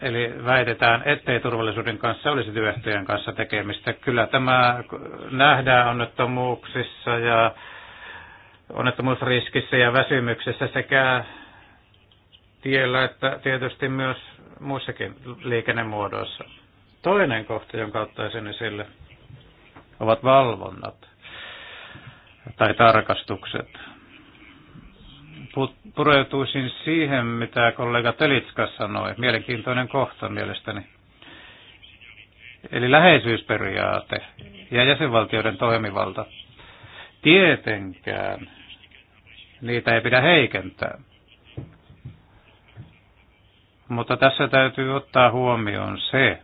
Eli väitetään, ettei turvallisuuden kanssa olisi työehtojen kanssa tekemistä. Kyllä tämä nähdään onnettomuuksissa ja onnettomuusriskissä ja väsymyksessä sekä tiellä että tietysti myös muissakin liikennemuodoissa. Toinen kohta, jonka ottaisin esille, ovat valvonnat tai tarkastukset pureutuisin siihen, mitä kollega Telitska sanoi. Mielenkiintoinen kohta mielestäni. Eli läheisyysperiaate ja jäsenvaltioiden toimivalta. Tietenkään niitä ei pidä heikentää. Mutta tässä täytyy ottaa huomioon se,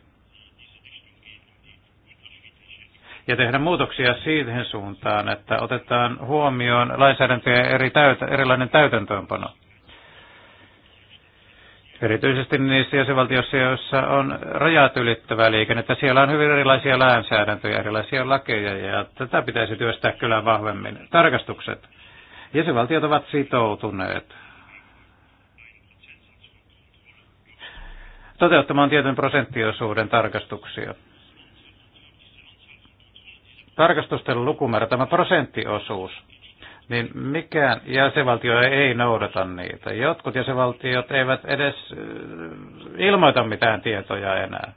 ja tehdä muutoksia siihen suuntaan, että otetaan huomioon lainsäädäntöjen eri täytä, erilainen täytäntöönpano. Erityisesti niissä jäsenvaltioissa, joissa on rajat ylittävää liikennettä, siellä on hyvin erilaisia lainsäädäntöjä, erilaisia lakeja, ja tätä pitäisi työstää kyllä vahvemmin. Tarkastukset. Jäsenvaltiot ovat sitoutuneet toteuttamaan tietyn prosenttiosuuden tarkastuksia tarkastusten lukumäärä, tämä prosenttiosuus, niin mikään jäsenvaltio ei noudata niitä. Jotkut jäsenvaltiot eivät edes äh, ilmoita mitään tietoja enää.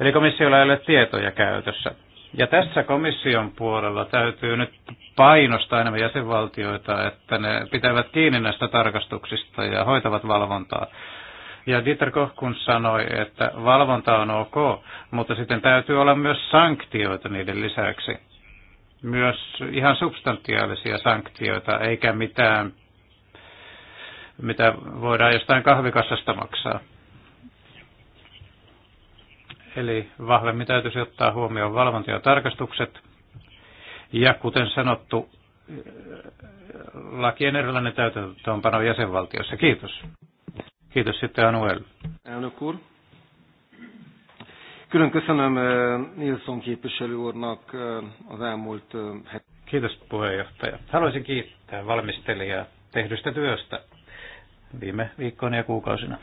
Eli komissiolla ei ole tietoja käytössä. Ja tässä komission puolella täytyy nyt painostaa enemmän jäsenvaltioita, että ne pitävät kiinni näistä tarkastuksista ja hoitavat valvontaa. Ja Dieter Kohkun sanoi, että valvonta on ok, mutta sitten täytyy olla myös sanktioita niiden lisäksi. Myös ihan substantiaalisia sanktioita, eikä mitään, mitä voidaan jostain kahvikassasta maksaa. Eli vahvemmin täytyisi ottaa huomioon valvonta ja tarkastukset. Ja kuten sanottu, lakien erilainen täytäntöönpano jäsenvaltiossa. Kiitos. Kiitos sitten Anuel. Elnök úr. Külön köszönöm eh, Nilsson képviselő úrnak eh, az elmúlt eh, het... Kiitos puheenjohtaja. Haluaisin kiittää valmistelijaa tehdystä työstä viime viikkoina ja kuukausina.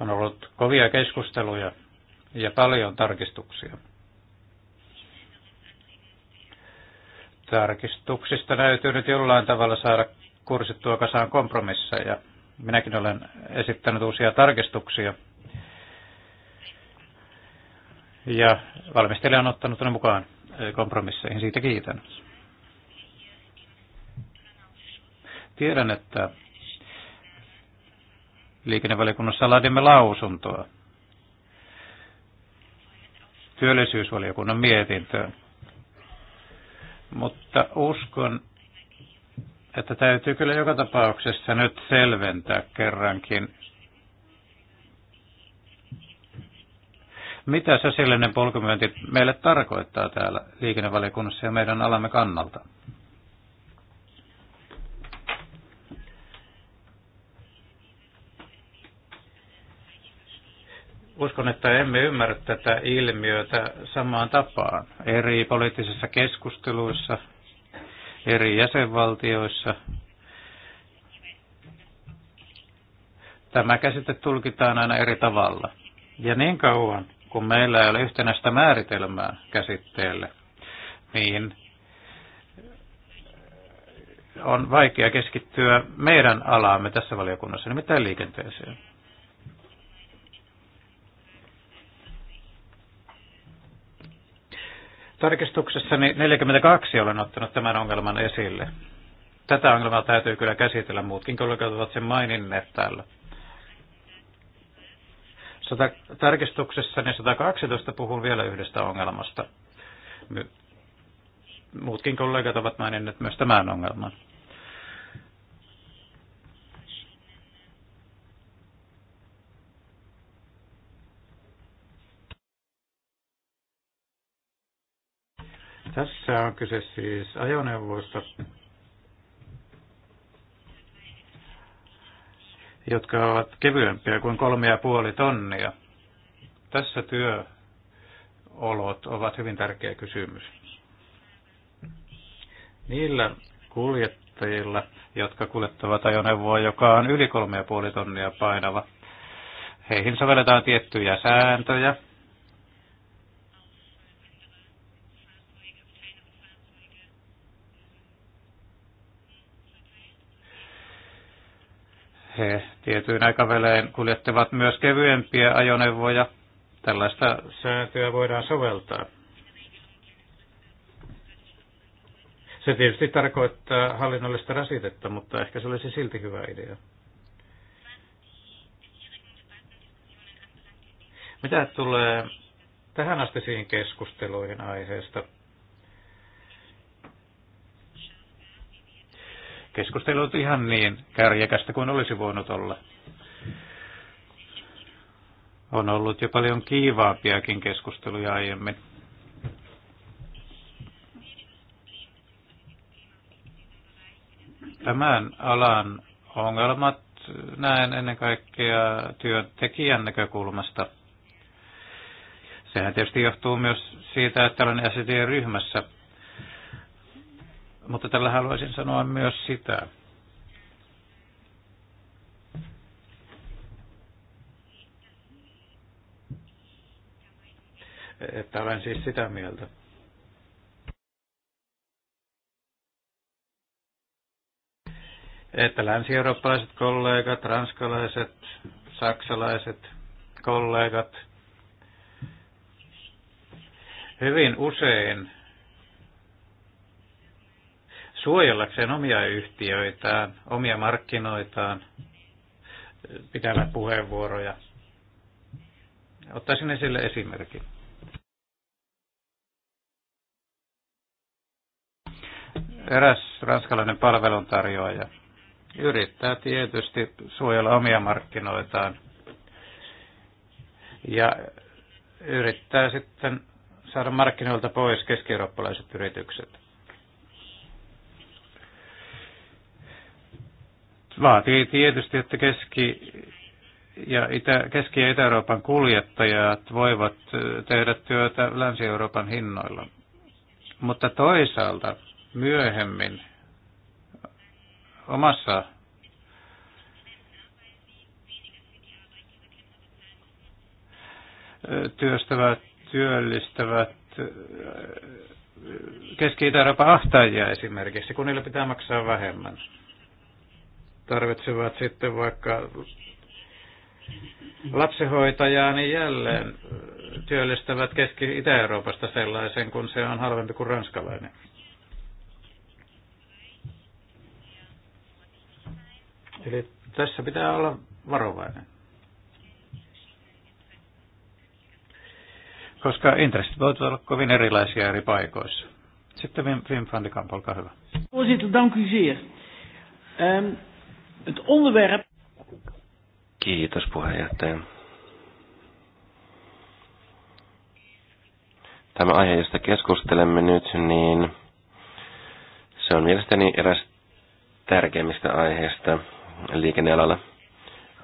On ollut kovia keskusteluja ja paljon tarkistuksia. Tarkistuksista näytyy nyt jollain tavalla saada kursittua kasaan kompromisseja. Minäkin olen esittänyt uusia tarkistuksia. Ja valmistelija on ottanut ne mukaan eh, kompromisseihin. Siitä kiitän. Tiedän, että liikennevaliokunnassa laadimme lausuntoa työllisyysvaliokunnan mietintöön. Mutta uskon, että täytyy kyllä joka tapauksessa nyt selventää kerrankin, mitä sosiaalinen polkumyönti meille tarkoittaa täällä liikennevaliokunnassa ja meidän alamme kannalta. uskon, että emme ymmärrä tätä ilmiötä samaan tapaan eri poliittisissa keskusteluissa, eri jäsenvaltioissa. Tämä käsite tulkitaan aina eri tavalla. Ja niin kauan, kun meillä ei ole yhtenäistä määritelmää käsitteelle, niin on vaikea keskittyä meidän alaamme tässä valiokunnassa, nimittäin liikenteeseen. Tarkistuksessani 42 olen ottanut tämän ongelman esille. Tätä ongelmaa täytyy kyllä käsitellä, muutkin kollegat ovat sen maininneet täällä. Sota, tarkistuksessani 112 puhun vielä yhdestä ongelmasta. Muutkin kollegat ovat maininneet myös tämän ongelman. Tässä on kyse siis ajoneuvoista, jotka ovat kevyempiä kuin kolme ja puoli tonnia. Tässä työolot ovat hyvin tärkeä kysymys. Niillä kuljettajilla, jotka kuljettavat ajoneuvoa, joka on yli kolme ja puoli tonnia painava, heihin sovelletaan tiettyjä sääntöjä, He tietyin aikavälein kuljettavat myös kevyempiä ajoneuvoja. Tällaista sääntöä voidaan soveltaa. Se tietysti tarkoittaa hallinnollista rasitetta, mutta ehkä se olisi silti hyvä idea. Mitä tulee tähän asti siihen keskusteluihin aiheesta, Keskustelu on ihan niin kärjekästä kuin olisi voinut olla. On ollut jo paljon kiivaampiakin keskusteluja aiemmin. Tämän alan ongelmat näen ennen kaikkea työntekijän näkökulmasta. Sehän tietysti johtuu myös siitä, että olen SED-ryhmässä – mutta tällä haluaisin sanoa myös sitä, että olen siis sitä mieltä. Että länsi-eurooppalaiset kollegat, ranskalaiset, saksalaiset kollegat hyvin usein suojellakseen omia yhtiöitään, omia markkinoitaan, pitävät puheenvuoroja. Ottaisin esille esimerkin. Eräs ranskalainen palveluntarjoaja yrittää tietysti suojella omia markkinoitaan ja yrittää sitten saada markkinoilta pois keski-eurooppalaiset yritykset. Vaatii tietysti, että keski- ja Itä, Keski- ja Itä-Euroopan kuljettajat voivat tehdä työtä Länsi-Euroopan hinnoilla. Mutta toisaalta myöhemmin omassa työstävät, työllistävät Keski-Itä-Euroopan esimerkiksi, kun niillä pitää maksaa vähemmän tarvitsevat sitten vaikka lapsenhoitajaa, niin jälleen työllistävät Keski-Itä-Euroopasta sellaisen, kun se on halvempi kuin ranskalainen. Eli tässä pitää olla varovainen. Koska intressit voivat olla kovin erilaisia eri paikoissa. Sitten Wim, Wim van de Kamp, olkaa hyvä. Voorzitter, dank u zeer. Ehm, Het onderwerp. Kiitos puheenjohtaja. Tämä aihe, josta keskustelemme nyt, niin se on mielestäni eräs tärkeimmistä aiheista liikennealalla.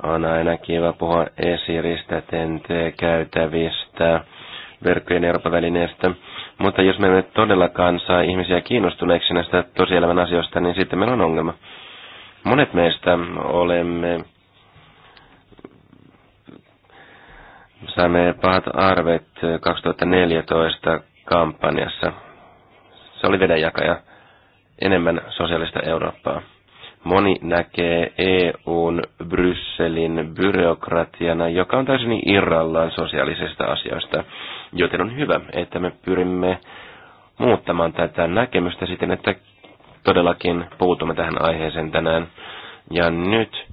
On aina kiva puhua esiristä, TNT-käytävistä, verkkojen Euroopan välineestä. Mutta jos me emme todellakaan saa ihmisiä kiinnostuneiksi näistä tosielämän asioista, niin sitten meillä on ongelma. Monet meistä olemme saimme pahat arvet 2014 kampanjassa. Se oli vedenjakaja enemmän sosiaalista Eurooppaa. Moni näkee EUn Brysselin byrokratiana, joka on täysin irrallaan sosiaalisista asioista, joten on hyvä, että me pyrimme muuttamaan tätä näkemystä siten, että todellakin puutumme tähän aiheeseen tänään. Ja nyt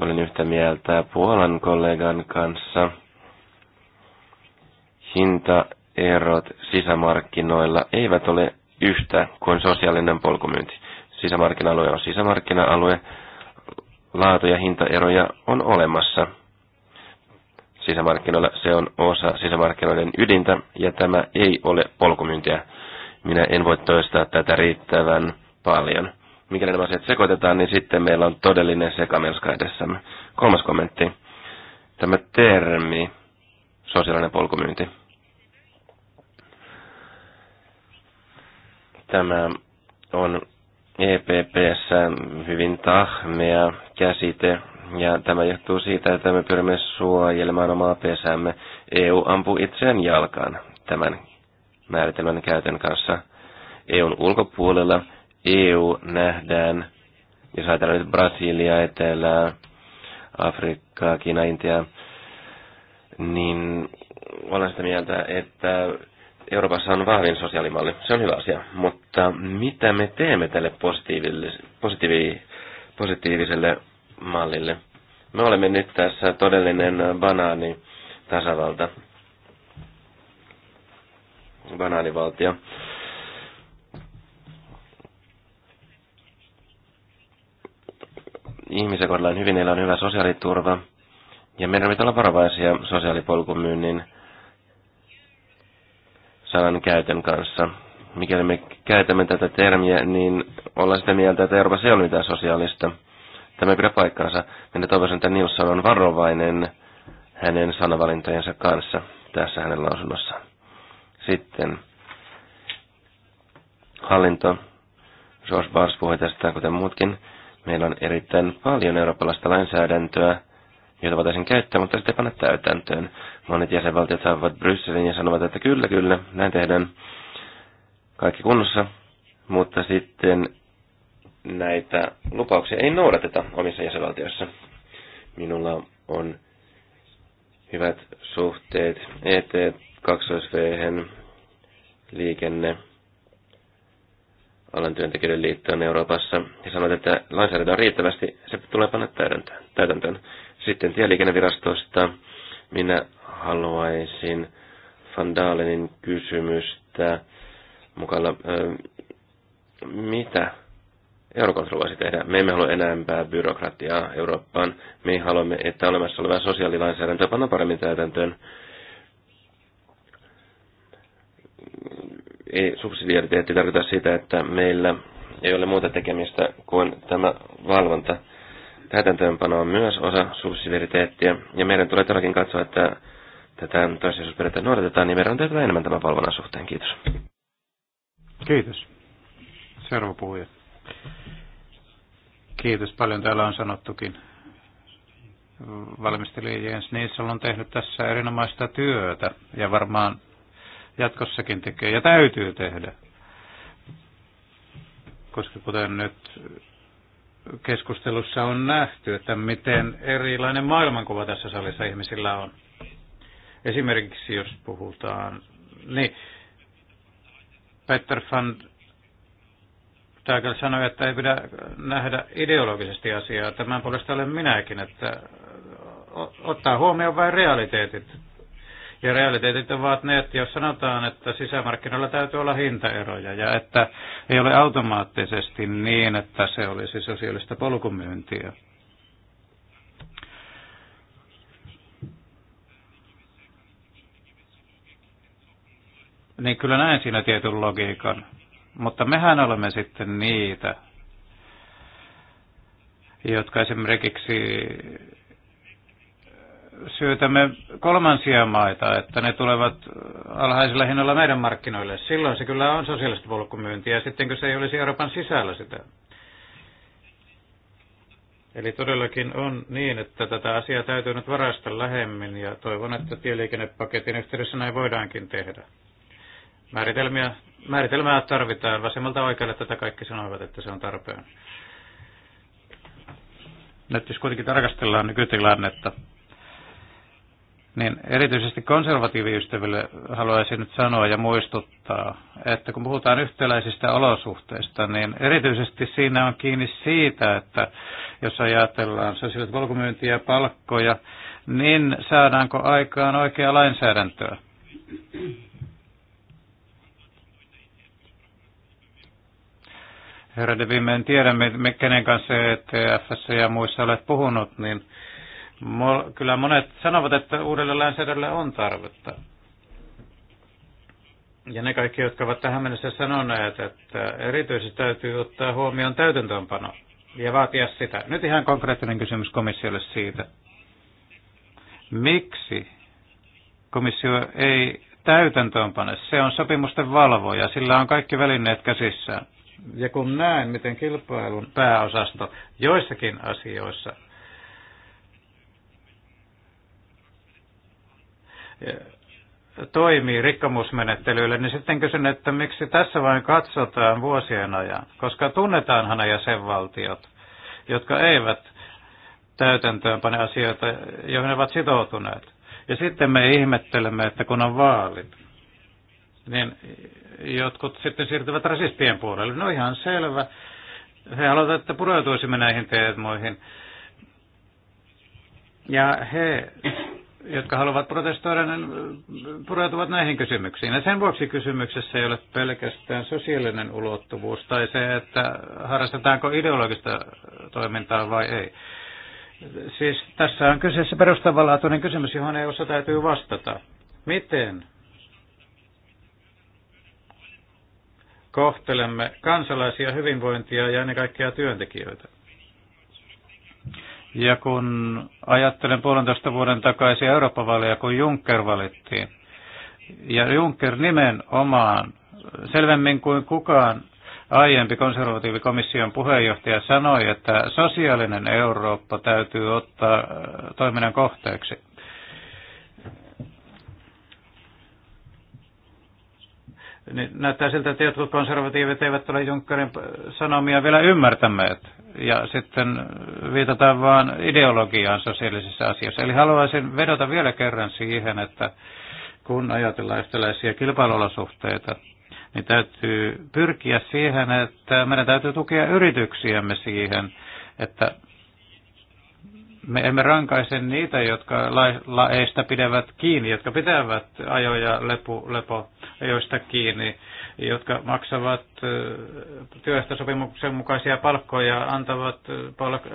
olen yhtä mieltä Puolan kollegan kanssa. Hintaerot sisämarkkinoilla eivät ole yhtä kuin sosiaalinen polkumyynti. Sisämarkkina-alue on sisämarkkina-alue. Laatu- ja hintaeroja on olemassa sisämarkkinoilla. Se on osa sisämarkkinoiden ydintä, ja tämä ei ole polkumyyntiä. Minä en voi toistaa tätä riittävän paljon. Mikäli nämä asiat sekoitetaan, niin sitten meillä on todellinen sekamelska edessämme. Kolmas kommentti. Tämä termi, sosiaalinen polkumyynti. Tämä on EPPssä hyvin tahmea käsite, ja tämä johtuu siitä, että me pyrimme suojelemaan omaa pesämme. EU ampuu itseään jalkaan tämän määritelmän käytön kanssa. EUn ulkopuolella EU nähdään, jos ajatellaan nyt Brasilia, Etelää, Afrikkaa, Kiina, Intia, niin olen sitä mieltä, että Euroopassa on vahvin sosiaalimalli. Se on hyvä asia. Mutta mitä me teemme tälle positiivi, positiiviselle mallille? Me olemme nyt tässä todellinen banaani tasavalta. Banaanivaltio. ihmisiä kohdellaan hyvin, niillä on hyvä sosiaaliturva. Ja meidän pitää olla varovaisia sosiaalipolkumyynnin sanan käytön kanssa. Mikäli me käytämme tätä termiä, niin ollaan sitä mieltä, että Euroopassa ei ole mitään sosiaalista. Tämä ei pidä paikkaansa. Minä toivoisin, että Nilsson on varovainen hänen sanavalintojensa kanssa tässä hänen lausunnossaan. Sitten hallinto. George Bars puhui tästä, kuten muutkin. Meillä on erittäin paljon eurooppalaista lainsäädäntöä, jota voitaisiin käyttää, mutta sitten ei panna täytäntöön. Monet jäsenvaltiot saavat Brysselin ja sanovat, että kyllä, kyllä, näin tehdään kaikki kunnossa, mutta sitten näitä lupauksia ei noudateta omissa jäsenvaltioissa. Minulla on hyvät suhteet et 2 liikenne- alan työntekijöiden liittoon Euroopassa ja sanoit, että lainsäädäntö on riittävästi, se tulee panna täytäntöön. Sitten tieliikennevirastosta minä haluaisin Van Dalenin kysymystä mukana. Mitä Eurocontrol voisi tehdä? Me emme halua enempää byrokratiaa Eurooppaan. Me haluamme, että olemassa olevaa sosiaalilainsäädäntöä panna paremmin täytäntöön ei subsidiariteetti tarkoita sitä, että meillä ei ole muuta tekemistä kuin tämä valvonta. Täytäntöönpano on myös osa subsidiariteettia, ja meidän tulee todellakin katsoa, että tätä toissijaisuusperiaatteita noudatetaan, niin meidän on tehtävä enemmän tämän valvonnan suhteen. Kiitos. Kiitos. Seuraava puhuja. Kiitos paljon. Täällä on sanottukin. Valmistelija Jens Niissal on tehnyt tässä erinomaista työtä ja varmaan jatkossakin tekee ja täytyy tehdä. Koska kuten nyt keskustelussa on nähty, että miten erilainen maailmankuva tässä salissa ihmisillä on. Esimerkiksi jos puhutaan, niin Peter van Tagel sanoi, että ei pidä nähdä ideologisesti asiaa. Tämän puolesta olen minäkin, että ottaa huomioon vain realiteetit. Ja realiteetit ovat ne, että jos sanotaan, että sisämarkkinoilla täytyy olla hintaeroja ja että ei ole automaattisesti niin, että se olisi sosiaalista polkumyyntiä. Niin kyllä näen siinä tietyn logiikan. Mutta mehän olemme sitten niitä, jotka esimerkiksi syytämme kolmansia maita, että ne tulevat alhaisilla hinnoilla meidän markkinoille. Silloin se kyllä on sosiaalista polkumyyntiä, sittenkö se ei olisi Euroopan sisällä sitä. Eli todellakin on niin, että tätä asiaa täytyy nyt varastaa lähemmin ja toivon, että tieliikennepaketin yhteydessä näin voidaankin tehdä. Määritelmiä, määritelmää tarvitaan. Vasemmalta oikealle tätä kaikki sanoivat, että se on tarpeen. Nyt jos kuitenkin tarkastellaan nykytilannetta, niin erityisesti konservatiiviystäville haluaisin nyt sanoa ja muistuttaa, että kun puhutaan yhtäläisistä olosuhteista, niin erityisesti siinä on kiinni siitä, että jos ajatellaan sosiaalista polkumyyntiä ja palkkoja, niin saadaanko aikaan oikeaa lainsäädäntöä? Herra Devi, en tiedä, kenen kanssa ETFssä ja muissa olet puhunut, niin Kyllä monet sanovat, että uudelle lainsäädännölle on tarvetta. Ja ne kaikki, jotka ovat tähän mennessä sanoneet, että erityisesti täytyy ottaa huomioon täytäntöönpano ja vaatia sitä. Nyt ihan konkreettinen kysymys komissiolle siitä. Miksi komissio ei täytäntöönpane? Se on sopimusten valvoja, sillä on kaikki välineet käsissään. Ja kun näen, miten kilpailun pääosasto joissakin asioissa Eh, toimii rikkomusmenettelyllä, niin sitten kysyn, että miksi tässä vain katsotaan vuosien ajan, koska tunnetaanhan jäsenvaltiot, jotka eivät täytäntöönpane asioita, joihin ne ovat sitoutuneet. Ja sitten me ihmettelemme, että kun on vaalit, niin jotkut sitten siirtyvät rasistien puolelle. No ihan selvä. He haluavat, että pureutuisimme näihin teemoihin. Ja he jotka haluavat protestoida, ne äh, pureutuvat näihin kysymyksiin. Ja sen vuoksi kysymyksessä ei ole pelkästään sosiaalinen ulottuvuus tai se, että harrastetaanko ideologista toimintaa vai ei. Siis tässä on kyseessä perustavanlaatuinen kysymys, johon ei osa täytyy vastata. Miten kohtelemme kansalaisia, hyvinvointia ja ennen kaikkea työntekijöitä? Ja kun ajattelen puolentoista vuoden takaisia Euroopan vaaleja kun Juncker valittiin, ja Juncker nimenomaan selvemmin kuin kukaan aiempi konservatiivikomission puheenjohtaja sanoi, että sosiaalinen Eurooppa täytyy ottaa toiminnan kohteeksi. niin näyttää siltä, että jotkut konservatiivit eivät ole Junckerin sanomia vielä ymmärtäneet. Ja sitten viitataan vain ideologiaan sosiaalisissa asioissa. Eli haluaisin vedota vielä kerran siihen, että kun ajatellaan yhtäläisiä kilpailuolosuhteita, niin täytyy pyrkiä siihen, että meidän täytyy tukea yrityksiämme siihen, että me emme rankaise niitä, jotka laeista pidevät kiinni, jotka pitävät ajoja lepo, lepo ajoista kiinni, jotka maksavat työstä sopimuksen mukaisia palkkoja, antavat palk-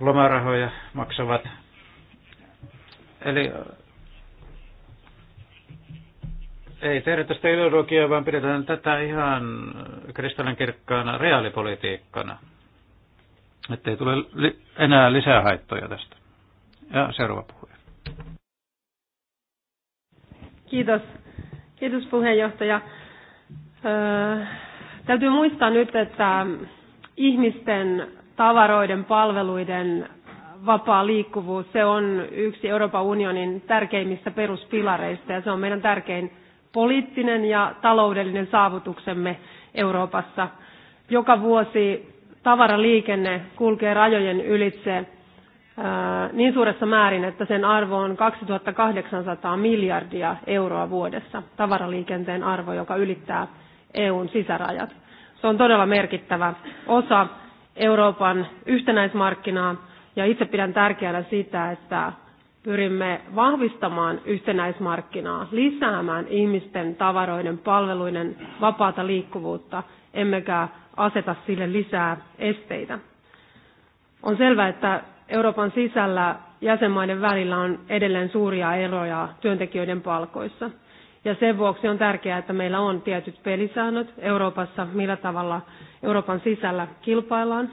lomarahoja, maksavat. Eli ei tehdä tästä ideologiaa, vaan pidetään tätä ihan kristallinkirkkaana reaalipolitiikkana ettei tule li- enää lisää haittoja tästä. Ja seuraava puhuja. Kiitos. Kiitos puheenjohtaja. Öö, täytyy muistaa nyt, että ihmisten tavaroiden, palveluiden vapaa liikkuvuus, se on yksi Euroopan unionin tärkeimmistä peruspilareista ja se on meidän tärkein poliittinen ja taloudellinen saavutuksemme Euroopassa. Joka vuosi tavaraliikenne kulkee rajojen ylitse äh, niin suuressa määrin, että sen arvo on 2800 miljardia euroa vuodessa, tavaraliikenteen arvo, joka ylittää EUn sisärajat. Se on todella merkittävä osa Euroopan yhtenäismarkkinaa, ja itse pidän tärkeänä sitä, että pyrimme vahvistamaan yhtenäismarkkinaa, lisäämään ihmisten tavaroiden, palveluiden vapaata liikkuvuutta, emmekä aseta sille lisää esteitä. On selvää, että Euroopan sisällä jäsenmaiden välillä on edelleen suuria eroja työntekijöiden palkoissa. Ja sen vuoksi on tärkeää, että meillä on tietyt pelisäännöt Euroopassa, millä tavalla Euroopan sisällä kilpaillaan.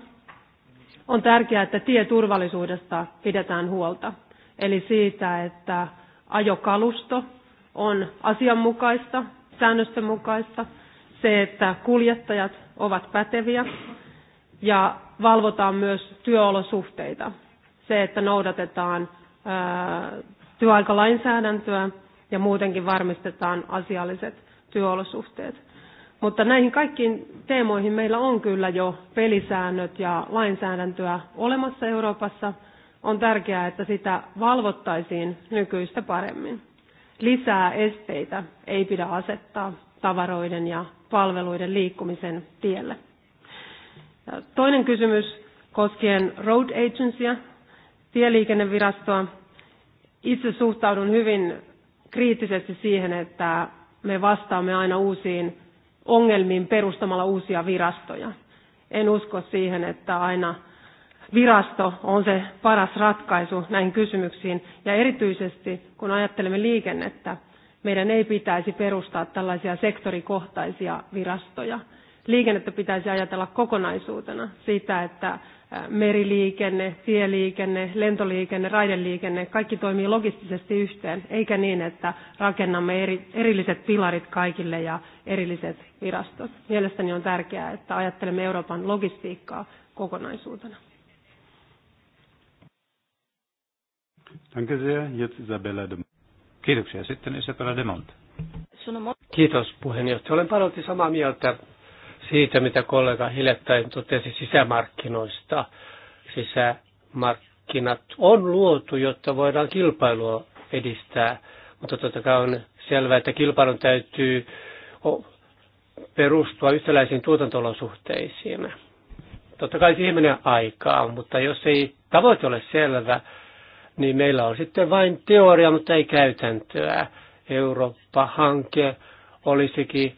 On tärkeää, että tieturvallisuudesta pidetään huolta, eli siitä, että ajokalusto on asianmukaista, säännösten mukaista, se, että kuljettajat ovat päteviä ja valvotaan myös työolosuhteita. Se, että noudatetaan työaikalainsäädäntöä ja muutenkin varmistetaan asialliset työolosuhteet. Mutta näihin kaikkiin teemoihin meillä on kyllä jo pelisäännöt ja lainsäädäntöä olemassa Euroopassa. On tärkeää, että sitä valvottaisiin nykyistä paremmin. Lisää esteitä ei pidä asettaa tavaroiden ja palveluiden liikkumisen tielle. Toinen kysymys koskien Road Agencya, tieliikennevirastoa. Itse suhtaudun hyvin kriittisesti siihen, että me vastaamme aina uusiin ongelmiin perustamalla uusia virastoja. En usko siihen, että aina virasto on se paras ratkaisu näihin kysymyksiin. Ja erityisesti kun ajattelemme liikennettä, meidän ei pitäisi perustaa tällaisia sektorikohtaisia virastoja. Liikennettä pitäisi ajatella kokonaisuutena sitä, että meriliikenne, tieliikenne, lentoliikenne, raideliikenne, kaikki toimii logistisesti yhteen, eikä niin, että rakennamme eri, erilliset pilarit kaikille ja erilliset virastot. Mielestäni on tärkeää, että ajattelemme Euroopan logistiikkaa kokonaisuutena. Danke sehr. Jetzt Isabella de Kiitoksia. Sitten Isabella Demont. Kiitos puheenjohtaja. Olen paljon samaa mieltä siitä, mitä kollega hiljattain totesi sisämarkkinoista. Sisämarkkinat on luotu, jotta voidaan kilpailua edistää, mutta totta kai on selvää, että kilpailun täytyy perustua yhtäläisiin tuotantolosuhteisiin. Totta kai siihen menee aikaa, mutta jos ei tavoite ole selvä, niin meillä on sitten vain teoria, mutta ei käytäntöä. Eurooppa-hanke olisikin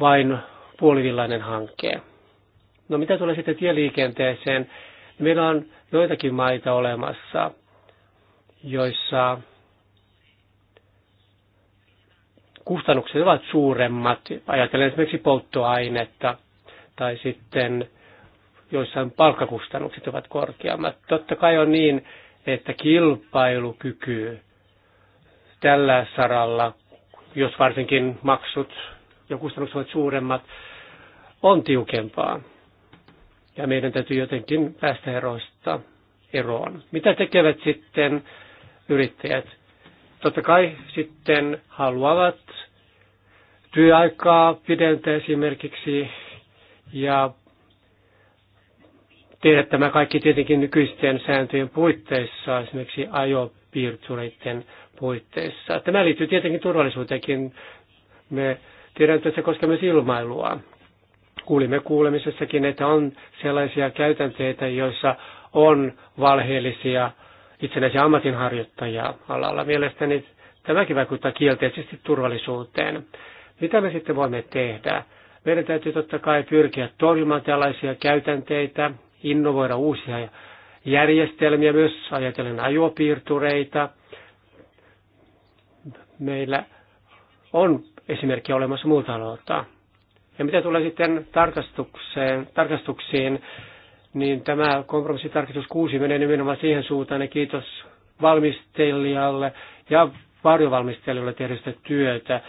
vain puolivillainen hanke. No mitä tulee sitten tieliikenteeseen? Meillä on joitakin maita olemassa, joissa kustannukset ovat suuremmat. Ajatellen esimerkiksi polttoainetta tai sitten joissain palkkakustannukset ovat korkeammat. Totta kai on niin, että kilpailukyky tällä saralla, jos varsinkin maksut ja kustannukset ovat suuremmat, on tiukempaa. Ja meidän täytyy jotenkin päästä eroista eroon. Mitä tekevät sitten yrittäjät? Totta kai sitten haluavat työaikaa pidentää esimerkiksi ja tehdä tämä kaikki tietenkin nykyisten sääntöjen puitteissa, esimerkiksi ajopiirtureiden puitteissa. Tämä liittyy tietenkin turvallisuuteenkin. Me tiedämme se koskee myös ilmailua. Kuulimme kuulemisessakin, että on sellaisia käytänteitä, joissa on valheellisia itsenäisiä ammatinharjoittajia alalla. Mielestäni tämäkin vaikuttaa kielteisesti turvallisuuteen. Mitä me sitten voimme tehdä? Meidän täytyy totta kai pyrkiä torjumaan tällaisia käytänteitä, innovoida uusia järjestelmiä, myös ajatellen ajopiirtureita. Meillä on esimerkki olemassa muuta aloilta. Ja mitä tulee sitten tarkastukseen, tarkastuksiin, niin tämä kompromissitarkistus 6 menee nimenomaan siihen suuntaan, ja kiitos valmistelijalle ja varjovalmistelijalle tehdystä työtä.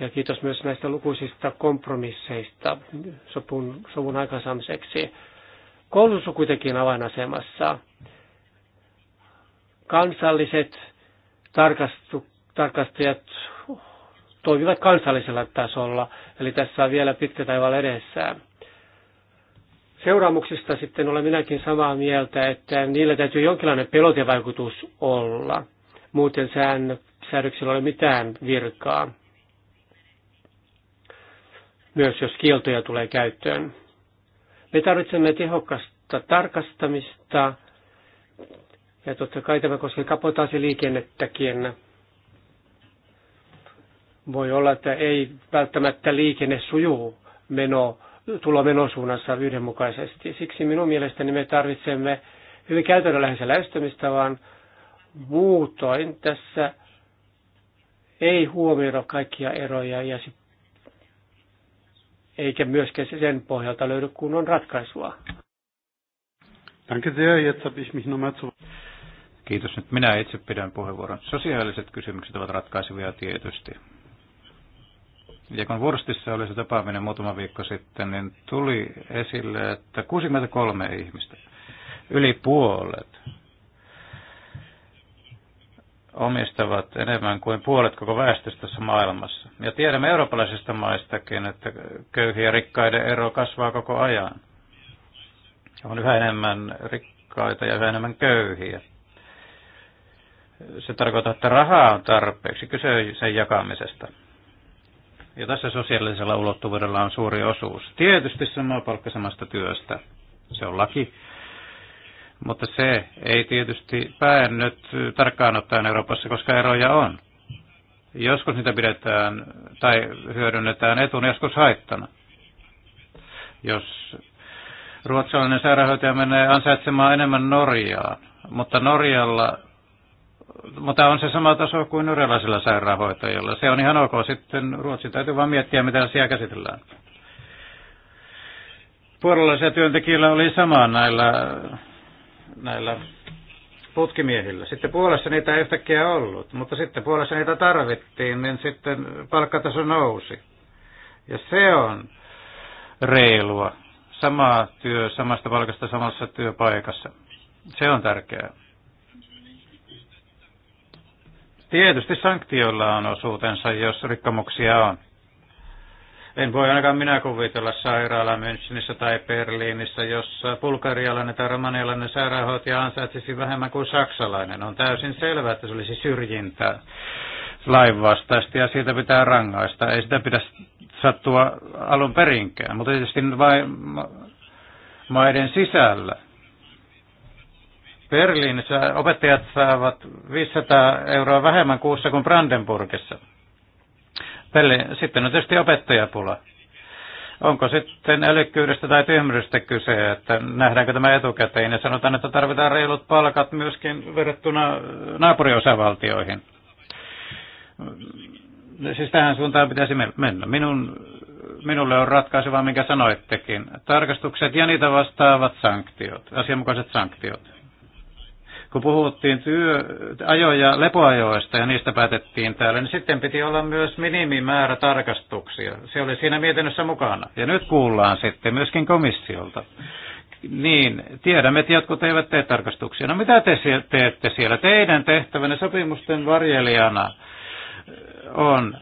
Ja kiitos myös näistä lukuisista kompromisseista sopun, sovun aikaansaamiseksi. Koulutus on kuitenkin avainasemassa. Kansalliset tarkastu, tarkastajat toimivat kansallisella tasolla, eli tässä on vielä pitkä taivaalla edessään. Seuraamuksista sitten olen minäkin samaa mieltä, että niillä täytyy jonkinlainen pelotevaikutus olla. Muuten sään, säädöksillä ei ole mitään virkaa. Myös jos kieltoja tulee käyttöön. Me tarvitsemme tehokasta tarkastamista ja totta kai tämä koskee kapotaasiliikennettäkin. Voi olla, että ei välttämättä liikenne sujuu meno, menosuunnassa yhdenmukaisesti. Siksi minun mielestäni me tarvitsemme hyvin käytännönläheisen lähestymistä, vaan muutoin tässä ei huomioida kaikkia eroja ja sitten eikä myöskään sen pohjalta löydy kunnon ratkaisua. Danke sehr, jetzt habe ich mich nochmal zu... Kiitos. Nyt minä itse pidän puheenvuoron. Sosiaaliset kysymykset ovat ratkaisevia tietysti. Ja kun Wurstissa oli se tapaaminen muutama viikko sitten, niin tuli esille, että 63 ihmistä, yli puolet omistavat enemmän kuin puolet koko väestöstä tässä maailmassa. Ja tiedämme eurooppalaisista maistakin, että köyhien ja rikkaiden ero kasvaa koko ajan. On yhä enemmän rikkaita ja yhä enemmän köyhiä. Se tarkoittaa, että rahaa on tarpeeksi, kyse sen jakamisesta. Ja tässä sosiaalisella ulottuvuudella on suuri osuus. Tietysti sama palkka samasta työstä. Se on laki. Mutta se ei tietysti päännyt tarkkaan ottaen Euroopassa, koska eroja on. Joskus niitä pidetään tai hyödynnetään etun, joskus haittana. Jos ruotsalainen sairaanhoitaja menee ansaitsemaan enemmän Norjaa, mutta Norjalla mutta on se sama taso kuin norjalaisilla sairaanhoitajilla. Se on ihan ok. Sitten Ruotsi täytyy vain miettiä, mitä asiaa käsitellään. Puolalaisilla työntekijöillä oli sama näillä näillä putkimiehillä. Sitten puolessa niitä ei yhtäkkiä ollut, mutta sitten puolessa niitä tarvittiin, niin sitten palkkataso nousi. Ja se on reilua. Sama työ samasta palkasta samassa työpaikassa. Se on tärkeää. Tietysti sanktioilla on osuutensa, jos rikkomuksia on. En voi ainakaan minä kuvitella sairaala Münchenissä tai Berliinissä, jossa bulgarialainen tai romanialainen sairaanhoitaja ansaitsisi vähemmän kuin saksalainen. On täysin selvää, että se olisi syrjintää lainvastaista ja siitä pitää rangaista. Ei sitä pidä sattua alun perinkään, mutta tietysti vain maiden sisällä. Berliinissä opettajat saavat 500 euroa vähemmän kuussa kuin Brandenburgissa peli. Sitten on tietysti opettajapula. Onko sitten älykkyydestä tai tyhmyydestä kyse, että nähdäänkö tämä etukäteen ja sanotaan, että tarvitaan reilut palkat myöskin verrattuna naapuriosavaltioihin. Siis tähän suuntaan pitäisi mennä. Minun, minulle on ratkaisevaa, minkä sanoittekin. Tarkastukset ja niitä vastaavat sanktiot, asianmukaiset sanktiot kun puhuttiin työ, ajo- ja lepoajoista ja niistä päätettiin täällä, niin sitten piti olla myös minimimäärä tarkastuksia. Se oli siinä mietinnössä mukana. Ja nyt kuullaan sitten myöskin komissiolta. Niin, tiedämme, että jotkut eivät tee tarkastuksia. No mitä te teette siellä? Teidän tehtävänne sopimusten varjelijana on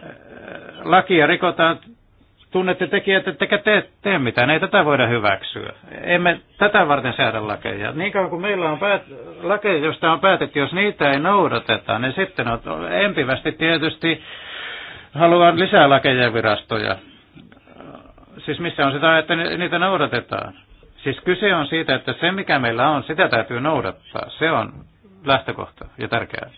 lakia rikotaan tunnette tekijät, että te, tee mitään. Ei tätä voida hyväksyä. Emme tätä varten säädä lakeja. Niin kauan kuin meillä on päät- lakeja, joista on päätetty, jos niitä ei noudateta, niin sitten on empivästi tietysti haluan lisää lakeja ja virastoja. Siis missä on sitä, että niitä noudatetaan? Siis kyse on siitä, että se mikä meillä on, sitä täytyy noudattaa. Se on lähtökohta ja tärkeää.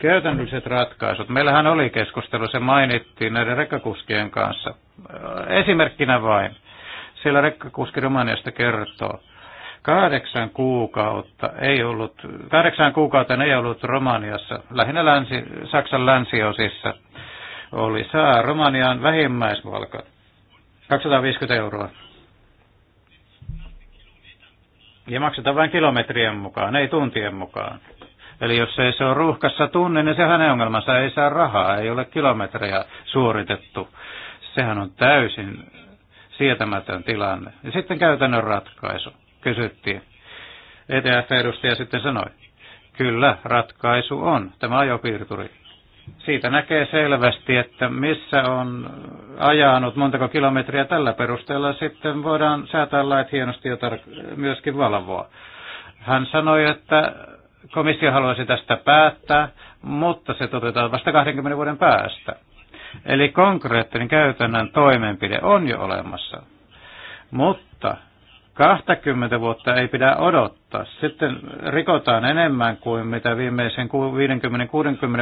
Käytännölliset ratkaisut. Meillähän oli keskustelu, se mainittiin näiden rekkakuskien kanssa. Esimerkkinä vain. Siellä rekkakuski Romaniasta kertoo. Kahdeksan kuukautta ei ollut, kahdeksan kuukautta ei ollut Romaniassa, lähinnä länsi, Saksan länsiosissa oli saa Romanian vähimmäisvalka 250 euroa. Ja maksetaan vain kilometrien mukaan, ei tuntien mukaan. Eli jos ei se ole ruuhkassa tunne, niin se hänen ongelmansa ei saa rahaa, ei ole kilometrejä suoritettu. Sehän on täysin sietämätön tilanne. Ja sitten käytännön ratkaisu, kysyttiin. ETF-edustaja sitten sanoi, kyllä ratkaisu on tämä ajopiirturi. Siitä näkee selvästi, että missä on ajanut montako kilometriä tällä perusteella, sitten voidaan säätää lait hienosti ja myöskin valvoa. Hän sanoi, että komissio haluaisi tästä päättää, mutta se toteutetaan vasta 20 vuoden päästä. Eli konkreettinen käytännön toimenpide on jo olemassa. Mutta 20 vuotta ei pidä odottaa. Sitten rikotaan enemmän kuin mitä viimeisen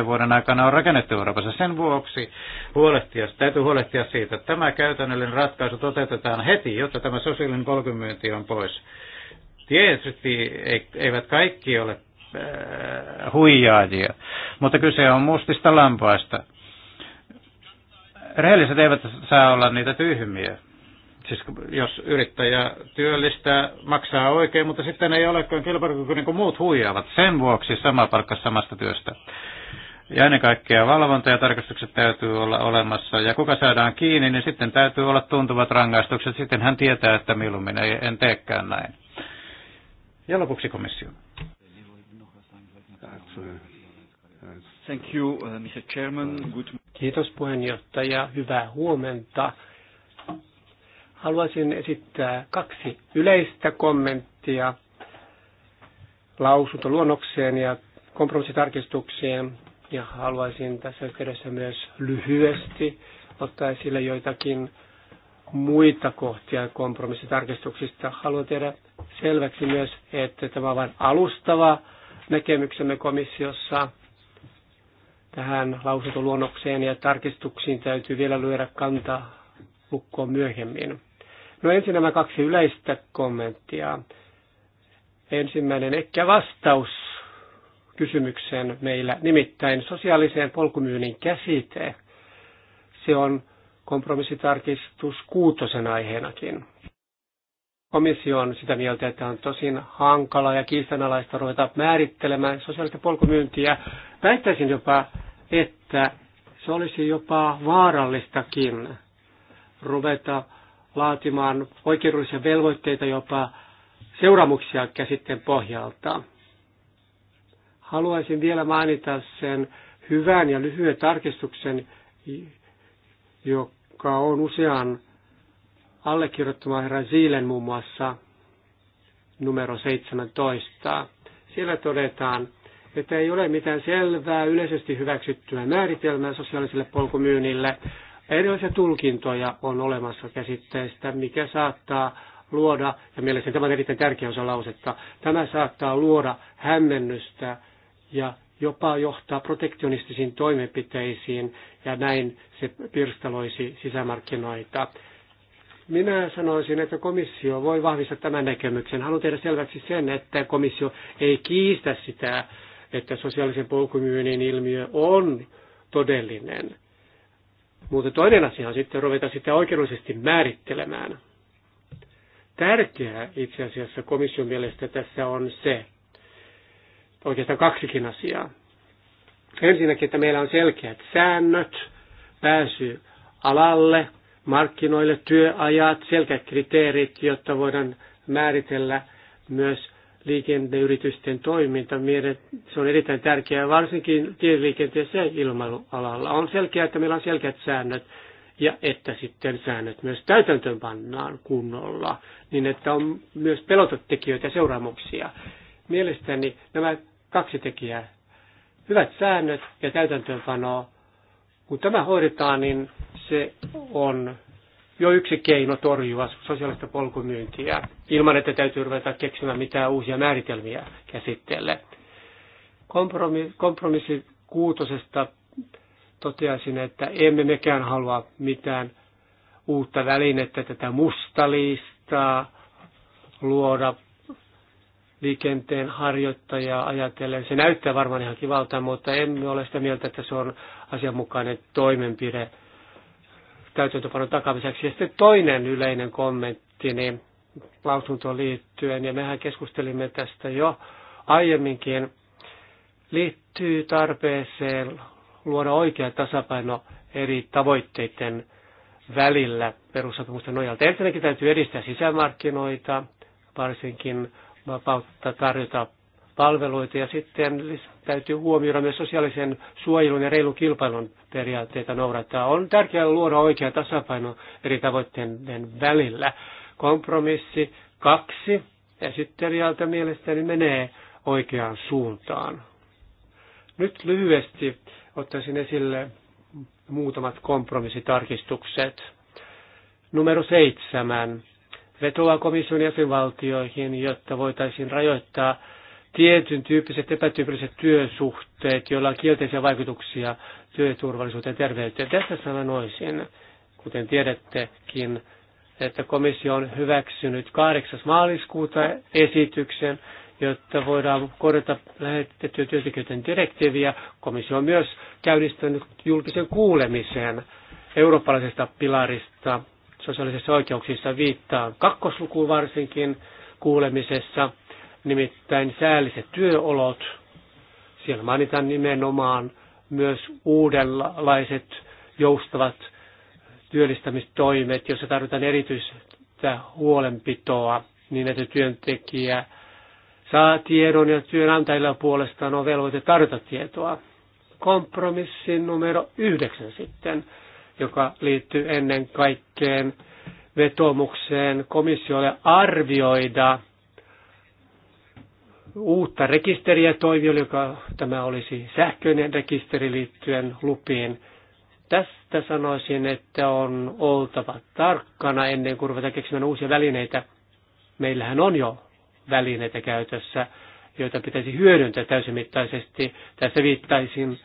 50-60 vuoden aikana on rakennettu Euroopassa. Sen vuoksi huolehtia, täytyy huolehtia siitä, että tämä käytännöllinen ratkaisu toteutetaan heti, jotta tämä sosiaalinen kolkymyynti on pois. Tietysti eivät kaikki ole Äh, huijaajia. Mutta kyse on mustista lampaista. Rehelliset eivät saa olla niitä tyhmiä. Siis jos yrittäjä työllistää, maksaa oikein, mutta sitten ei kilpailukyky niin kuin muut huijaavat. Sen vuoksi sama palkka samasta työstä. Ja ennen kaikkea valvonta ja tarkastukset täytyy olla olemassa. Ja kuka saadaan kiinni, niin sitten täytyy olla tuntuvat rangaistukset. Sitten hän tietää, että milloin minä en teekään näin. Ja lopuksi komissio. Thank you, uh, Mr. Chairman. Kiitos puheenjohtaja. Hyvää huomenta. Haluaisin esittää kaksi yleistä kommenttia lausuntoluonnokseen ja kompromissitarkistukseen. Ja haluaisin tässä yhteydessä myös lyhyesti ottaa esille joitakin muita kohtia kompromissitarkistuksista. Haluan tehdä selväksi myös, että tämä on vain alustava näkemyksemme komissiossa tähän lausuntoluonnokseen ja tarkistuksiin täytyy vielä lyödä kanta lukkoon myöhemmin. No ensin nämä kaksi yleistä kommenttia. Ensimmäinen ehkä vastaus kysymykseen meillä, nimittäin sosiaaliseen polkumyynnin käsite. Se on kompromissitarkistus kuutosen aiheenakin. Komissio on sitä mieltä, että on tosin hankala ja kiistanalaista ruveta määrittelemään sosiaalista polkumyyntiä. Väittäisin jopa, että se olisi jopa vaarallistakin ruveta laatimaan oikeudellisia velvoitteita jopa seuraamuksia käsitteen pohjalta. Haluaisin vielä mainita sen hyvän ja lyhyen tarkistuksen, joka on usean allekirjoittamaan herran Siilen muun muassa numero 17. Siellä todetaan, että ei ole mitään selvää yleisesti hyväksyttyä määritelmää sosiaaliselle polkumyynnille. Erilaisia tulkintoja on olemassa käsitteistä, mikä saattaa luoda, ja mielestäni tämä on erittäin tärkeä osa lausetta, tämä saattaa luoda hämmennystä ja jopa johtaa protektionistisiin toimenpiteisiin ja näin se pirstaloisi sisämarkkinoita. Minä sanoisin, että komissio voi vahvistaa tämän näkemyksen. Haluan tehdä selväksi sen, että komissio ei kiistä sitä, että sosiaalisen polkumyynnin ilmiö on todellinen. Mutta toinen asia on sitten ruveta sitä oikeudellisesti määrittelemään. Tärkeää itse asiassa komission mielestä tässä on se, oikeastaan kaksikin asiaa. Ensinnäkin, että meillä on selkeät säännöt, pääsy alalle, markkinoille työajat, selkeät kriteerit, jotta voidaan määritellä myös liikenneyritysten toiminta. se on erittäin tärkeää, varsinkin tieliikenteessä ja ilmailualalla. On selkeää, että meillä on selkeät säännöt ja että sitten säännöt myös täytäntöön pannaan kunnolla, niin että on myös pelotetekijöitä ja seuraamuksia. Mielestäni nämä kaksi tekijää, hyvät säännöt ja täytäntöönpano, kun tämä hoidetaan, niin se on jo yksi keino torjua sosiaalista polkumyyntiä, ilman että täytyy ruveta keksimään mitään uusia määritelmiä käsitteelle. Kompromissi, kompromissi kuutosesta toteaisin, että emme mekään halua mitään uutta välinettä, tätä mustalistaa luoda liikenteen harjoittajaa ajatellen. Se näyttää varmaan ihan kivalta, mutta emme ole sitä mieltä, että se on asianmukainen toimenpide – täytäntöpanon takaamiseksi. Ja sitten toinen yleinen kommentti niin lausuntoon liittyen, ja mehän keskustelimme tästä jo aiemminkin, liittyy tarpeeseen luoda oikea tasapaino eri tavoitteiden välillä perussopimusten nojalta. Ensinnäkin täytyy edistää sisämarkkinoita, varsinkin vapautta tarjota palveluita ja sitten täytyy huomioida myös sosiaalisen suojelun ja reilun kilpailun periaatteita noudattaa. On tärkeää luoda oikea tasapaino eri tavoitteiden välillä. Kompromissi kaksi esittelijältä mielestäni menee oikeaan suuntaan. Nyt lyhyesti ottaisin esille muutamat kompromissitarkistukset. Numero seitsemän. vetoa komission jäsenvaltioihin, jotta voitaisiin rajoittaa tietyn tyyppiset epätyypilliset työsuhteet, joilla on kielteisiä vaikutuksia työturvallisuuteen ja terveyteen. Tässä sanoisin, kuten tiedättekin, että komissio on hyväksynyt 8. maaliskuuta esityksen, jotta voidaan korjata lähetettyä työntekijöiden direktiiviä. Komissio on myös käynnistänyt julkisen kuulemisen eurooppalaisesta pilarista sosiaalisessa oikeuksissa viittaan kakkoslukuun varsinkin kuulemisessa – nimittäin säälliset työolot. Siellä mainitaan nimenomaan myös uudenlaiset joustavat työllistämistoimet, joissa tarvitaan erityistä huolenpitoa niin, että työntekijä saa tiedon ja työnantajilla puolestaan on velvoite tarjota tietoa. Kompromissi numero yhdeksän sitten, joka liittyy ennen kaikkeen vetomukseen komissiolle arvioida uutta rekisteriä toimijoille, joka tämä olisi sähköinen rekisteri liittyen lupiin. Tästä sanoisin, että on oltava tarkkana ennen kuin ruvetaan keksimään uusia välineitä. Meillähän on jo välineitä käytössä, joita pitäisi hyödyntää täysimittaisesti. Tässä viittaisin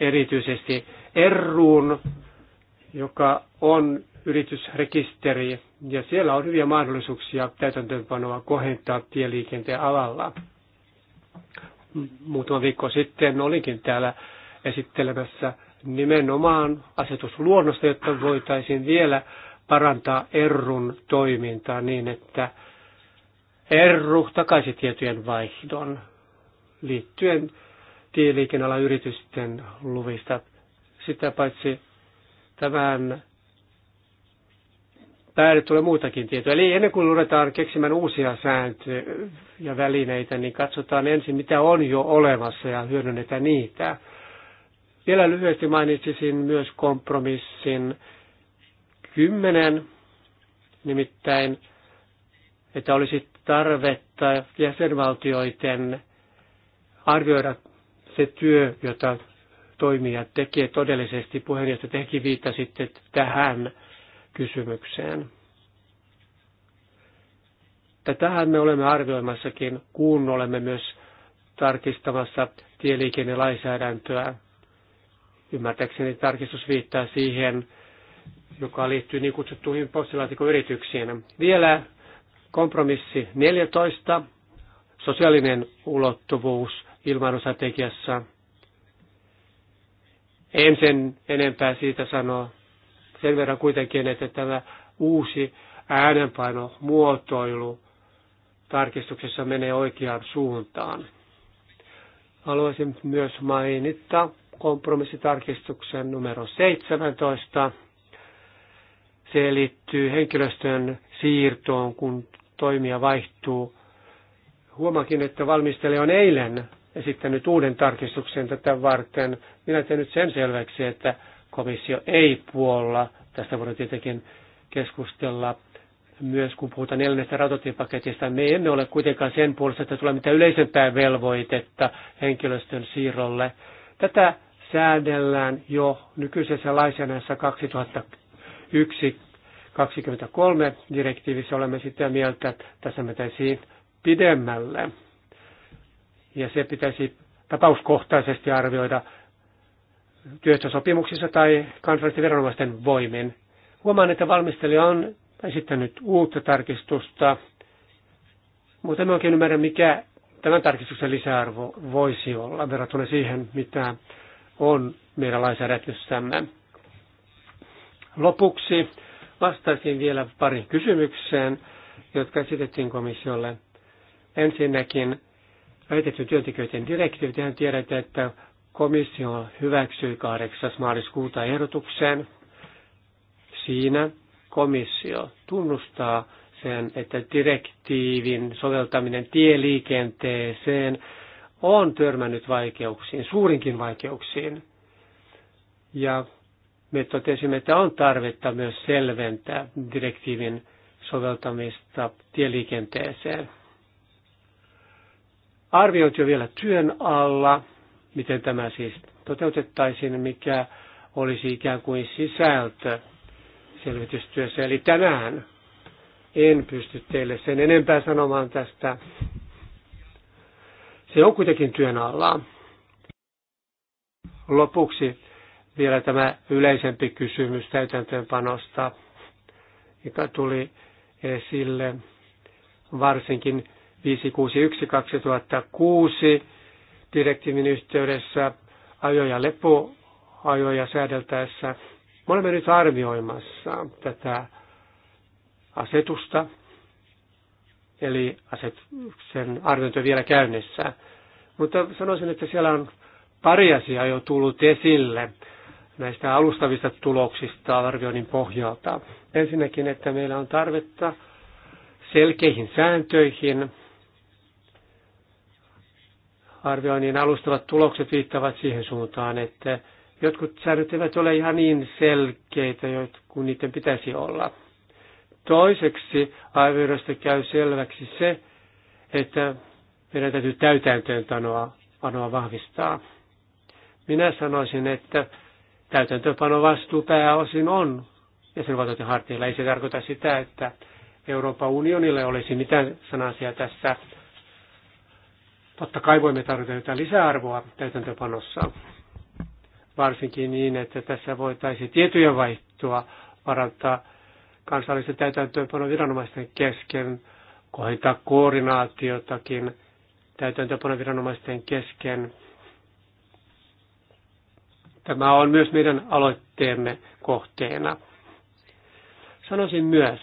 erityisesti Erruun, joka on yritysrekisteri, ja siellä on hyviä mahdollisuuksia täytäntöönpanoa kohentaa tieliikenteen alalla muutama viikko sitten olinkin täällä esittelemässä nimenomaan asetusluonnosta, jotta voitaisiin vielä parantaa Errun toimintaa niin, että Erru takaisi tietojen vaihdon liittyen tieliikennealan yritysten luvista. Sitä paitsi tämän päälle tulee muitakin tietoja. Eli ennen kuin ruvetaan keksimään uusia sääntöjä ja välineitä, niin katsotaan ensin, mitä on jo olemassa ja hyödynnetään niitä. Vielä lyhyesti mainitsisin myös kompromissin kymmenen, nimittäin, että olisi tarvetta jäsenvaltioiden arvioida se työ, jota toimijat tekee todellisesti. Puheenjohtaja tekin viittasitte tähän kysymykseen. Tätähän me olemme arvioimassakin, kun olemme myös tarkistamassa tieliikennelainsäädäntöä. Ymmärtääkseni tarkistus viittaa siihen, joka liittyy niin kutsuttuihin postilaatikoyrityksiin. Vielä kompromissi 14, sosiaalinen ulottuvuus ilmailustrategiassa. En sen enempää siitä sanoa. Sen verran kuitenkin, että tämä uusi äänenpaino muotoilu tarkistuksessa menee oikeaan suuntaan. Haluaisin myös mainita kompromissitarkistuksen numero 17. Se liittyy henkilöstön siirtoon, kun toimija vaihtuu. Huomakin, että valmistele on eilen esittänyt uuden tarkistuksen tätä varten. Minä teen nyt sen selväksi, että komissio ei puolla. Tästä voidaan tietenkin keskustella myös, kun puhutaan neljännestä rautatiepaketista. Me emme ole kuitenkaan sen puolesta, että tulee mitään yleisempää velvoitetta henkilöstön siirrolle. Tätä säädellään jo nykyisessä lainsäädännössä 2001 23 direktiivissä olemme sitä mieltä, että tässä mentäisiin pidemmälle. Ja se pitäisi tapauskohtaisesti arvioida työehtosopimuksissa tai kansallisten viranomaisten voimin. Huomaan, että valmistelija on esittänyt uutta tarkistusta, mutta emme oikein ymmärrä, mikä tämän tarkistuksen lisäarvo voisi olla verrattuna siihen, mitä on meidän lainsäädännössämme. Lopuksi vastaisin vielä pari kysymykseen, jotka esitettiin komissiolle. Ensinnäkin lähetetty työntekijöiden direktiivi. Tehän tiedätte, että Komissio hyväksyi 8. maaliskuuta ehdotuksen. Siinä komissio tunnustaa sen, että direktiivin soveltaminen tieliikenteeseen on törmännyt vaikeuksiin, suurinkin vaikeuksiin. Ja me totesimme, että on tarvetta myös selventää direktiivin soveltamista tieliikenteeseen. Arviointi on vielä työn alla miten tämä siis toteutettaisiin, mikä olisi ikään kuin sisältö selvitystyössä. Eli tänään en pysty teille sen enempää sanomaan tästä. Se on kuitenkin työn alla. Lopuksi vielä tämä yleisempi kysymys täytäntöönpanosta, joka tuli esille varsinkin 561 2006 direktiivin yhteydessä ajo- ja lepoajoja säädeltäessä. Me olemme nyt arvioimassa tätä asetusta, eli asetuksen arviointi on vielä käynnissä. Mutta sanoisin, että siellä on pari asiaa jo tullut esille näistä alustavista tuloksista arvioinnin pohjalta. Ensinnäkin, että meillä on tarvetta selkeihin sääntöihin arvioinnin alustavat tulokset viittavat siihen suuntaan, että jotkut säädöt eivät ole ihan niin selkeitä kuin niiden pitäisi olla. Toiseksi arvioidosta käy selväksi se, että meidän täytyy täytäntöönpanoa panoa vahvistaa. Minä sanoisin, että täytäntöönpano vastuu pääosin on jäsenvaltioiden harteilla. Ei se tarkoita sitä, että Euroopan unionille olisi mitään sanasia tässä Totta kai voimme tarvita jotain lisäarvoa täytäntöpanossa, varsinkin niin, että tässä voitaisiin tietojen vaihtoa parantaa kansallisten täytäntöönpanoviranomaisten kesken, kohentaa koordinaatiotakin täytäntöönpanoviranomaisten kesken. Tämä on myös meidän aloitteemme kohteena. Sanoisin myös,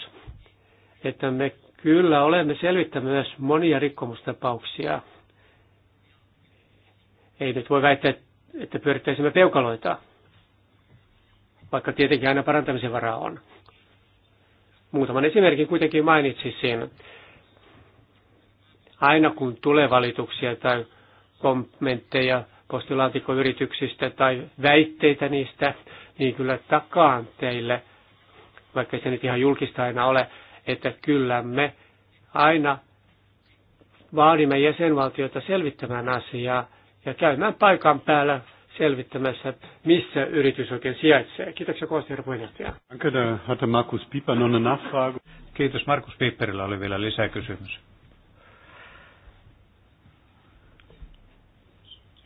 että me kyllä olemme selvittäneet myös monia rikkomustapauksia ei nyt voi väittää, että pyörittäisimme peukaloita, vaikka tietenkin aina parantamisen varaa on. Muutaman esimerkin kuitenkin mainitsisin. Aina kun tulee valituksia tai kommentteja postilaatikoyrityksistä tai väitteitä niistä, niin kyllä takaan teille, vaikka se nyt ihan julkista aina ole, että kyllä me aina vaadimme jäsenvaltiota selvittämään asiaa ja käymään paikan päällä selvittämässä, missä yritys oikein sijaitsee. Kiitoksia kovasti, herra puheenjohtaja. Markus Kiitos. Markus Piperillä oli vielä lisäkysymys.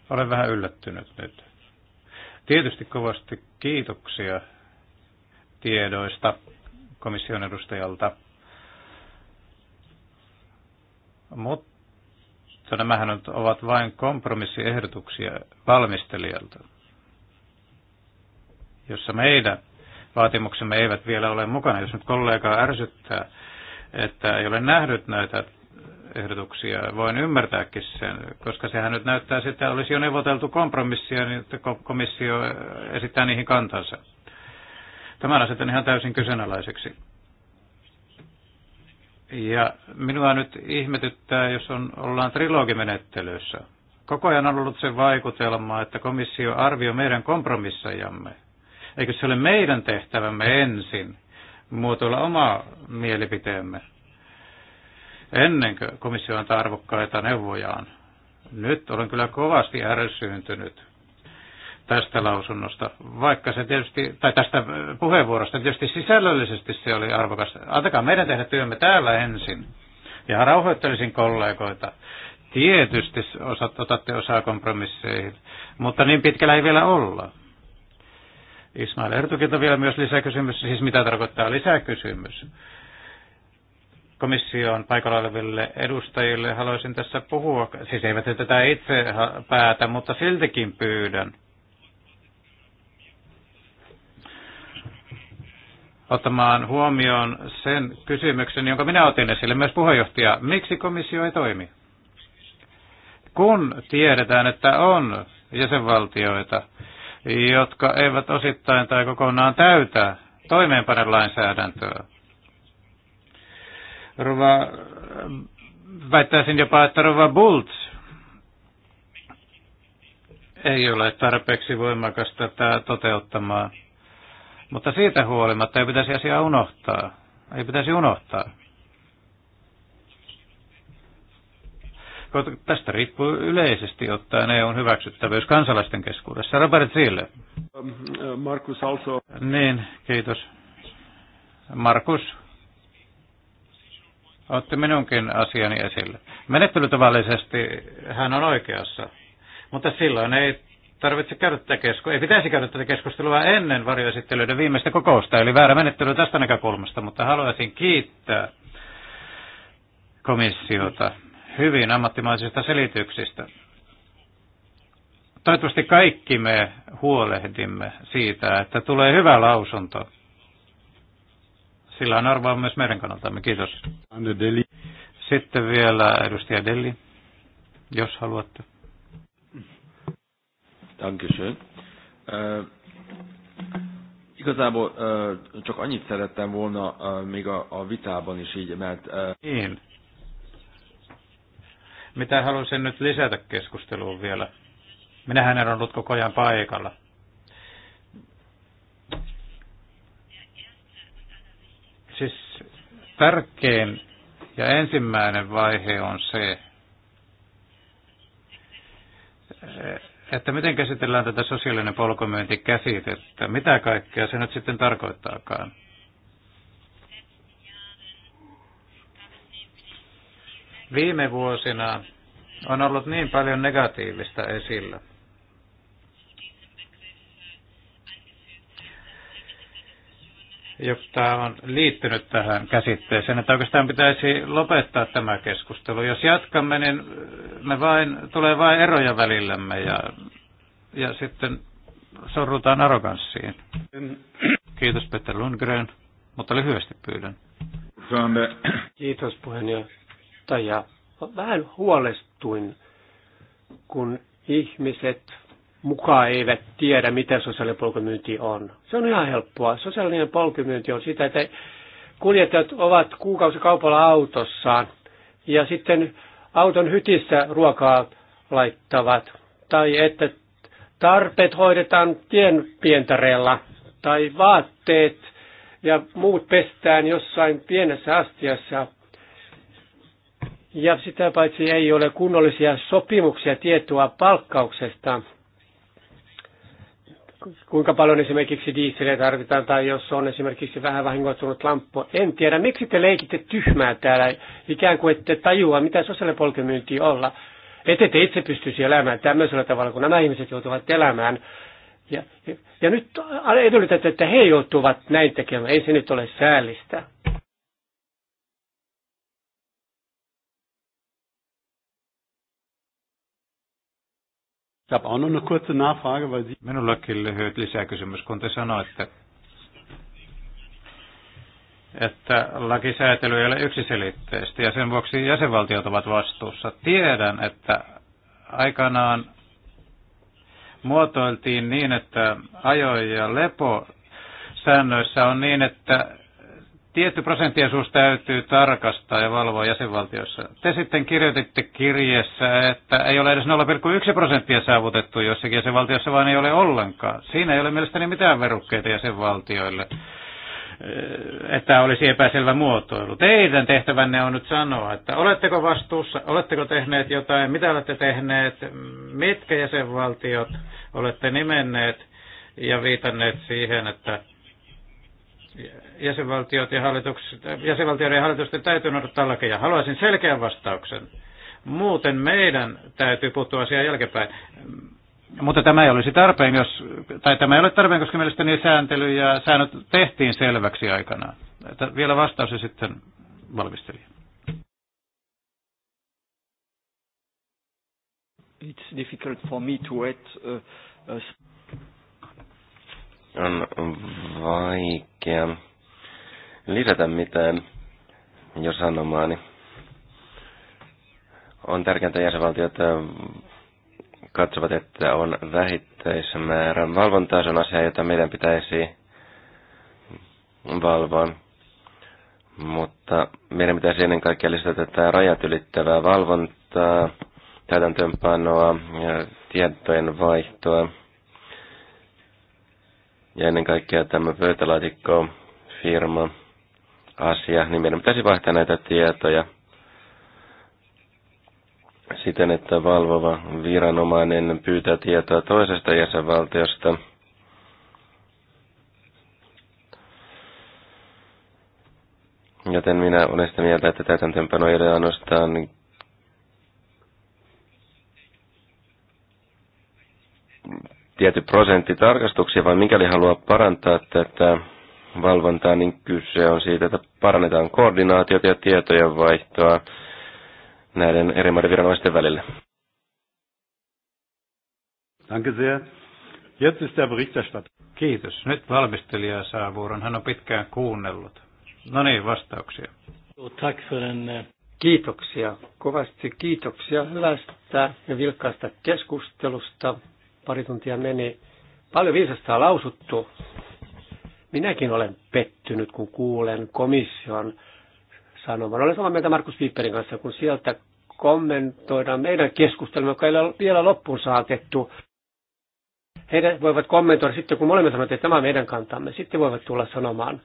Olen vähän yllättynyt nyt. Tietysti kovasti kiitoksia tiedoista komission edustajalta. Mutta mutta nämähän ovat vain kompromissiehdotuksia valmistelijalta, jossa meidän vaatimuksemme eivät vielä ole mukana. Jos nyt kollegaa ärsyttää, että ei ole nähnyt näitä ehdotuksia, voin ymmärtääkin sen, koska sehän nyt näyttää siltä, olisi jo neuvoteltu kompromissia, niin että komissio esittää niihin kantansa. Tämän asetan ihan täysin kyseenalaiseksi. Ja minua nyt ihmetyttää, jos on, ollaan trilogimenettelyssä. Koko ajan on ollut se vaikutelma, että komissio arvioi meidän kompromissajamme. Eikö se ole meidän tehtävämme ensin muotoilla oma mielipiteemme, ennen kuin komissio antaa arvokkaita neuvojaan? Nyt olen kyllä kovasti ärsyyntynyt tästä lausunnosta, vaikka se tietysti, tai tästä äh, puheenvuorosta, niin tietysti sisällöllisesti se oli arvokas. Antakaa meidän tehdä työmme täällä ensin. Ja rauhoittelisin kollegoita. Tietysti osat, otatte osaa kompromisseihin, mutta niin pitkällä ei vielä olla. Ismail Ertukilta vielä myös lisäkysymys, siis mitä tarkoittaa lisäkysymys? komission paikalla oleville edustajille haluaisin tässä puhua. Siis eivät he tätä itse päätä, mutta siltikin pyydän ottamaan huomioon sen kysymyksen, jonka minä otin esille myös puheenjohtaja. Miksi komissio ei toimi? Kun tiedetään, että on jäsenvaltioita, jotka eivät osittain tai kokonaan täytä lainsäädäntöä. Rova, väittäisin jopa, että Rova Bultz ei ole tarpeeksi voimakasta tätä toteuttamaan. Mutta siitä huolimatta ei pitäisi asiaa unohtaa. Ei pitäisi unohtaa. Tästä riippuu yleisesti ottaen EUn hyväksyttävyys kansalaisten keskuudessa. Robert Ziele. Um, uh, Markus also. Niin, kiitos. Markus otti minunkin asiani esille. Menettelytavallisesti hän on oikeassa, mutta silloin ei tarvitse käydä tätä keskustelua, ei pitäisi käydä tätä keskustelua ennen varjoesittelyiden viimeistä kokousta, eli väärä menettely tästä näkökulmasta, mutta haluaisin kiittää komissiota hyvin ammattimaisista selityksistä. Toivottavasti kaikki me huolehdimme siitä, että tulee hyvä lausunto. Sillä on arvoa myös meidän kannaltamme. Kiitos. Sitten vielä edustaja Delli, jos haluatte. Dankeschön. Uh, igazából uh, csak annyit szerettem volna uh, még a, a vitában is így, mert... Uh... Niin. Mitä halusin nyt lisätä keskusteluun vielä? Minähän en ollut koko ajan paikalla. Siis tärkein ja ensimmäinen vaihe on se, että miten käsitellään tätä sosiaalinen käsitettä, mitä kaikkea se nyt sitten tarkoittaakaan. Viime vuosina on ollut niin paljon negatiivista esillä – joka on liittynyt tähän käsitteeseen, että oikeastaan pitäisi lopettaa tämä keskustelu. Jos jatkamme, niin me vain, tulee vain eroja välillämme ja, ja sitten sorrutaan arroganssiin. Kiitos Peter Lundgren, mutta lyhyesti pyydän. Kiitos puheenjohtaja. Vähän huolestuin, kun ihmiset mukaan eivät tiedä, mitä sosiaalinen polkumyynti on. Se on ihan helppoa. Sosiaalinen polkumyynti on sitä, että kuljettajat ovat kuukausikaupalla autossaan ja sitten auton hytissä ruokaa laittavat. Tai että tarpeet hoidetaan tien pientareella. Tai vaatteet ja muut pestään jossain pienessä astiassa. Ja sitä paitsi ei ole kunnollisia sopimuksia tietoa palkkauksesta kuinka paljon esimerkiksi diiseliä tarvitaan tai jos on esimerkiksi vähän vahingoittunut lamppu. En tiedä, miksi te leikitte tyhmää täällä, ikään kuin ette tajua, mitä sosiaalipolkemyynti olla. Ette te itse pystyisi elämään tämmöisellä tavalla, kun nämä ihmiset joutuvat elämään. Ja, ja nyt edellytätte, että he joutuvat näin tekemään. Ei se nyt ole säällistä. Minullakin lyhyt lisäkysymys, kun te sanoitte, että lakisäätely ei ole yksiselitteistä ja sen vuoksi jäsenvaltiot ovat vastuussa. Tiedän, että aikanaan muotoiltiin niin, että ajo- ja lepo säännöissä on niin, että tietty prosenttiosuus täytyy tarkastaa ja valvoa jäsenvaltiossa. Te sitten kirjoititte kirjeessä, että ei ole edes 0,1 prosenttia saavutettu jossakin jäsenvaltiossa, vaan ei ole ollenkaan. Siinä ei ole mielestäni mitään verukkeita jäsenvaltioille, eh, että olisi epäselvä muotoilu. Teidän tehtävänne on nyt sanoa, että oletteko vastuussa, oletteko tehneet jotain, mitä olette tehneet, mitkä jäsenvaltiot olette nimenneet ja viitanneet siihen, että jäsenvaltiot ja hallitukset, jäsenvaltioiden ja hallitusten täytyy noudattaa lakeja. Haluaisin selkeän vastauksen. Muuten meidän täytyy puuttua asiaan jälkeenpäin. Mutta tämä ei olisi tarpeen, jos, tai tämä ei ole tarpeen, koska mielestäni sääntely ja säännöt tehtiin selväksi aikanaan. Vielä vastaus ja sitten valmistelija. It's difficult for me to add, uh, uh... On vaikea lisätä mitään jo sanomaani. On tärkeintä jäsenvaltiot äh, katsovat, että on valvontaa. Se on asia, jota meidän pitäisi valvoa. Mutta meidän pitäisi ennen kaikkea lisätä tätä rajat ylittävää valvontaa, täytäntöönpanoa ja tietojen vaihtoa. Ja ennen kaikkea tämä pöytälaatikko firma asia, niin meidän pitäisi vaihtaa näitä tietoja siten, että valvova viranomainen pyytää tietoa toisesta jäsenvaltiosta. Joten minä olen sitä mieltä, että täytäntöönpano ei ole ainoastaan tietty prosentti tarkastuksia, vaan mikäli haluaa parantaa tätä valvontaa, niin kyse on siitä, että parannetaan koordinaatiota ja tietojen vaihtoa näiden eri maiden viranomaisten välillä. Danke sehr. Jetzt ist der Berichterstatter. Kiitos. Nyt valmistelija saa vuoron. Hän on pitkään kuunnellut. No niin, vastauksia. Eh, kiitoksia. Kovasti kiitoksia hyvästä ja vilkkaasta keskustelusta. Pari tuntia meni. Paljon viisasta lausuttu. Minäkin olen pettynyt, kun kuulen komission sanoman. Olen samaa mieltä Markus Viipperin kanssa, kun sieltä kommentoidaan meidän keskustelua, joka ei ole vielä loppuun saatettu. Heidän voivat kommentoida sitten, kun molemmat olemme että tämä on meidän kantamme. Sitten voivat tulla sanomaan.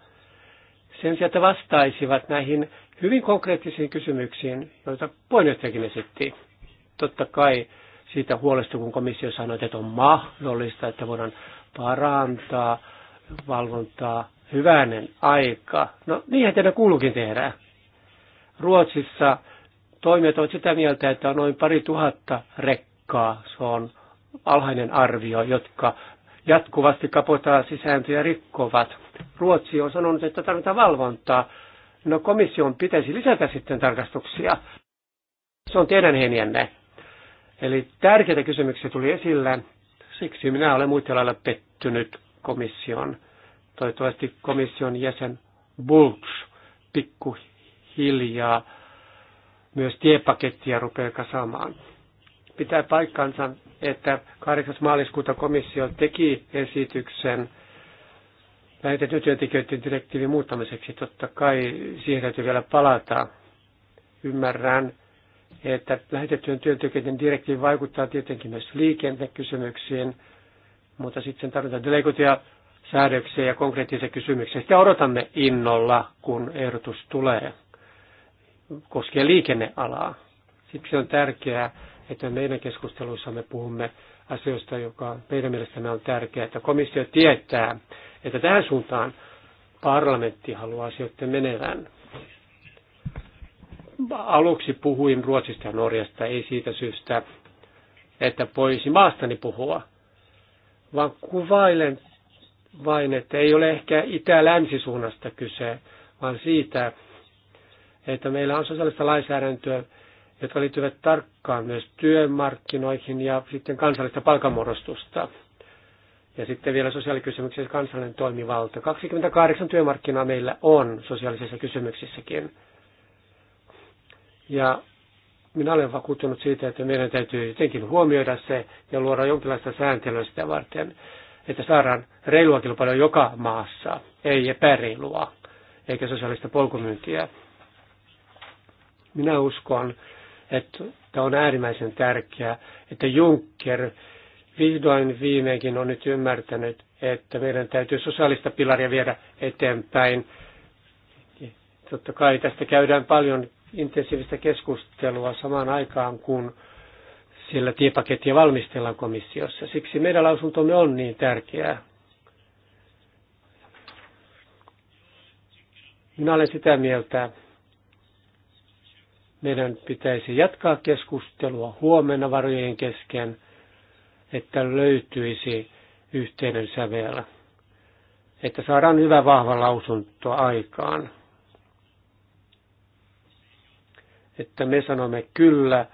Sen sijaan, että vastaisivat näihin hyvin konkreettisiin kysymyksiin, joita puheenjohtajakin esitti. Totta kai siitä huolesta, kun komissio sanoi, että on mahdollista, että voidaan parantaa valvontaa. Hyvänen aika. No niinhän teidän kuuluukin tehdä. Ruotsissa toimijat ovat sitä mieltä, että on noin pari tuhatta rekkaa. Se on alhainen arvio, jotka jatkuvasti kapotaa sisääntöjä rikkovat. Ruotsi on sanonut, että tarvitaan valvontaa. No komission pitäisi lisätä sitten tarkastuksia. Se on teidän henjenne. Eli tärkeitä kysymyksiä tuli esille. Siksi minä olen muuten lailla pettynyt komission. Toivottavasti komission jäsen Bulks pikkuhiljaa myös tiepakettia rupeaa kasaamaan. Pitää paikkansa, että 8. maaliskuuta komissio teki esityksen näiden työntekijöiden direktiivin muuttamiseksi. Totta kai siihen täytyy vielä palata. Ymmärrän, että lähetettyjen työntekijöiden direktiivi vaikuttaa tietenkin myös liikennekysymyksiin, mutta sitten tarvitaan delegoituja säädöksiä ja konkreettisia kysymyksiä. Sitä odotamme innolla, kun ehdotus tulee koskee liikennealaa. Siksi on tärkeää, että meidän keskusteluissamme puhumme asioista, joka meidän mielestämme on tärkeää, että komissio tietää, että tähän suuntaan parlamentti haluaa asioiden menevän. Aluksi puhuin Ruotsista ja Norjasta, ei siitä syystä, että voisi maastani puhua, vaan kuvailen vain, että ei ole ehkä itä-länsisuunnasta kyse, vaan siitä, että meillä on sosiaalista lainsäädäntöä, jotka liittyvät tarkkaan myös työmarkkinoihin ja sitten kansallista palkamuodostusta. Ja sitten vielä sosiaalikysymyksissä kansallinen toimivalta. 28 työmarkkinaa meillä on sosiaalisissa kysymyksissäkin. Ja minä olen vakuuttunut siitä, että meidän täytyy jotenkin huomioida se ja luoda jonkinlaista sääntelyä sitä varten, että saadaan reilua kilpailua joka maassa, ei epäreilua, eikä sosiaalista polkumyyntiä. Minä uskon, että tämä on äärimmäisen tärkeää, että Juncker vihdoin viimeinkin on nyt ymmärtänyt, että meidän täytyy sosiaalista pilaria viedä eteenpäin. Totta kai tästä käydään paljon intensiivistä keskustelua samaan aikaan, kun sillä tiepakettia valmistellaan komissiossa. Siksi meidän lausuntomme on niin tärkeää. Minä olen sitä mieltä, meidän pitäisi jatkaa keskustelua huomenna varojen kesken, että löytyisi yhteinen sävel, että saadaan hyvä vahva lausunto aikaan. että me sanomme kyllä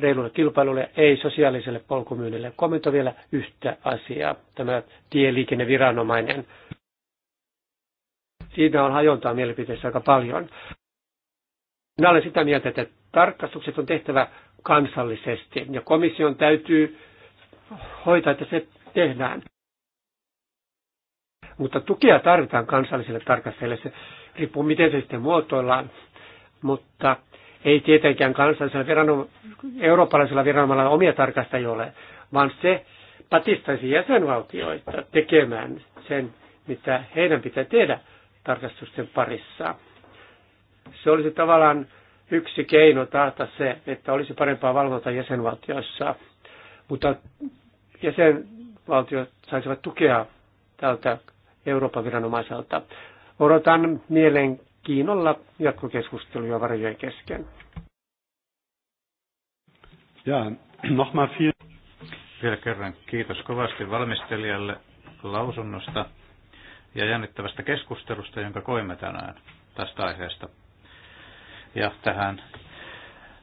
reilulle kilpailulle, ei sosiaaliselle polkumyynnille. Kommento vielä yhtä asiaa, tämä tieliikenneviranomainen. Siinä on hajontaa mielipiteessä aika paljon. Minä olen sitä mieltä, että tarkastukset on tehtävä kansallisesti ja komission täytyy hoitaa, että se tehdään. Mutta tukea tarvitaan kansallisille tarkastajille, se riippuu miten se sitten muotoillaan. Mutta ei tietenkään kansallisella viranom eurooppalaisella viranomaisella omia tarkastajia ole, vaan se patistaisi jäsenvaltioita tekemään sen, mitä heidän pitää tehdä tarkastusten parissa. Se olisi tavallaan yksi keino taata se, että olisi parempaa valvontaa jäsenvaltioissa, mutta jäsenvaltiot saisivat tukea tältä Euroopan viranomaiselta. Odotan mielen kiinnolla jatkokeskusteluja varjojen kesken. Ja, nochmal viel. Vielä kerran kiitos kovasti valmistelijalle lausunnosta ja jännittävästä keskustelusta, jonka koimme tänään tästä aiheesta. Ja tähän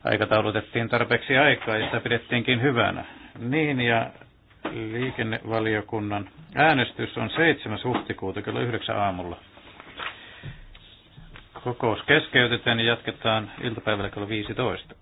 aikataulutettiin tarpeeksi aikaa ja sitä pidettiinkin hyvänä. Niin ja liikennevaliokunnan äänestys on 7. huhtikuuta kello 9 aamulla. Kokous keskeytetään ja jatketaan iltapäivällä kello 15.